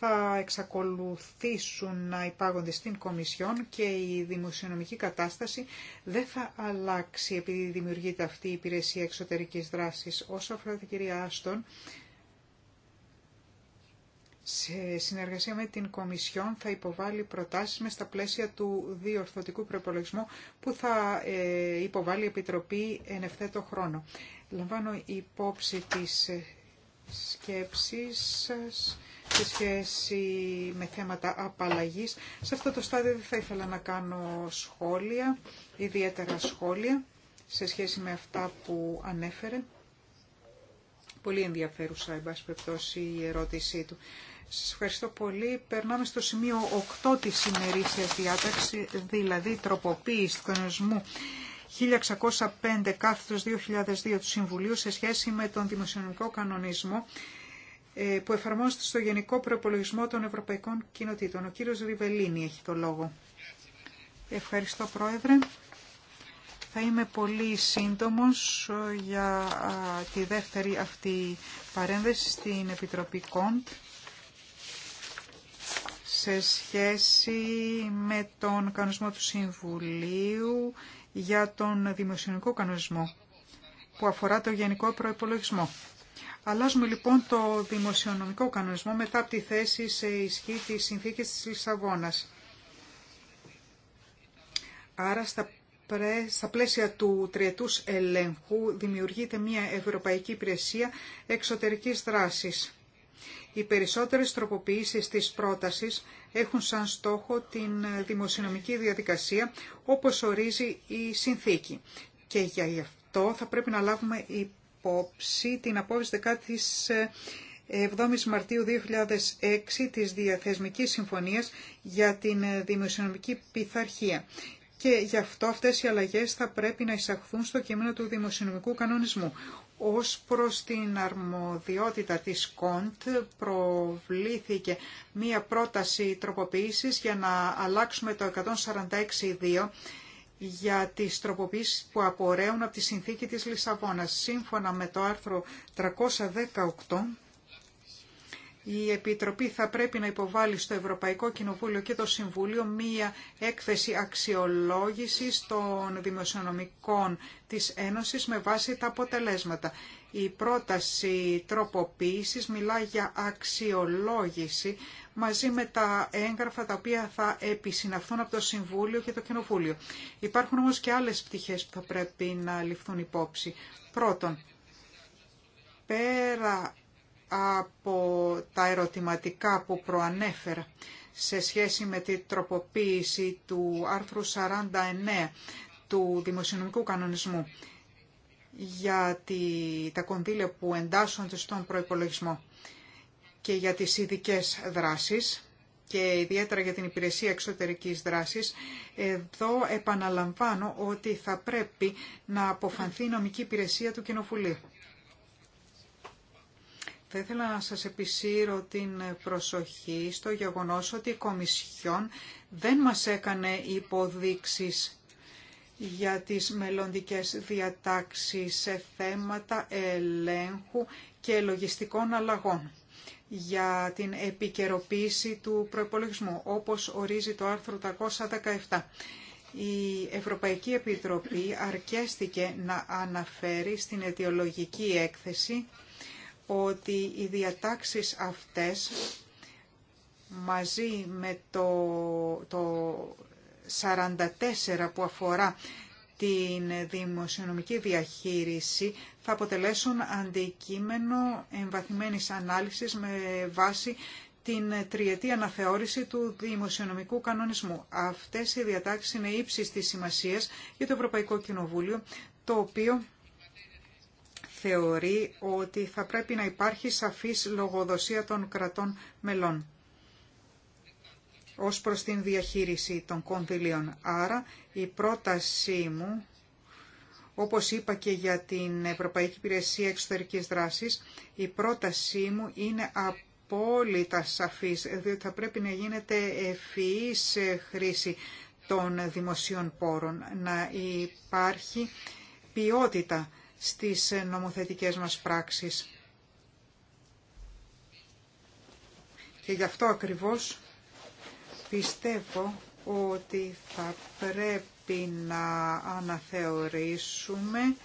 θα εξακολουθήσουν να υπάγονται στην Κομισιόν και η δημοσιονομική κατάσταση δεν θα αλλάξει επειδή δημιουργείται αυτή η υπηρεσία εξωτερικής δράσης. Όσο αφορά την κυρία Άστον, σε συνεργασία με την Κομισιόν θα υποβάλει προτάσεις με στα πλαίσια του διορθωτικού προπολογισμού που θα ε, υποβάλει η Επιτροπή εν ευθέτω χρόνο. Λαμβάνω υπόψη τις ε, σκέψεις σας σε σχέση με θέματα απαλλαγής. Σε αυτό το στάδιο δεν θα ήθελα να κάνω σχόλια, ιδιαίτερα σχόλια, σε σχέση με αυτά που ανέφερε. Πολύ ενδιαφέρουσα, εν πάση η ερώτησή του. Σα ευχαριστώ πολύ. Περνάμε στο σημείο 8 της σημερινή διάταξη, δηλαδή τροποποίηση του κανονισμού 1605 2002 του Συμβουλίου σε σχέση με τον δημοσιονομικό κανονισμό ε, που εφαρμόζεται στο Γενικό Προπολογισμό των Ευρωπαϊκών Κοινοτήτων. Ο κύριος Ριβελίνη έχει το λόγο. Ευχαριστώ Πρόεδρε. Θα είμαι πολύ σύντομος ε, για τη δεύτερη αυτή παρένθεση στην Επιτροπή Κοντ σε σχέση με τον κανονισμό του Συμβουλίου για τον δημοσιονομικό κανονισμό που αφορά το γενικό προϋπολογισμό. Αλλάζουμε λοιπόν το δημοσιονομικό κανονισμό μετά από τη θέση σε ισχύ της συνθήκης της Λισαβόνας. Άρα στα, στα πλαίσια του τριετούς ελέγχου δημιουργείται μια Ευρωπαϊκή Υπηρεσία Εξωτερικής Δράσης οι περισσότερες τροποποιήσεις της πρότασης έχουν σαν στόχο την δημοσιονομική διαδικασία όπως ορίζει η συνθήκη. Και για αυτό θα πρέπει να λάβουμε υπόψη την απόψη 17 Μαρτίου 2006 της Διαθεσμικής Συμφωνίας για την Δημοσιονομική Πειθαρχία. Και γι' αυτό αυτές οι αλλαγές θα πρέπει να εισαχθούν στο κείμενο του δημοσιονομικού κανονισμού. Ως προς την αρμοδιότητα της ΚΟΝΤ προβλήθηκε μία πρόταση τροποποίησης για να αλλάξουμε το 146.2 για τις τροποποίησεις που απορρέουν από τη συνθήκη της Λισαβόνας. Σύμφωνα με το άρθρο 318 η Επιτροπή θα πρέπει να υποβάλει στο Ευρωπαϊκό Κοινοβούλιο και το Συμβούλιο μία έκθεση αξιολόγησης των δημοσιονομικών της Ένωσης με βάση τα αποτελέσματα. Η πρόταση τροποποίησης μιλά για αξιολόγηση μαζί με τα έγγραφα τα οποία θα επισυναυθούν από το Συμβούλιο και το Κοινοβούλιο. Υπάρχουν όμως και άλλες πτυχές που θα πρέπει να ληφθούν υπόψη. Πρώτον, πέρα από τα ερωτηματικά που προανέφερα σε σχέση με την τροποποίηση του άρθρου 49 του Δημοσιονομικού Κανονισμού για τη, τα κονδύλια που εντάσσονται στον προϋπολογισμό και για τις ειδικέ δράσεις και ιδιαίτερα για την υπηρεσία εξωτερικής δράσης, εδώ επαναλαμβάνω ότι θα πρέπει να αποφανθεί η νομική υπηρεσία του Κοινοβουλίου. Θα ήθελα να σας επισύρω την προσοχή στο γεγονός ότι η Κομισιόν δεν μας έκανε υποδείξεις για τις μελλοντικές διατάξεις σε θέματα ελέγχου και λογιστικών αλλαγών για την επικαιροποίηση του προϋπολογισμού, όπως ορίζει το άρθρο 317. Η Ευρωπαϊκή Επιτροπή αρκέστηκε να αναφέρει στην αιτιολογική έκθεση ότι οι διατάξεις αυτές μαζί με το, το 44 που αφορά την δημοσιονομική διαχείριση θα αποτελέσουν αντικείμενο εμβαθυμένης ανάλυσης με βάση την τριετή αναθεώρηση του δημοσιονομικού κανονισμού. Αυτές οι διατάξεις είναι ύψης της σημασίας για το Ευρωπαϊκό Κοινοβούλιο, το οποίο θεωρεί ότι θα πρέπει να υπάρχει σαφής λογοδοσία των κρατών μελών ως προς την διαχείριση των κονδυλίων. Άρα η πρότασή μου, όπως είπα και για την Ευρωπαϊκή Υπηρεσία Εξωτερικής Δράσης, η πρότασή μου είναι απόλυτα σαφής, διότι θα πρέπει να γίνεται ευφυής χρήση των δημοσίων πόρων, να υπάρχει ποιότητα στις ε, νομοθετικές μας πράξεις. Και γι' αυτό ακριβώς πιστεύω ότι θα πρέπει να αναθεωρήσουμε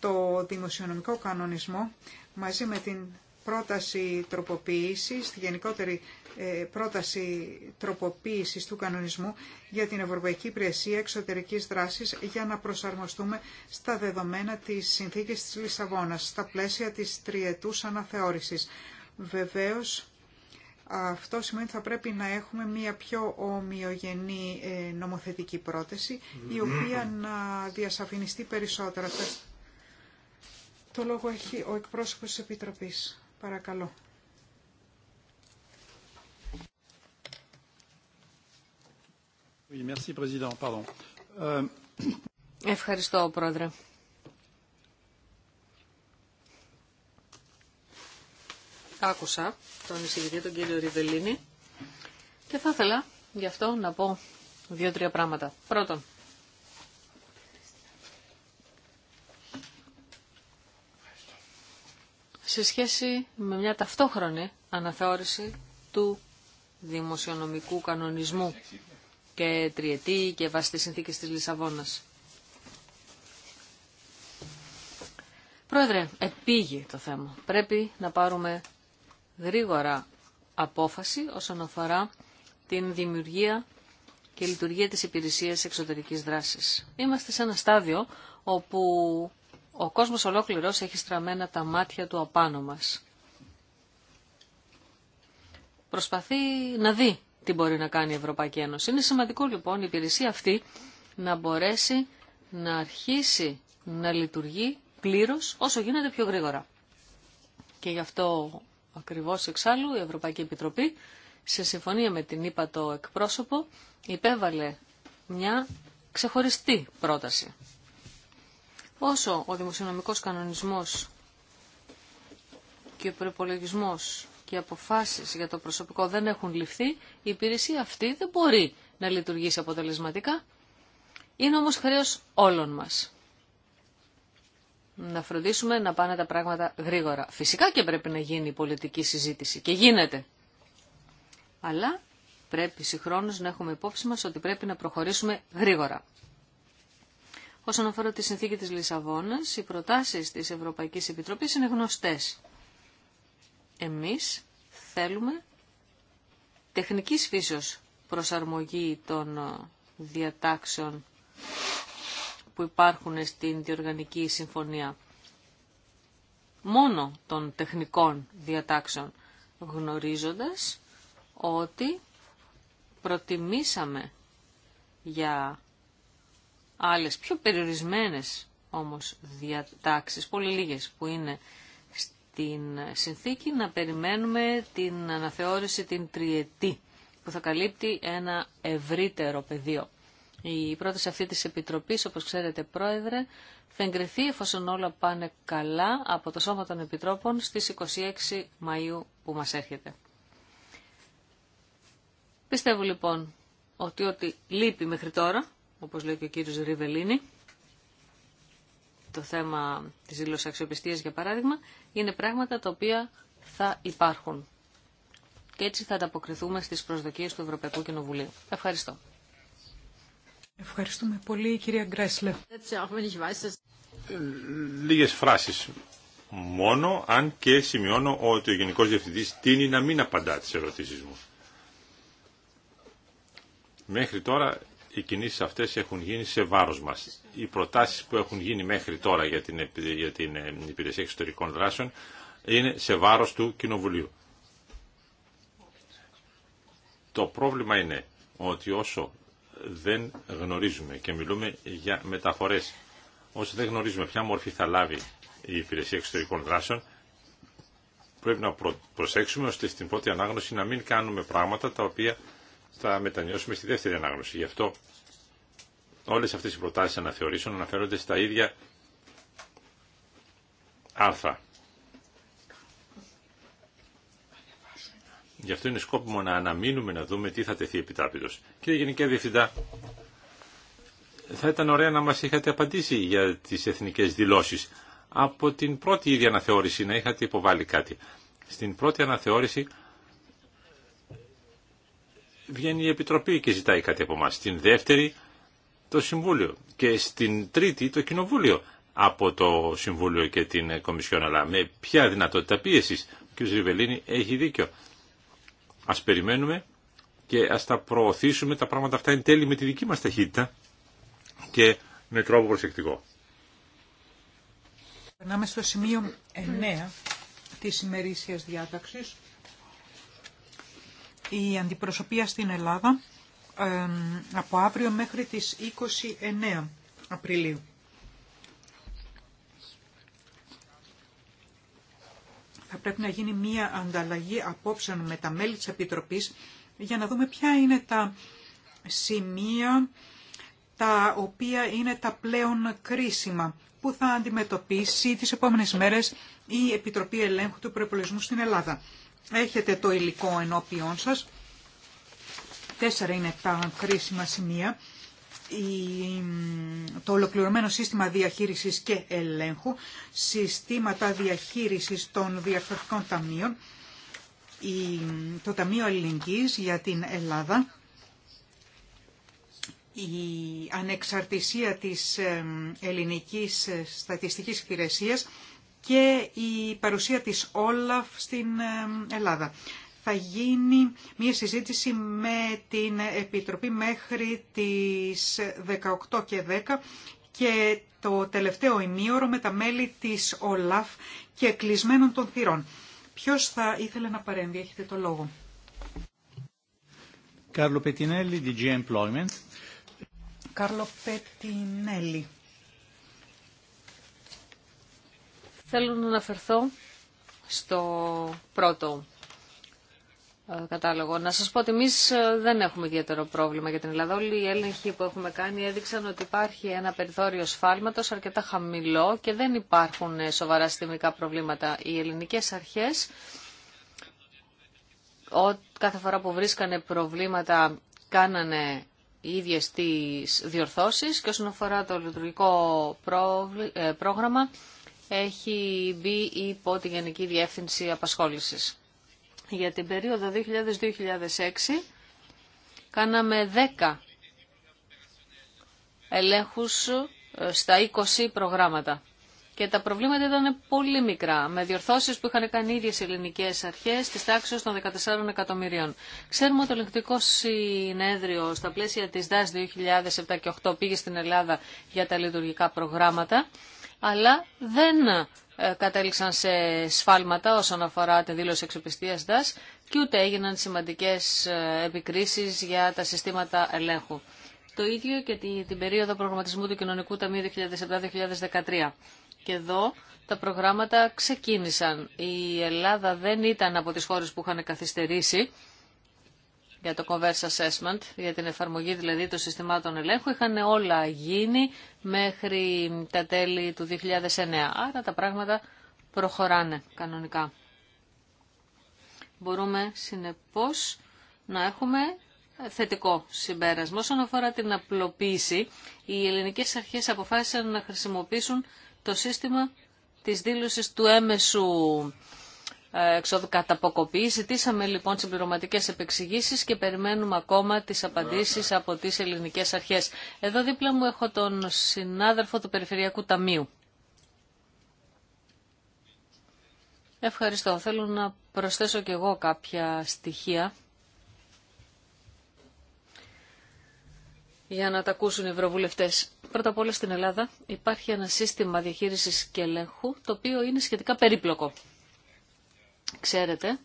το δημοσιονομικό κανονισμό μαζί με την πρόταση τροποποίησης, τη γενικότερη ε, πρόταση τροποποίησης του κανονισμού για την Ευρωπαϊκή Υπηρεσία Εξωτερικής Δράσης για να προσαρμοστούμε στα δεδομένα της συνθήκης της Λισαβόνας, στα πλαίσια της τριετούς αναθεώρησης. Βεβαίως, αυτό σημαίνει ότι θα πρέπει να έχουμε μια πιο ομοιογενή ε, νομοθετική πρόταση, η οποία να διασαφινιστεί περισσότερα. Το λόγο έχει ο εκπρόσωπος της Επιτροπής. Παρακαλώ. Euh, Ευχαριστώ, Πρόεδρε. Άκουσα τον εισηγητή, τον κύριο Ριβελίνη, και θα ήθελα γι' αυτό να πω δύο-τρία πράγματα. Πρώτον, σε σχέση με μια ταυτόχρονη αναθεώρηση του δημοσιονομικού κανονισμού και τριετή και βάσει τις συνθήκες της Λισαβόνας. Πρόεδρε, επήγει το θέμα. Πρέπει να πάρουμε γρήγορα απόφαση όσον αφορά την δημιουργία και λειτουργία της υπηρεσίας εξωτερικής δράσης. Είμαστε σε ένα στάδιο όπου ο κόσμος ολόκληρος έχει στραμμένα τα μάτια του απάνω μας. Προσπαθεί να δει τι μπορεί να κάνει η Ευρωπαϊκή Ένωση. Είναι σημαντικό λοιπόν η υπηρεσία αυτή να μπορέσει να αρχίσει να λειτουργεί πλήρως όσο γίνεται πιο γρήγορα. Και γι' αυτό ακριβώς εξάλλου η Ευρωπαϊκή Επιτροπή σε συμφωνία με την ύπατο εκπρόσωπο υπέβαλε μια ξεχωριστή πρόταση. Όσο ο δημοσιονομικός κανονισμός και ο προπολογισμό και αποφάσεις για το προσωπικό δεν έχουν ληφθεί, η υπηρεσία αυτή δεν μπορεί να λειτουργήσει αποτελεσματικά. Είναι όμως χρέος όλων μας. Να φροντίσουμε να πάνε τα πράγματα γρήγορα. Φυσικά και πρέπει να γίνει η πολιτική συζήτηση και γίνεται. Αλλά πρέπει συγχρόνως να έχουμε υπόψη μας ότι πρέπει να προχωρήσουμε γρήγορα. Όσον αφορά τη συνθήκη της Λισαβόνας, οι προτάσεις της Ευρωπαϊκής Επιτροπής είναι γνωστές. Εμείς θέλουμε τεχνικής φύσεως προσαρμογή των ε, διατάξεων που υπάρχουν στην διοργανική συμφωνία. Μόνο των τεχνικών διατάξεων γνωρίζοντας ότι προτιμήσαμε για άλλες πιο περιορισμένες όμως διατάξεις, πολύ λίγες που είναι την συνθήκη να περιμένουμε την αναθεώρηση την τριετή που θα καλύπτει ένα ευρύτερο πεδίο. Η πρόταση αυτή της Επιτροπής, όπως ξέρετε Πρόεδρε, θα εγκριθεί εφόσον όλα πάνε καλά από το Σώμα των Επιτρόπων στις 26 Μαΐου που μας έρχεται. Πιστεύω λοιπόν ότι ό,τι λείπει μέχρι τώρα, όπως λέει και ο κύριος Ριβελίνη, το θέμα της δήλωση για παράδειγμα, είναι πράγματα τα οποία θα υπάρχουν. Και έτσι θα ανταποκριθούμε στις προσδοκίες του Ευρωπαϊκού Κοινοβουλίου. Ευχαριστώ. Ευχαριστούμε πολύ κυρία Γκρέσλε. Λίγες φράσει Μόνο αν και σημειώνω ότι ο γενικό διευθυντή τίνει να μην απαντά τι ερωτήσει μου. Μέχρι τώρα οι κινήσεις αυτές έχουν γίνει σε βάρος μας. Οι προτάσεις που έχουν γίνει μέχρι τώρα για την, για την ε, Υπηρεσία Εξωτερικών Δράσεων είναι σε βάρος του Κοινοβουλίου. Το πρόβλημα είναι ότι όσο δεν γνωρίζουμε και μιλούμε για μεταφορές, όσο δεν γνωρίζουμε ποια μορφή θα λάβει η Υπηρεσία Εξωτερικών Δράσεων, πρέπει να προσέξουμε ώστε στην πρώτη ανάγνωση να μην κάνουμε πράγματα τα οποία θα μετανιώσουμε στη δεύτερη ανάγνωση. Γι' αυτό όλες αυτές οι προτάσεις αναθεωρήσεων αναφέρονται στα ίδια άρθρα. Γι' αυτό είναι σκόπιμο να αναμείνουμε να δούμε τι θα τεθεί επιτάπητος. Κύριε Γενικέ Διευθυντά, θα ήταν ωραία να μας είχατε απαντήσει για τις εθνικές δηλώσεις. Από την πρώτη ίδια αναθεώρηση να είχατε υποβάλει κάτι. Στην πρώτη αναθεώρηση βγαίνει η Επιτροπή και ζητάει κάτι από εμάς. Στην δεύτερη το Συμβούλιο και στην τρίτη το Κοινοβούλιο από το Συμβούλιο και την Κομισιόν. Αλλά με ποια δυνατότητα πίεσης. Ο κ. Ριβελίνη έχει δίκιο. Ας περιμένουμε και ας τα προωθήσουμε τα πράγματα αυτά εν τέλει με τη δική μας ταχύτητα και με τρόπο προσεκτικό. Περνάμε στο σημείο 9 της ημερήσιας διάταξης η αντιπροσωπεία στην Ελλάδα από αύριο μέχρι τις 29 Απριλίου. Θα πρέπει να γίνει μία ανταλλαγή απόψεων με τα μέλη της Επιτροπής για να δούμε ποια είναι τα σημεία τα οποία είναι τα πλέον κρίσιμα που θα αντιμετωπίσει τις επόμενες μέρες η Επιτροπή Ελέγχου του Προπολογισμού στην Ελλάδα. Έχετε το υλικό ενώπιόν σας. Τέσσερα είναι τα κρίσιμα σημεία. Το ολοκληρωμένο σύστημα διαχείρισης και ελέγχου, συστήματα διαχείρισης των διαφορετικών ταμείων, το Ταμείο Ελληνικής για την Ελλάδα, η ανεξαρτησία της ελληνικής στατιστικής υπηρεσίας και η παρουσία της Όλαφ στην ε, Ελλάδα. Θα γίνει μια συζήτηση με την Επιτροπή μέχρι τις 18 και 10 και το τελευταίο ημίωρο με τα μέλη της ΟΛΑΦ και κλεισμένων των θυρών. Ποιος θα ήθελε να παρέμβει, έχετε το λόγο. Κάρλο Πετινέλη, DG Employment. Κάρλο Πετινέλη. Θέλω να αναφερθώ στο πρώτο ε, κατάλογο. Να σας πω ότι εμεί ε, δεν έχουμε ιδιαίτερο πρόβλημα για την Ελλάδα. Όλοι οι έλεγχοι που έχουμε κάνει έδειξαν ότι υπάρχει ένα περιθώριο σφάλματος αρκετά χαμηλό και δεν υπάρχουν ε, σοβαρά συστημικά προβλήματα. Οι ελληνικές αρχές κάθε φορά που βρίσκανε προβλήματα κάνανε οι ίδιες τις διορθώσεις και όσον αφορά το λειτουργικό πρόγραμμα έχει μπει υπό τη Γενική Διεύθυνση Απασχόλησης. Για την περίοδο 2000-2006 κάναμε 10 ελέγχους ε, στα 20 προγράμματα. Και τα προβλήματα ήταν πολύ μικρά, με διορθώσεις που είχαν κάνει οι ίδιες ελληνικές αρχές της τάξης των 14 εκατομμυρίων. Ξέρουμε ότι το ελεγκτικό συνέδριο στα πλαίσια της ΔΑΣ 2007 και 2008 πήγε στην Ελλάδα για τα λειτουργικά προγράμματα αλλά δεν ε, κατέληξαν σε σφάλματα όσον αφορά τη δήλωση εξοπιστίας ΔΑΣ και ούτε έγιναν σημαντικές ε, επικρίσεις για τα συστήματα ελέγχου. Το ίδιο και την περίοδο προγραμματισμού του Κοινωνικού Ταμείου 2007-2013. Και εδώ τα προγράμματα ξεκίνησαν. Η Ελλάδα δεν ήταν από τις χώρες που είχαν καθυστερήσει για το Converse Assessment, για την εφαρμογή δηλαδή των συστημάτων ελέγχου, είχαν όλα γίνει μέχρι τα τέλη του 2009. Άρα τα πράγματα προχωράνε κανονικά. Μπορούμε συνεπώς να έχουμε θετικό συμπέρασμα. Όσον αφορά την απλοποίηση, οι ελληνικές αρχές αποφάσισαν να χρησιμοποιήσουν το σύστημα της δήλωσης του έμεσου ε, εξόδου κατά αποκοπή. Ζητήσαμε λοιπόν συμπληρωματικές επεξηγήσεις και περιμένουμε ακόμα τις απαντήσεις από τις ελληνικές αρχές. Εδώ δίπλα μου έχω τον συνάδελφο του Περιφερειακού Ταμείου. Ευχαριστώ. Θέλω να προσθέσω και εγώ κάποια στοιχεία για να τα ακούσουν οι ευρωβουλευτές. Πρώτα απ' όλα στην Ελλάδα υπάρχει ένα σύστημα διαχείρισης και ελέγχου το οποίο είναι σχετικά περίπλοκο. Ξέρετε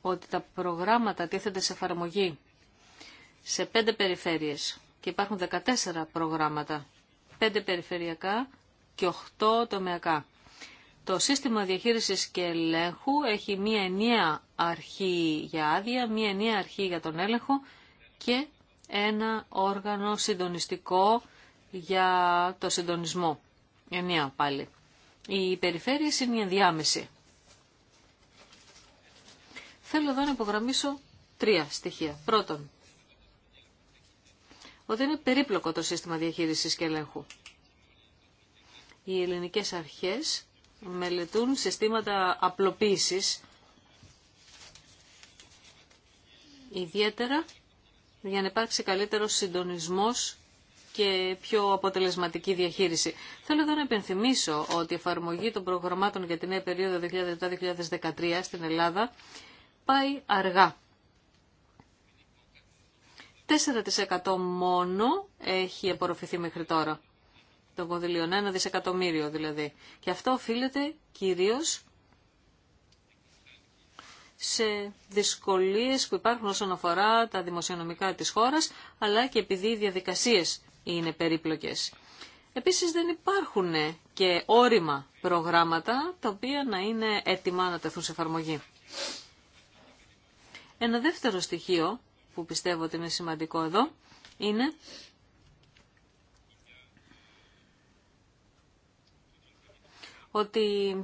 ότι τα προγράμματα τίθενται σε εφαρμογή σε πέντε περιφέρειες και υπάρχουν 14 προγράμματα, πέντε περιφερειακά και 8 τομεακά. Το σύστημα διαχείρισης και ελέγχου έχει μία ενιαία αρχή για άδεια, μία ενιαία αρχή για τον έλεγχο και ένα όργανο συντονιστικό για το συντονισμό. Ενία πάλι. Οι περιφέρειες είναι οι ενδιάμεση. Θέλω εδώ να υπογραμμίσω τρία στοιχεία. Πρώτον, ότι είναι περίπλοκο το σύστημα διαχείρισης και ελέγχου. Οι ελληνικές αρχές μελετούν συστήματα απλοποίησης, ιδιαίτερα για να υπάρξει καλύτερος συντονισμός και πιο αποτελεσματική διαχείριση. Θέλω εδώ να επενθυμίσω ότι η εφαρμογή των προγραμμάτων για την νέα περίοδο 2007-2013 στην Ελλάδα πάει αργά. 4% μόνο έχει απορροφηθεί μέχρι τώρα Το κονδυλίων, ένα δισεκατομμύριο δηλαδή. Και αυτό οφείλεται κυρίως σε δυσκολίες που υπάρχουν όσον αφορά τα δημοσιονομικά της χώρας, αλλά και επειδή οι διαδικασίες είναι περίπλοκες. Επίσης δεν υπάρχουν και όριμα προγράμματα τα οποία να είναι έτοιμα να τεθούν σε εφαρμογή. Ένα δεύτερο στοιχείο που πιστεύω ότι είναι σημαντικό εδώ είναι ότι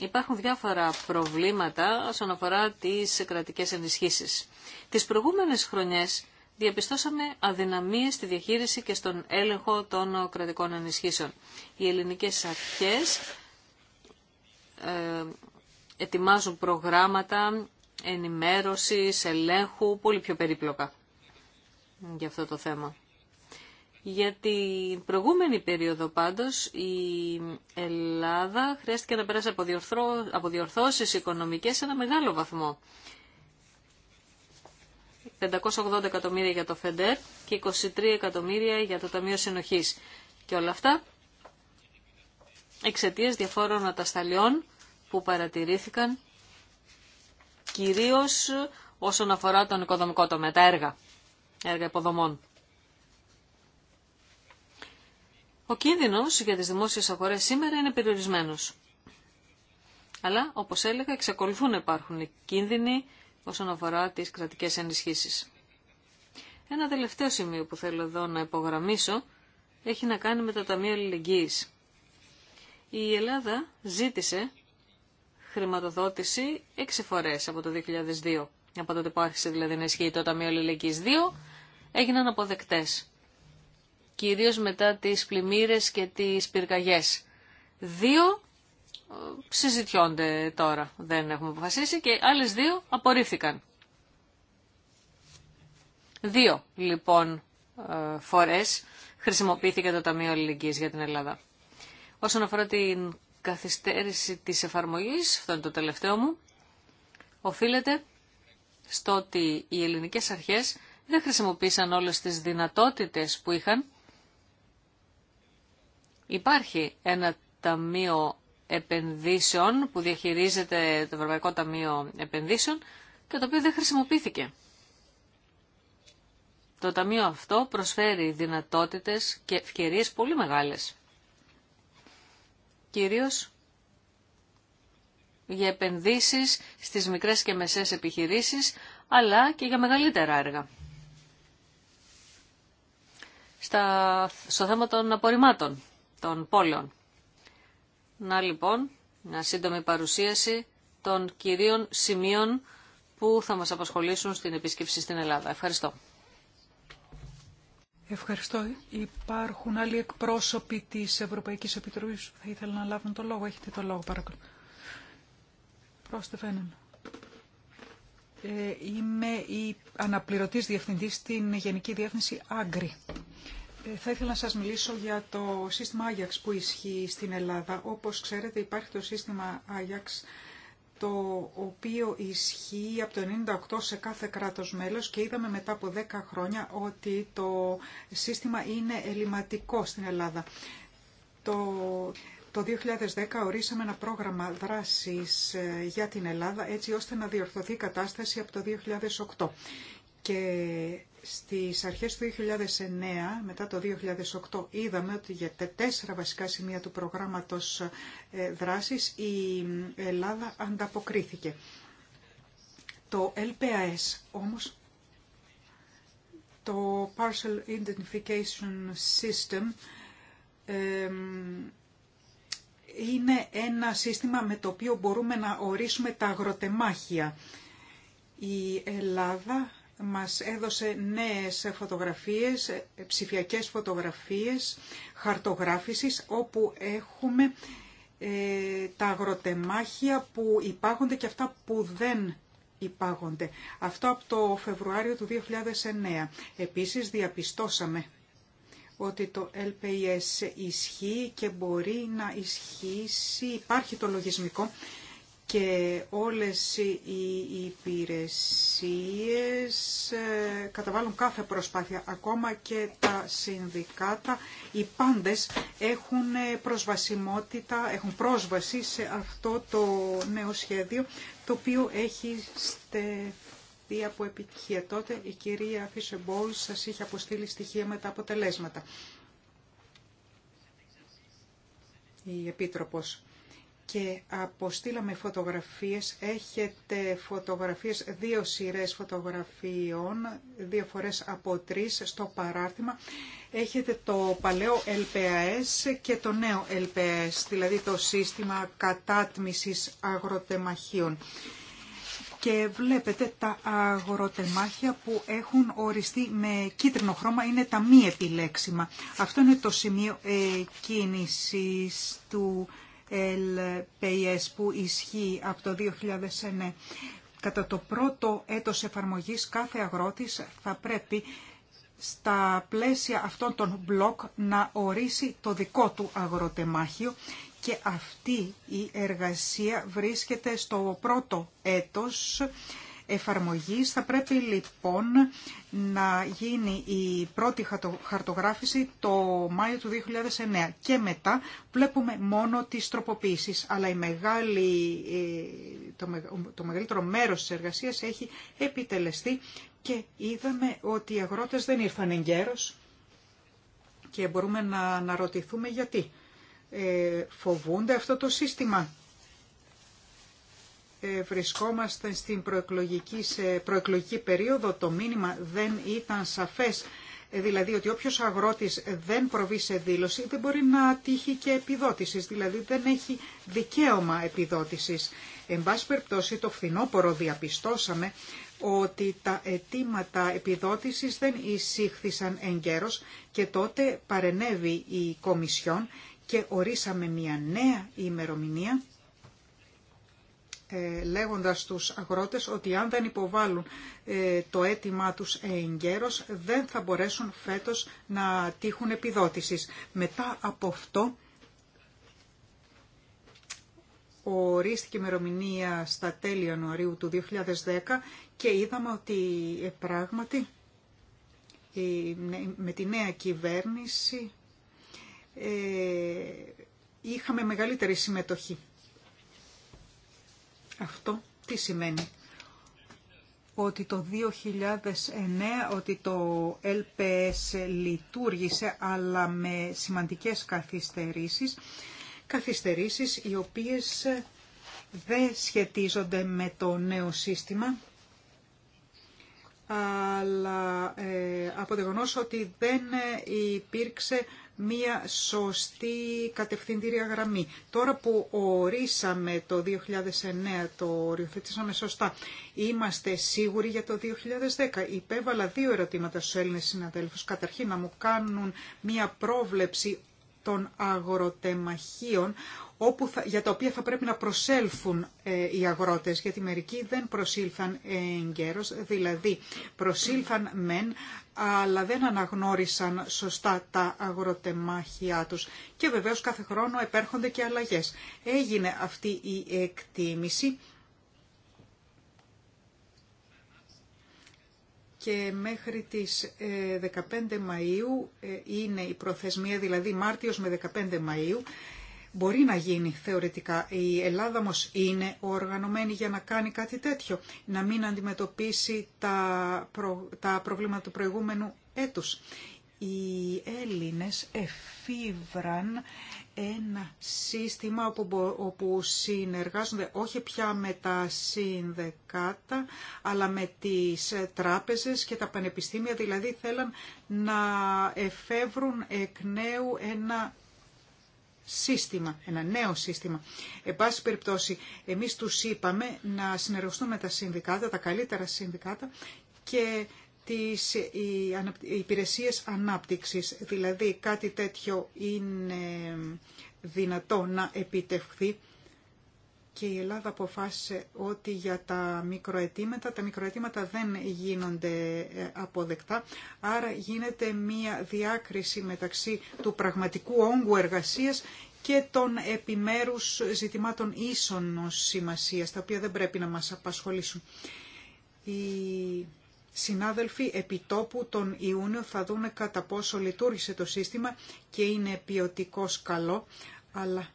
υπάρχουν διάφορα προβλήματα όσον αφορά τις κρατικές ενισχύσεις. Τις προηγούμενες χρονιές διαπιστώσαμε αδυναμίες στη διαχείριση και στον έλεγχο των κρατικών ενισχύσεων. Οι ελληνικές αρχές ε, ετοιμάζουν προγράμματα ενημέρωση ελέγχου, πολύ πιο περίπλοκα για αυτό το θέμα. Για την προηγούμενη περίοδο πάντως η Ελλάδα χρειάστηκε να περάσει από, διορθώσει από οικονομικές σε ένα μεγάλο βαθμό. 580 εκατομμύρια για το ΦΕΝΤΕΡ και 23 εκατομμύρια για το Ταμείο Συνοχής. Και όλα αυτά εξαιτία διαφόρων ατασταλιών που παρατηρήθηκαν κυρίως όσον αφορά τον οικοδομικό τομέα, τα έργα, έργα υποδομών. Ο κίνδυνος για τις δημόσιες αγορές σήμερα είναι περιορισμένος. Αλλά, όπως έλεγα, εξακολουθούν να υπάρχουν κίνδυνοι όσον αφορά τις κρατικές ενισχύσεις. Ένα τελευταίο σημείο που θέλω εδώ να υπογραμμίσω έχει να κάνει με το Ταμείο Αλληλεγγύης. Η Ελλάδα ζήτησε χρηματοδότηση 6 φορές από το 2002. Από τότε που άρχισε δηλαδή να ισχύει το Ταμείο Αλληλεγγύης 2, έγιναν αποδεκτές. Κυρίως μετά τις πλημμύρες και τις πυρκαγιές. Δύο συζητιώνται τώρα, δεν έχουμε αποφασίσει και άλλες δύο απορρίφθηκαν. Δύο λοιπόν ε, φορές χρησιμοποιήθηκε το Ταμείο Αλληλεγγύης για την Ελλάδα. Όσον αφορά την καθυστέρηση της εφαρμογής, αυτό είναι το τελευταίο μου, οφείλεται στο ότι οι ελληνικές αρχές δεν χρησιμοποίησαν όλες τις δυνατότητες που είχαν. Υπάρχει ένα ταμείο επενδύσεων που διαχειρίζεται το Ευρωπαϊκό Ταμείο Επενδύσεων και το οποίο δεν χρησιμοποιήθηκε. Το Ταμείο αυτό προσφέρει δυνατότητες και ευκαιρίες πολύ μεγάλες. Κυρίως για επενδύσεις στις μικρές και μεσές επιχειρήσεις, αλλά και για μεγαλύτερα έργα. Στα, στο θέμα των απορριμμάτων των πόλεων. Να λοιπόν, μια σύντομη παρουσίαση των κυρίων σημείων που θα μας απασχολήσουν στην επίσκεψη στην Ελλάδα. Ευχαριστώ. Ευχαριστώ. Υπάρχουν άλλοι εκπρόσωποι της Ευρωπαϊκής Επιτροπής που θα ήθελα να λάβουν το λόγο. Έχετε το λόγο, παρακαλώ. Πρόστε έναν. Είμαι η αναπληρωτής διευθυντής στην Γενική Διεύθυνση Άγκρη. Ε, θα ήθελα να σας μιλήσω για το σύστημα Άγιαξ που ισχύει στην Ελλάδα. Όπως ξέρετε υπάρχει το σύστημα Άγιαξ το οποίο ισχύει από το 98 σε κάθε κράτος μέλος και είδαμε μετά από 10 χρόνια ότι το σύστημα είναι ελληματικό στην Ελλάδα. Το, το 2010 ορίσαμε ένα πρόγραμμα δράσης ε, για την Ελλάδα έτσι ώστε να διορθωθεί η κατάσταση από το 2008. Και στις αρχές του 2009, μετά το 2008, είδαμε ότι για τέσσερα βασικά σημεία του προγράμματος ε, δράσης η Ελλάδα ανταποκρίθηκε. Το LPAS όμως, το Partial Identification System, είναι ένα σύστημα με το οποίο μπορούμε να ορίσουμε τα αγροτεμάχια. Η Ελλάδα μας έδωσε νέες φωτογραφίες, ψηφιακές φωτογραφίες χαρτογράφησης όπου έχουμε ε, τα αγροτεμάχια που υπάγονται και αυτά που δεν υπάγονται. Αυτό από το Φεβρουάριο του 2009. Επίσης διαπιστώσαμε ότι το LPS ισχύει και μπορεί να ισχύσει, υπάρχει το λογισμικό και όλες οι υπηρεσίες ε, καταβάλουν κάθε προσπάθεια, ακόμα και τα συνδικάτα, οι πάντες έχουν ε, προσβασιμότητα, έχουν πρόσβαση σε αυτό το νέο σχέδιο, το οποίο έχει στε από επιτυχία. Τότε η κυρία Φίσε Μπόλ σας είχε αποστείλει στοιχεία με τα αποτελέσματα. Η Επίτροπος και αποστήλαμε φωτογραφίες. Έχετε φωτογραφίες, δύο σειρές φωτογραφιών, δύο φορές από τρεις στο παράρτημα. Έχετε το παλαιό LPAS και το νέο LPAS, δηλαδή το σύστημα κατάτμισης αγροτεμαχίων. Και βλέπετε τα αγροτεμάχια που έχουν οριστεί με κίτρινο χρώμα, είναι τα μη επιλέξιμα. Αυτό είναι το σημείο κίνησης του ΕΛΠΕΙΕΣ που ισχύει από το 2009. Κατά το πρώτο έτος εφαρμογής κάθε αγρότης θα πρέπει στα πλαίσια αυτών των μπλοκ να ορίσει το δικό του αγροτεμάχιο και αυτή η εργασία βρίσκεται στο πρώτο έτος εφαρμογής. Θα πρέπει λοιπόν να γίνει η πρώτη χαρτογράφηση το Μάιο του 2009 και μετά βλέπουμε μόνο τις τροποποίησεις. Αλλά η μεγάλη, ε, το μεγαλύτερο μέρος της εργασίας έχει επιτελεστεί και είδαμε ότι οι αγρότες δεν ήρθαν εγκαίρως και μπορούμε να αναρωτηθούμε γιατί. Ε, φοβούνται αυτό το σύστημα ε, βρισκόμαστε στην προεκλογική, σε προεκλογική περίοδο το μήνυμα δεν ήταν σαφές. Ε, δηλαδή ότι όποιος αγρότης δεν προβεί σε δήλωση δεν μπορεί να τύχει και επιδότησης, δηλαδή δεν έχει δικαίωμα επιδότησης. Εν πάση περιπτώσει το φθινόπωρο διαπιστώσαμε ότι τα αιτήματα επιδότησης δεν εισήχθησαν καιρος και τότε παρενέβη η Κομισιόν και ορίσαμε μια νέα ημερομηνία ε, λέγοντας τους αγρότες ότι αν δεν υποβάλουν ε, το αίτημά τους εγκαίρως δεν θα μπορέσουν φέτος να τύχουν επιδότησης. Μετά από αυτό ορίστηκε η ημερομηνία στα τέλη Ιανουαρίου του 2010 και είδαμε ότι ε, πράγματι με τη νέα κυβέρνηση είχαμε μεγαλύτερη συμμετοχή αυτό τι σημαίνει. Ότι το 2009 ότι το LPS λειτουργήσε αλλά με σημαντικές καθυστερήσεις. Καθυστερήσεις οι οποίες δεν σχετίζονται με το νέο σύστημα αλλά ε, από το ότι δεν ε, υπήρξε μία σωστή κατευθυντήρια γραμμή. Τώρα που ορίσαμε το 2009, το οριοθετήσαμε σωστά, είμαστε σίγουροι για το 2010. Υπέβαλα δύο ερωτήματα στους Έλληνες συναδέλφους. Καταρχήν να μου κάνουν μία πρόβλεψη των αγροτεμαχίων όπου για τα οποία θα πρέπει να προσέλθουν ε, οι αγρότες, γιατί μερικοί δεν προσήλθαν εγκαίρως, δηλαδή προσήλθαν μεν, αλλά δεν αναγνώρισαν σωστά τα αγροτεμάχια τους. Και βεβαίως κάθε χρόνο επέρχονται και αλλαγές. Έγινε αυτή η εκτίμηση και μέχρι τις 15 ε, Μαΐου ε, είναι η προθεσμία, δηλαδή Μάρτιος με 15 Μαΐου, μπορεί να γίνει θεωρητικά. Η Ελλάδα όμως είναι οργανωμένη για να κάνει κάτι τέτοιο, να μην αντιμετωπίσει τα, τα προβλήματα του προηγούμενου έτους. Οι Έλληνες εφήβραν ένα σύστημα όπου, όπου συνεργάζονται όχι πια με τα συνδεκάτα, αλλά με τις τράπεζες και τα πανεπιστήμια, δηλαδή θέλαν να εφεύρουν εκ νέου ένα σύστημα, ένα νέο σύστημα. Εν πάση περιπτώσει, εμείς τους είπαμε να συνεργαστούν με τα συνδικάτα, τα καλύτερα συνδικάτα και τις υπηρεσίες ανάπτυξης. Δηλαδή κάτι τέτοιο είναι δυνατό να επιτευχθεί και η Ελλάδα αποφάσισε ότι για τα μικροετήματα, τα μικροετήματα δεν γίνονται ε, αποδεκτά, άρα γίνεται μία διάκριση μεταξύ του πραγματικού όγκου εργασίας και των επιμέρους ζητημάτων ίσονος σημασίας, τα οποία δεν πρέπει να μας απασχολήσουν. Η Συνάδελφοι, επιτόπου τον Ιούνιο θα δούνε κατά πόσο λειτουργήσε το σύστημα και είναι ποιοτικό καλό, αλλά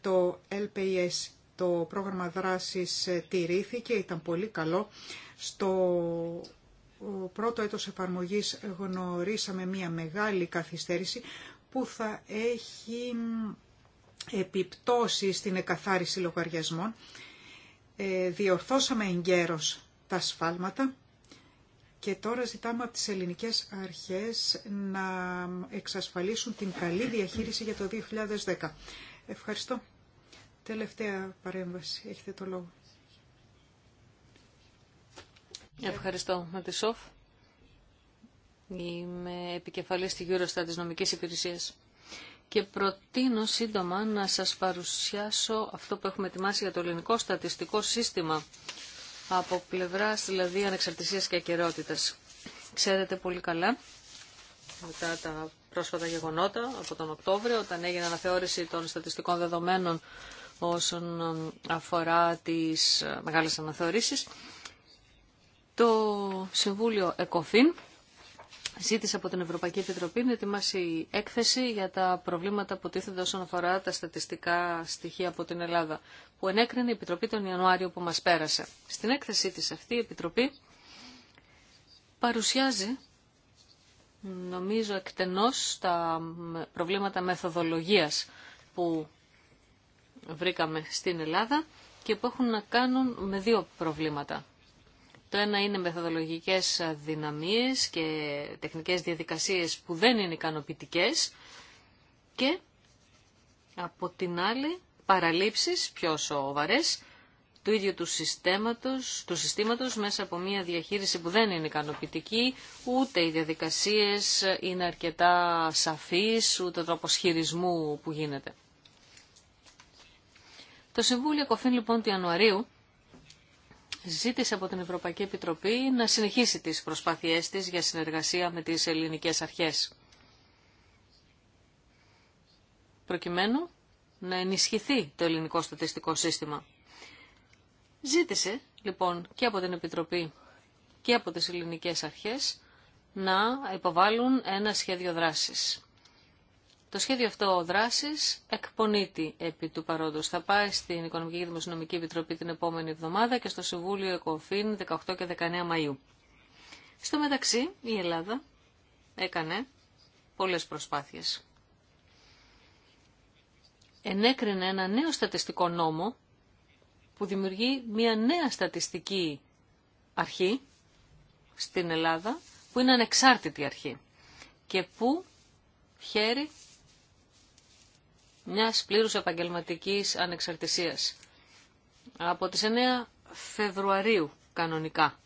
το LPS, το πρόγραμμα δράσης, ε, τηρήθηκε, ήταν πολύ καλό. Στο πρώτο έτος εφαρμογής γνωρίσαμε μια μεγάλη καθυστέρηση που θα έχει επιπτώσει στην εκαθάριση λογαριασμών. Ε, διορθώσαμε εγκαίρως τα σφάλματα και τώρα ζητάμε από τις ελληνικές αρχές να εξασφαλίσουν την καλή διαχείριση για το 2010. Ευχαριστώ. Τελευταία παρέμβαση. Έχετε το λόγο. Ευχαριστώ, Ματισόφ. Είμαι επικεφαλής στη Eurostat της Νομικής Υπηρεσίας και προτείνω σύντομα να σας παρουσιάσω αυτό που έχουμε ετοιμάσει για το ελληνικό στατιστικό σύστημα από πλευρά δηλαδή ανεξαρτησίας και ακαιρεότητα. Ξέρετε πολύ καλά, μετά τα πρόσφατα γεγονότα από τον Οκτώβριο, όταν έγινε αναθεώρηση των στατιστικών δεδομένων όσον αφορά τις ε, μεγάλες αναθεωρήσεις, το Συμβούλιο ΕΚΟΦΗΝ ζήτησε από την Ευρωπαϊκή Επιτροπή να ετοιμάσει έκθεση για τα προβλήματα που τίθενται όσον αφορά τα στατιστικά στοιχεία από την Ελλάδα που ενέκρινε η Επιτροπή τον Ιανουάριο που μας πέρασε. Στην έκθεσή της αυτή η Επιτροπή παρουσιάζει νομίζω εκτενώς τα προβλήματα μεθοδολογίας που βρήκαμε στην Ελλάδα και που έχουν να κάνουν με δύο προβλήματα. Το ένα είναι μεθοδολογικές δυναμίες και τεχνικές διαδικασίες που δεν είναι ικανοποιητικέ και από την άλλη παραλήψεις πιο σοβαρές του ίδιου του συστήματος, του συστήματος μέσα από μια διαχείριση που δεν είναι ικανοποιητική, ούτε οι διαδικασίες είναι αρκετά σαφείς, ούτε ο τρόπος χειρισμού που γίνεται. Το Συμβούλιο Κοφίν λοιπόν του Ιανουαρίου ζήτησε από την Ευρωπαϊκή Επιτροπή να συνεχίσει τις προσπάθειές της για συνεργασία με τις ελληνικές αρχές. Προκειμένου να ενισχυθεί το ελληνικό στατιστικό σύστημα. Ζήτησε λοιπόν και από την Επιτροπή και από τις ελληνικές αρχές να υποβάλουν ένα σχέδιο δράσης. Το σχέδιο αυτό δράσης εκπονείται επί του παρόντος. Θα πάει στην Οικονομική και Δημοσιονομική Επιτροπή την επόμενη εβδομάδα και στο Συμβούλιο ΕΚΟΦΗΝ 18 και 19 Μαΐου. Στο μεταξύ η Ελλάδα έκανε πολλές προσπάθειες ενέκρινε ένα νέο στατιστικό νόμο που δημιουργεί μια νέα στατιστική αρχή στην Ελλάδα που είναι ανεξάρτητη αρχή και που χέρι μια πλήρους επαγγελματικής ανεξαρτησίας από τις 9 Φεβρουαρίου κανονικά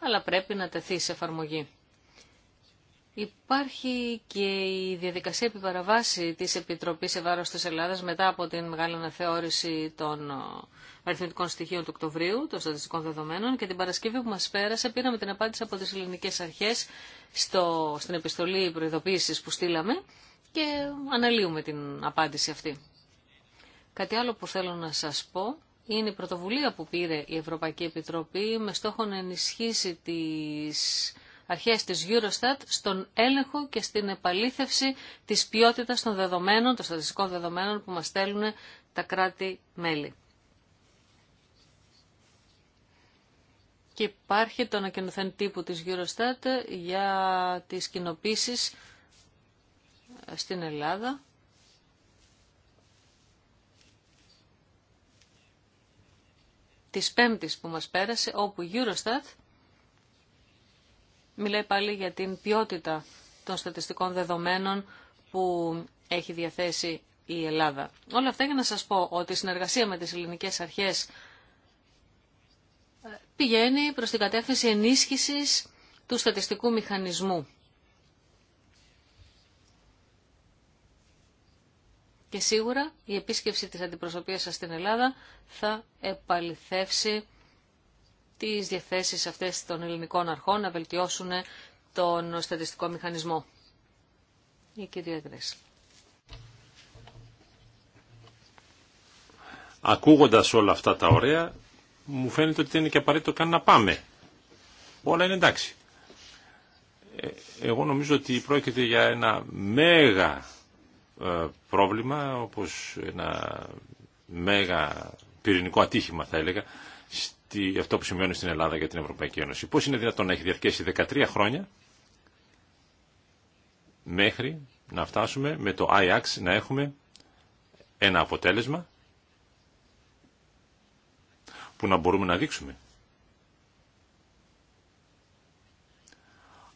αλλά πρέπει να τεθεί σε εφαρμογή. Υπάρχει και η διαδικασία επιπαραβάση της Επιτροπής βάρος της Ελλάδας μετά από την μεγάλη αναθεώρηση των ε, αριθμητικών στοιχείων του Οκτωβρίου, των στατιστικών δεδομένων και την Παρασκευή που μας πέρασε πήραμε την απάντηση από τις ελληνικές αρχές στο, στην επιστολή προειδοποίησης που στείλαμε και αναλύουμε την απάντηση αυτή. Κάτι άλλο που θέλω να σας πω είναι η πρωτοβουλία που πήρε η Ευρωπαϊκή Επιτροπή με στόχο να ενισχύσει τις αρχές της Eurostat στον έλεγχο και στην επαλήθευση της ποιότητας των δεδομένων, των στατιστικών δεδομένων που μας στέλνουν τα κράτη-μέλη. Και υπάρχει το ανακοινωθέν τύπου της Eurostat για τις κοινοποίησεις ε, στην Ελλάδα. Της πέμπτης που μας πέρασε, όπου η Eurostat μιλάει πάλι για την ποιότητα των στατιστικών δεδομένων που έχει διαθέσει η Ελλάδα. Όλα αυτά για να σας πω ότι η συνεργασία με τις ελληνικές αρχές ε, πηγαίνει προς την κατεύθυνση ενίσχυσης του στατιστικού μηχανισμού. Και σίγουρα η επίσκεψη της αντιπροσωπείας σας στην Ελλάδα θα επαληθεύσει τις διαθέσεις αυτές των ελληνικών αρχών να βελτιώσουν τον στατιστικό μηχανισμό. Η κυρία Γκρέσ. Ακούγοντας όλα αυτά τα ωραία, μου φαίνεται ότι δεν είναι και απαραίτητο καν να πάμε. Όλα είναι εντάξει. Ε, εγώ νομίζω ότι πρόκειται για ένα μέγα ε, πρόβλημα, όπως ένα μέγα πυρηνικό ατύχημα θα έλεγα, στη, αυτό που συμβαίνει στην Ελλάδα για την Ευρωπαϊκή Ένωση. Πώς είναι δυνατόν να έχει διαρκέσει 13 χρόνια μέχρι να φτάσουμε με το IAX να έχουμε ένα αποτέλεσμα που να μπορούμε να δείξουμε.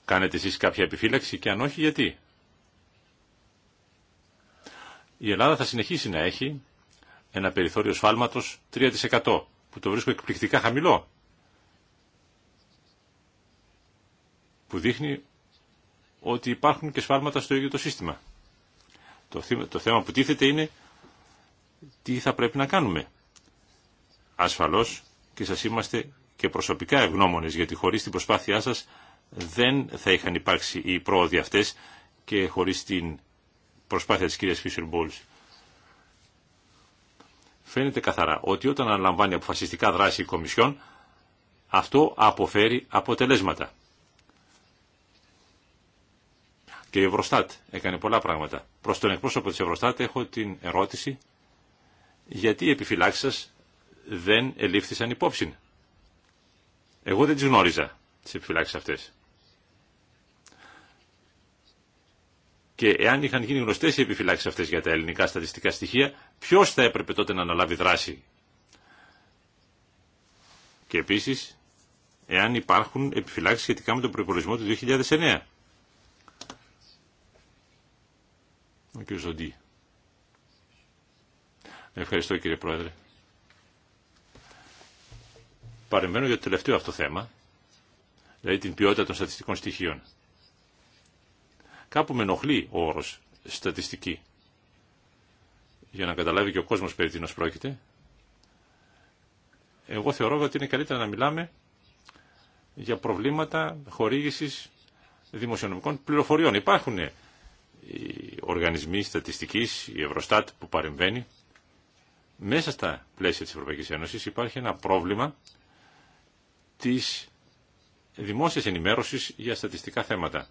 Κάνετε εσείς κάποια επιφύλαξη και αν όχι γιατί. Η Ελλάδα θα συνεχίσει να έχει ένα περιθώριο σφάλματος 3% που το βρίσκω εκπληκτικά χαμηλό, που δείχνει ότι υπάρχουν και σφάλματα στο ίδιο το σύστημα. Το θέμα που τίθεται είναι τι θα πρέπει να κάνουμε. Ασφαλώς και σας είμαστε και προσωπικά ευγνώμονες, γιατί χωρίς την προσπάθειά σας δεν θα είχαν υπάρξει οι πρόοδοι αυτές και χωρίς την προσπάθεια της κυρίας Φίσερ φαίνεται καθαρά ότι όταν αναλαμβάνει αποφασιστικά δράση η Κομισιόν, αυτό αποφέρει αποτελέσματα. Και η Ευρωστάτ έκανε πολλά πράγματα. Προς τον εκπρόσωπο της Ευρωστάτ έχω την ερώτηση γιατί οι επιφυλάξεις σας δεν ελήφθησαν υπόψη. Εγώ δεν τις γνώριζα τις επιφυλάξεις αυτές. Και εάν είχαν γίνει γνωστέ οι επιφυλάξει αυτέ για τα ελληνικά στατιστικά στοιχεία, ποιο θα έπρεπε τότε να αναλάβει δράση. Και επίση, εάν υπάρχουν επιφυλάξει σχετικά με τον προπολογισμό του 2009. Ο κ. Ζοντή. Ευχαριστώ κύριε Πρόεδρε. Παρεμβαίνω για το τελευταίο αυτό θέμα, δηλαδή την ποιότητα των στατιστικών στοιχείων. Κάπου με ενοχλεί ο όρος στατιστική. Για να καταλάβει και ο κόσμος περί τίνος πρόκειται. Εγώ θεωρώ ότι είναι καλύτερα να μιλάμε για προβλήματα χορήγησης δημοσιονομικών πληροφοριών. Υπάρχουν οι οργανισμοί στατιστικής, η Ευρωστάτ που παρεμβαίνει. Μέσα στα πλαίσια της Ευρωπαϊκής Ένωσης υπάρχει ένα πρόβλημα της δημόσιας ενημέρωσης για στατιστικά θέματα.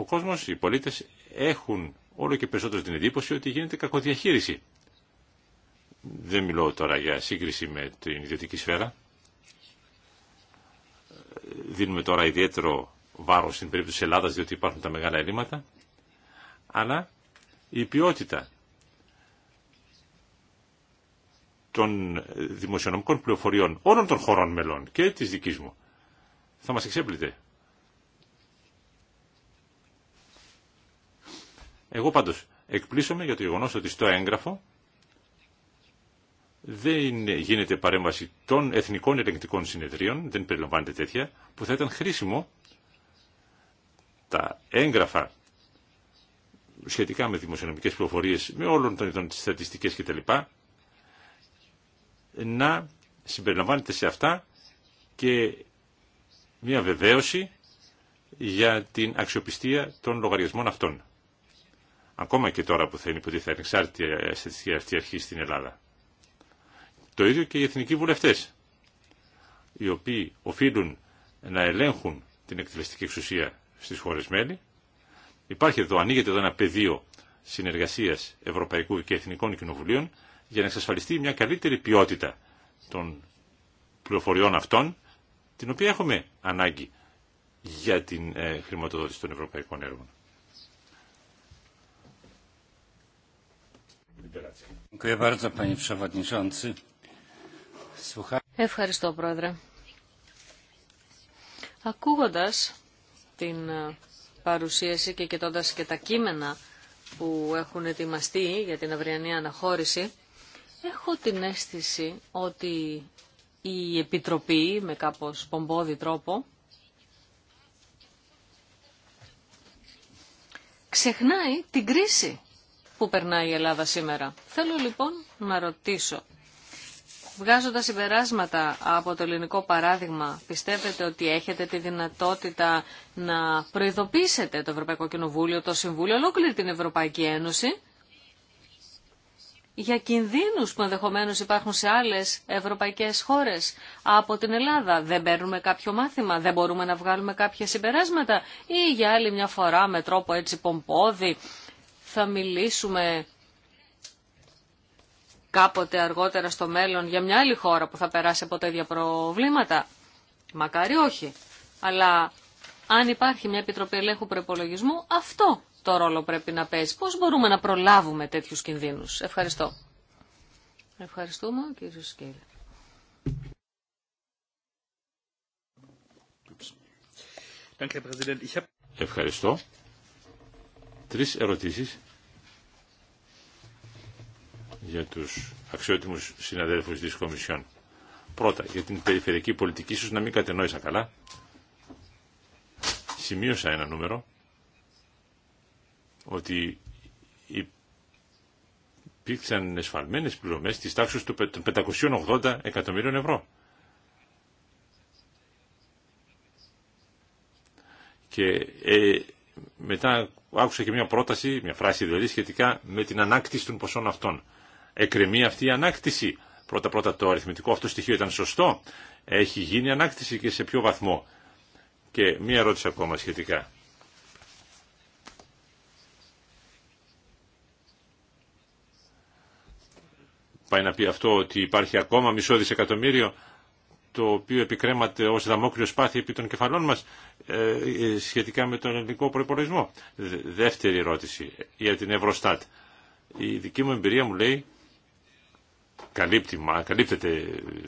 Ο κόσμος, οι πολίτες έχουν όλο και περισσότερο την εντύπωση ότι γίνεται κακοδιαχείριση. Δεν μιλώ τώρα για σύγκριση με την ιδιωτική σφαίρα. Δίνουμε τώρα ιδιαίτερο βάρος στην περίπτωση της Ελλάδας διότι υπάρχουν τα μεγάλα ελλείμματα. Αλλά η ποιότητα των δημοσιονομικών πληροφοριών όλων των χωρών μελών και της δικής μου θα μας εξέπλητε. Εγώ πάντως εκπλήσωμαι για το γεγονό ότι στο έγγραφο δεν γίνεται παρέμβαση των εθνικών ελεγκτικών συνεδρίων, δεν περιλαμβάνεται τέτοια, που θα ήταν χρήσιμο τα έγγραφα σχετικά με δημοσιονομικές πληροφορίες, με όλων των ειδών της στατιστικές κτλ, να συμπεριλαμβάνεται σε αυτά και μια βεβαίωση για την αξιοπιστία των λογαριασμών αυτών. Ακόμα και τώρα που θα είναι υποτίθεται ανεξάρτητη η αυτή αρχή στην Ελλάδα. Το ίδιο και οι εθνικοί βουλευτές, οι οποίοι οφείλουν να ελέγχουν την εκτελεστική εξουσία στις χώρες μέλη. Υπάρχει εδώ, ανοίγεται εδώ ένα πεδίο συνεργασίας Ευρωπαϊκού και Εθνικών Κοινοβουλίων για να εξασφαλιστεί μια καλύτερη ποιότητα των πληροφοριών αυτών, την οποία έχουμε ανάγκη για την ε, χρηματοδότηση των ευρωπαϊκών έργων. Ευχαριστώ, Πρόεδρε. Ακούγοντας την ε, παρουσίαση και κοιτώντας και τα κείμενα που έχουν ετοιμαστεί για την αυριανή αναχώρηση, έχω την αίσθηση ότι η Επιτροπή, με κάπως πομπόδι τρόπο, ξεχνάει την κρίση που περνάει η Ελλάδα σήμερα. Θέλω λοιπόν να ρωτήσω, βγάζοντας συμπεράσματα από το ελληνικό παράδειγμα, πιστεύετε ότι έχετε τη δυνατότητα να προειδοποιήσετε το Ευρωπαϊκό Κοινοβούλιο, το Συμβούλιο, ολόκληρη την Ευρωπαϊκή Ένωση, για κινδύνους που ενδεχομένως υπάρχουν σε άλλες ευρωπαϊκές χώρες από την Ελλάδα. Δεν παίρνουμε κάποιο μάθημα, δεν μπορούμε να βγάλουμε κάποια συμπεράσματα ή για άλλη μια φορά με τρόπο έτσι πομπόδι θα μιλήσουμε κάποτε αργότερα στο μέλλον για μια άλλη χώρα που θα περάσει από τέτοια προβλήματα. Μακάρι όχι. Αλλά αν υπάρχει μια Επιτροπή Ελέγχου Προπολογισμού, αυτό το ρόλο πρέπει να παίζει. Πώς μπορούμε να προλάβουμε τέτοιους κινδύνους. Ευχαριστώ. Ευχαριστούμε, κύριε Σκέλη. Ευχαριστώ. Τρεις ερωτήσεις για τους αξιότιμους συναδέλφους της Κομισιόν. Πρώτα, για την περιφερειακή πολιτική, ίσως να μην κατενόησα καλά. Σημείωσα ένα νούμερο, ότι υπήρξαν εσφαλμένες πληρωμές της τάξης των 580 εκατομμύριων ευρώ. Και ε, μετά άκουσα και μια πρόταση, μια φράση δηλαδή σχετικά με την ανάκτηση των ποσών αυτών. Εκρεμεί αυτή η ανάκτηση. Πρώτα-πρώτα το αριθμητικό αυτό στοιχείο ήταν σωστό. Έχει γίνει ανάκτηση και σε ποιο βαθμό. Και μία ερώτηση ακόμα σχετικά. Πάει να πει αυτό ότι υπάρχει ακόμα μισό δισεκατομμύριο το οποίο επικρέμαται ως δαμόκλειο σπάθη επί των κεφαλών μας ε, ε, σχετικά με τον ελληνικό προϋπολογισμό. Δεύτερη ερώτηση για την Ευρωστάτ. Η δική μου εμπειρία μου λέει καλύπτει, καλύπτεται,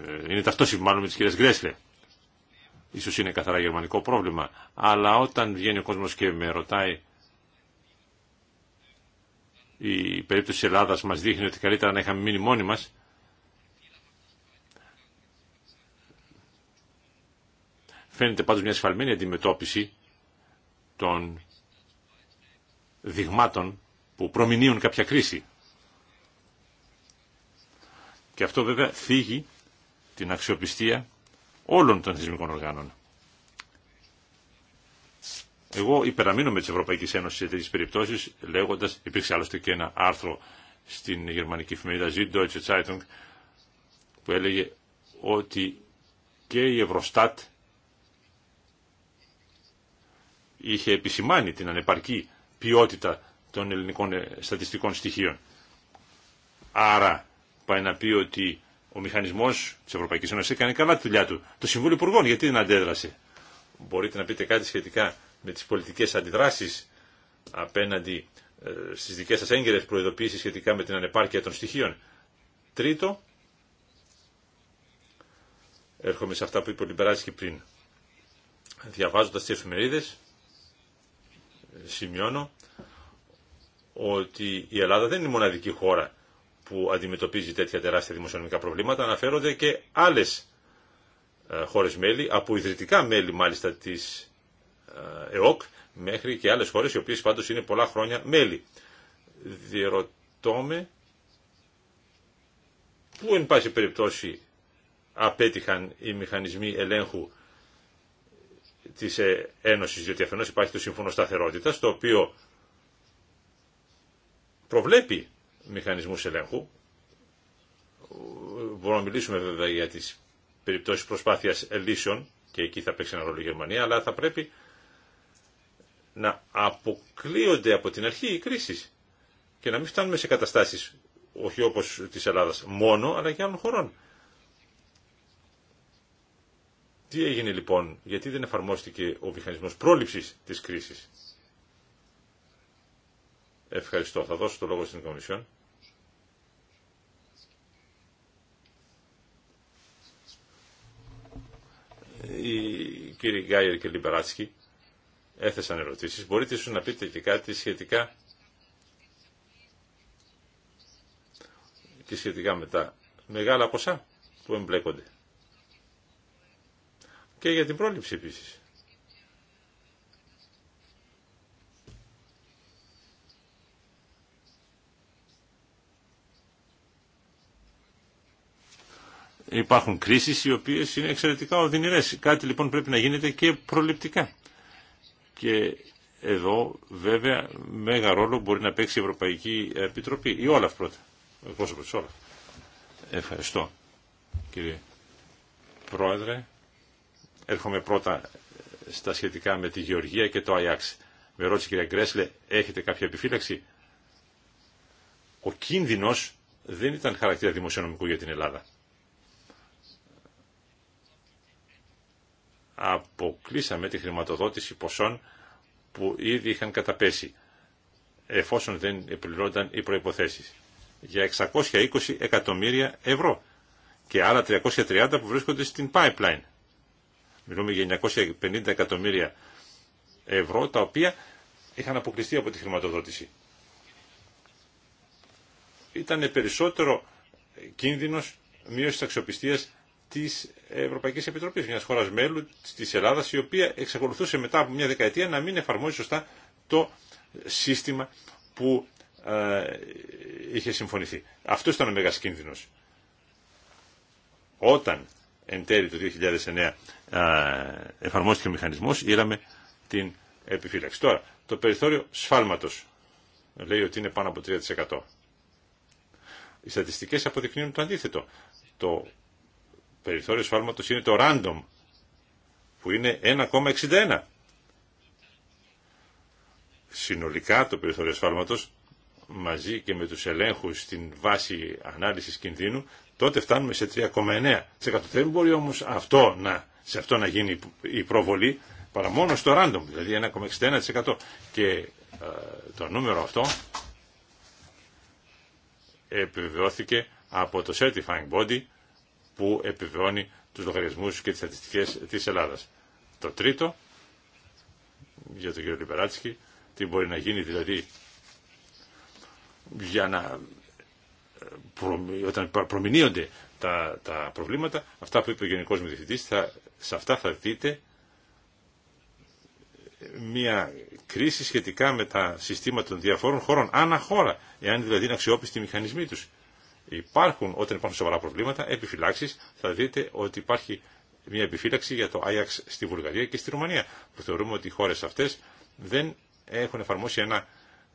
ε, είναι ταυτόσιμη μάλλον με τις κυρίες Γκρέσλε. Ίσως είναι καθαρά γερμανικό πρόβλημα, αλλά όταν βγαίνει ο κόσμος και με ρωτάει η περίπτωση της Ελλάδας μας δείχνει ότι καλύτερα να είχαμε μείνει μόνοι μας, Φαίνεται πάντως μια σφαλμένη αντιμετώπιση των δειγμάτων που προμηνύουν κάποια κρίση. Και αυτό βέβαια θίγει την αξιοπιστία όλων των θεσμικών οργάνων. Εγώ υπεραμείνω με τη Ευρωπαϊκή Ένωση σε τέτοιες περιπτώσεις λέγοντας, υπήρξε άλλωστε και ένα άρθρο στην γερμανική εφημερίδα Süddeutsche Zeitung που έλεγε ότι και η Ευρωστάτ είχε επισημάνει την ανεπαρκή ποιότητα των ελληνικών ε, στατιστικών στοιχείων. Άρα πάει να πει ότι ο μηχανισμό τη Ευρωπαϊκή Ένωση έκανε καλά τη δουλειά του. Το Συμβούλιο Υπουργών γιατί δεν αντέδρασε. Μπορείτε να πείτε κάτι σχετικά με τι πολιτικέ αντιδράσει απέναντι ε, στι δικέ σας έγκαιρε προειδοποίησεις σχετικά με την ανεπάρκεια των στοιχείων. Τρίτο, έρχομαι σε αυτά που είπε ο Λιμπεράτης και πριν. διαβάζοντα τι εφημερίδε σημειώνω ότι η Ελλάδα δεν είναι η μοναδική χώρα που αντιμετωπίζει τέτοια τεράστια δημοσιονομικά προβλήματα. Αναφέρονται και άλλες ε, χώρες μέλη, από ιδρυτικά μέλη μάλιστα της ε, ΕΟΚ, μέχρι και άλλες χώρες, οι οποίες πάντως είναι πολλά χρόνια μέλη. Διερωτώ που εν πάση περιπτώσει απέτυχαν οι μηχανισμοί ελέγχου Τη ε, Ένωση διότι αφενός υπάρχει το Σύμφωνο σταθερότητα, το οποίο προβλέπει μηχανισμούς ελέγχου. Μπορούμε να μιλήσουμε βέβαια για τι περιπτώσει προσπάθειας λύσεων και εκεί θα παίξει ένα ρόλο η Γερμανία, αλλά θα πρέπει να αποκλείονται από την αρχή οι κρίσεις και να μην φτάνουμε σε καταστάσει όχι όπω τη Ελλάδα μόνο, αλλά και άλλων χωρών. Τι έγινε λοιπόν, γιατί δεν εφαρμόστηκε ο μηχανισμός πρόληψης της κρίσης. Ευχαριστώ. Θα δώσω το λόγο στην Κομισιόν. Οι κύριοι Γκάιερ και Λιμπεράτσκι έθεσαν ερωτήσεις. Μπορείτε να πείτε και κάτι σχετικά και σχετικά με τα μεγάλα ποσά που εμπλέκονται και για την πρόληψη επίση. Υπάρχουν κρίσεις οι οποίες είναι εξαιρετικά οδυνηρές. Κάτι λοιπόν πρέπει να γίνεται και προληπτικά. Και εδώ βέβαια μέγα ρόλο μπορεί να παίξει η Ευρωπαϊκή Επιτροπή. Η Όλαφ πρώτα. Ο Ευχαριστώ κύριε Πρόεδρε. Έρχομαι πρώτα ε, στα σχετικά με τη Γεωργία και το ΑΙΑΞ. Με ρώτησε η κυρία Γκρέσλε, έχετε κάποια επιφύλαξη. Ο κίνδυνος δεν ήταν χαρακτήρα δημοσιονομικού για την Ελλάδα. Αποκλείσαμε τη χρηματοδότηση ποσών που ήδη είχαν καταπέσει, εφόσον δεν επιλυνόταν οι προϋποθέσεις, για 620 εκατομμύρια ευρώ και άλλα 330 που βρίσκονται στην pipeline. Μιλούμε για 950 εκατομμύρια ευρώ, τα οποία είχαν αποκλειστεί από τη χρηματοδότηση. Ήταν περισσότερο κίνδυνος μείωση αξιοπιστίας τη Ευρωπαϊκή Επιτροπή, μια χώρα μέλου τη Ελλάδα, η οποία εξακολουθούσε μετά από μια δεκαετία να μην εφαρμόζει σωστά το σύστημα που ε, είχε συμφωνηθεί. Αυτό ήταν ο μεγάλο κίνδυνο. Όταν εν τέλει του 2009 εφαρμόστηκε ο μηχανισμός, είδαμε την επιφύλαξη. Τώρα, το περιθώριο σφάλματος λέει ότι είναι πάνω από 3%. Οι στατιστικές αποδεικνύουν το αντίθετο. Το περιθώριο σφάλματος είναι το random, που είναι 1,61. Συνολικά το περιθώριο σφάλματος μαζί και με τους ελέγχους στην βάση ανάλυσης κινδύνου, τότε φτάνουμε σε 3,9%. Δεν μπορεί όμως αυτό να, σε αυτό να γίνει η προβολή παρά μόνο στο random, δηλαδή 1,61%. Και ε, το νούμερο αυτό επιβεβαιώθηκε από το Certifying Body που επιβεβαιώνει τους λογαριασμούς και τις στατιστικές της Ελλάδας. Το τρίτο, για τον κύριο Λιπεράτσικη, τι μπορεί να γίνει δηλαδή για να ε, προ, όταν προμηνύονται τα, τα προβλήματα, αυτά που είπε ο Γενικό Μηδηθητή, σε αυτά θα δείτε μια κρίση σχετικά με τα συστήματα των διαφόρων χωρών, ανά χώρα, εάν δηλαδή είναι αξιόπιστοι οι μηχανισμοί του. Υπάρχουν, όταν υπάρχουν σοβαρά προβλήματα, επιφυλάξει, θα δείτε ότι υπάρχει μια επιφύλαξη για το Ajax στη Βουλγαρία και στη Ρουμανία, που θεωρούμε ότι οι χώρε αυτέ δεν έχουν εφαρμόσει ένα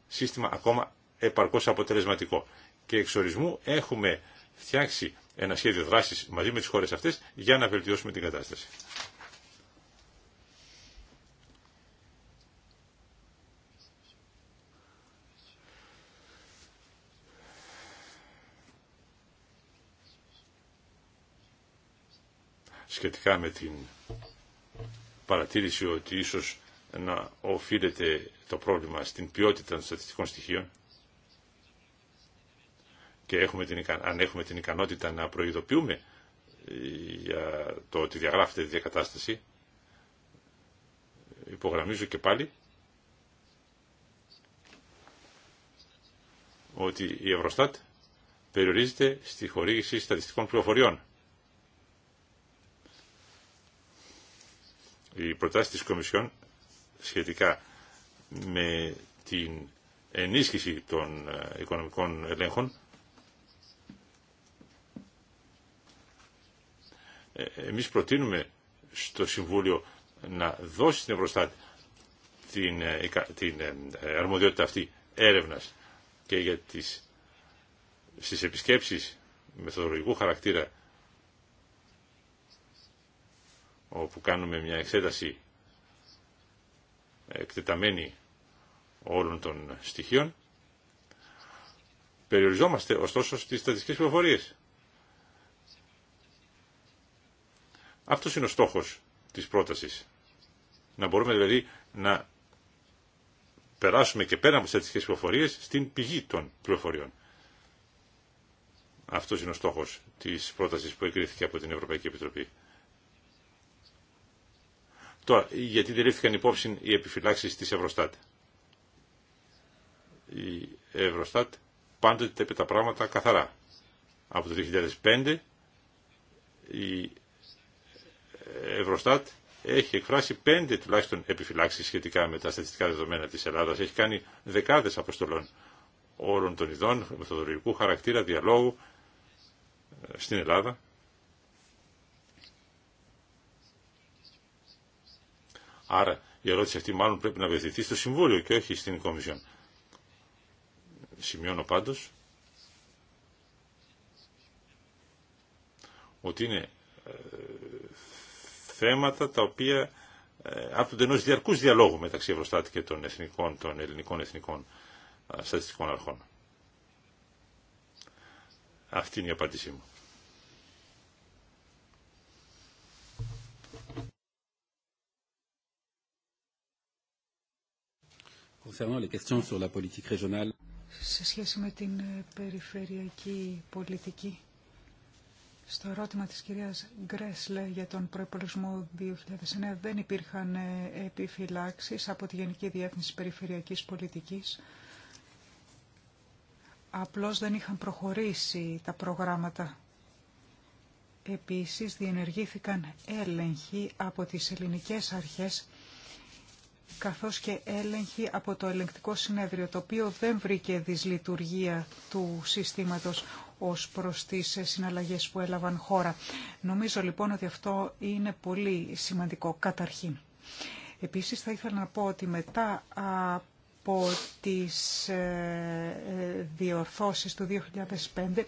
σύστημα ακόμα Επάρκω αποτελεσματικό. Και εξ ορισμού έχουμε φτιάξει ένα σχέδιο δράση μαζί με τις χώρες αυτές για να βελτιώσουμε την κατάσταση. σχετικά με την παρατήρηση ότι ίσως να οφείλεται το πρόβλημα στην ποιότητα των στατιστικών στοιχείων και έχουμε την, αν έχουμε την ικανότητα να προειδοποιούμε ε, για το ότι διαγράφεται η διακατάσταση, υπογραμμίζω και πάλι ότι η Ευρωστάτ περιορίζεται στη χορήγηση στατιστικών πληροφοριών. Η προτάσει της Κομισιόν σχετικά με την ενίσχυση των ε, οικονομικών ελέγχων Εμείς προτείνουμε στο Συμβούλιο να δώσει στην Ευρωστάτ την, ε, την ε, αρμοδιότητα αυτή έρευνας και για τις, στις επισκέψεις μεθοδολογικού χαρακτήρα όπου κάνουμε μια εξέταση εκτεταμένη όλων των στοιχείων. Περιοριζόμαστε ωστόσο στις στατιστικές πληροφορίες. Αυτός είναι ο στόχος της πρότασης. Να μπορούμε δηλαδή να περάσουμε και πέρα από τις στατιστικές πληροφορίες στην πηγή των πληροφοριών. Αυτός είναι ο στόχος της πρότασης που εκρήθηκε από την Ευρωπαϊκή Επιτροπή. Τώρα, γιατί δεν λήφθηκαν υπόψη οι επιφυλάξεις της Ευρωστάτ. Η Ευρωστάτ πάντοτε τα τα πράγματα καθαρά. Από το 2005 η Ευρωστάτ έχει εκφράσει πέντε τουλάχιστον επιφυλάξει σχετικά με τα στατιστικά δεδομένα της Ελλάδας. Έχει κάνει δεκάδες αποστολών όλων των ειδών μεθοδολογικού χαρακτήρα διαλόγου ε, στην Ελλάδα. Άρα η ερώτηση αυτή μάλλον πρέπει να βεβαιωθεί στο Συμβούλιο και όχι στην Κομισιόν. Σημειώνω πάντως ότι είναι ε, θέματα τα οποία άπτονται ε, ενό διαρκού διαλόγου μεταξύ Ευρωστάτη και των, εθνικών, των ελληνικών εθνικών ε, στατιστικών αρχών. Αυτή είναι η απάντησή μου. Σε σχέση με την ε, περιφερειακή πολιτική, στο ερώτημα της κυρίας Γκρέσλε για τον προϋπολογισμό 2009 δεν υπήρχαν ε, επιφυλάξεις από τη Γενική Διεύθυνση Περιφερειακής Πολιτικής. Απλώς δεν είχαν προχωρήσει τα προγράμματα. Επίσης διενεργήθηκαν έλεγχοι από τις ελληνικές αρχές καθώς και έλεγχοι από το ελεγκτικό συνέδριο, το οποίο δεν βρήκε δυσλειτουργία του συστήματος ως προς τις συναλλαγές που έλαβαν χώρα. Νομίζω λοιπόν ότι αυτό είναι πολύ σημαντικό καταρχήν. Επίσης θα ήθελα να πω ότι μετά από τις ε, διορθώσεις του 2005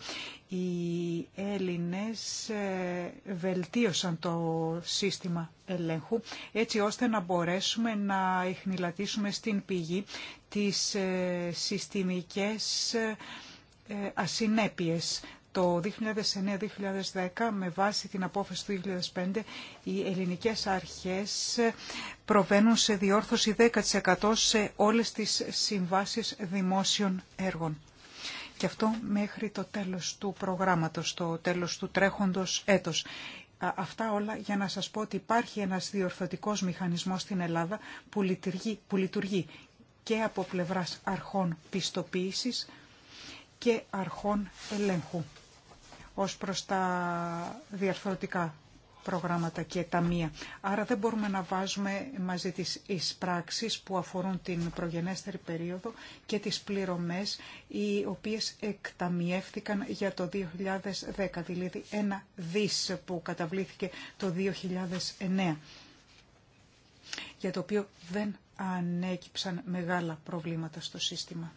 οι Έλληνες ε, βελτίωσαν το σύστημα ελέγχου έτσι ώστε να μπορέσουμε να εχνηλατήσουμε στην πηγή τις ε, συστημικές ε, ασυνέπειες. Το 2009-2010, με βάση την απόφαση του 2005, οι ελληνικές αρχές προβαίνουν σε διόρθωση 10% σε όλες τις συμβάσεις δημόσιων έργων. Και αυτό μέχρι το τέλος του προγράμματος, το τέλος του τρέχοντος έτος. Αυτά όλα για να σας πω ότι υπάρχει ένας διορθωτικός μηχανισμός στην Ελλάδα που λειτουργεί, που και από πλευράς αρχών πιστοποίησης, και αρχών ελέγχου ως προς τα διαρθρωτικά προγράμματα και ταμεία. Άρα δεν μπορούμε να βάζουμε μαζί τις εισπράξεις που αφορούν την προγενέστερη περίοδο και τις πληρωμές οι οποίες εκταμιεύθηκαν για το 2010, δηλαδή ένα δις που καταβλήθηκε το 2009 για το οποίο δεν ανέκυψαν μεγάλα προβλήματα στο σύστημα.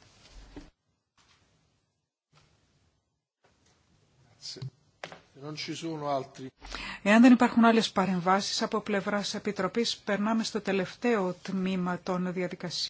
Εάν δεν υπάρχουν άλλες παρεμβάσεις από πλευράς Επιτροπής, περνάμε στο τελευταίο τμήμα των διαδικασίων.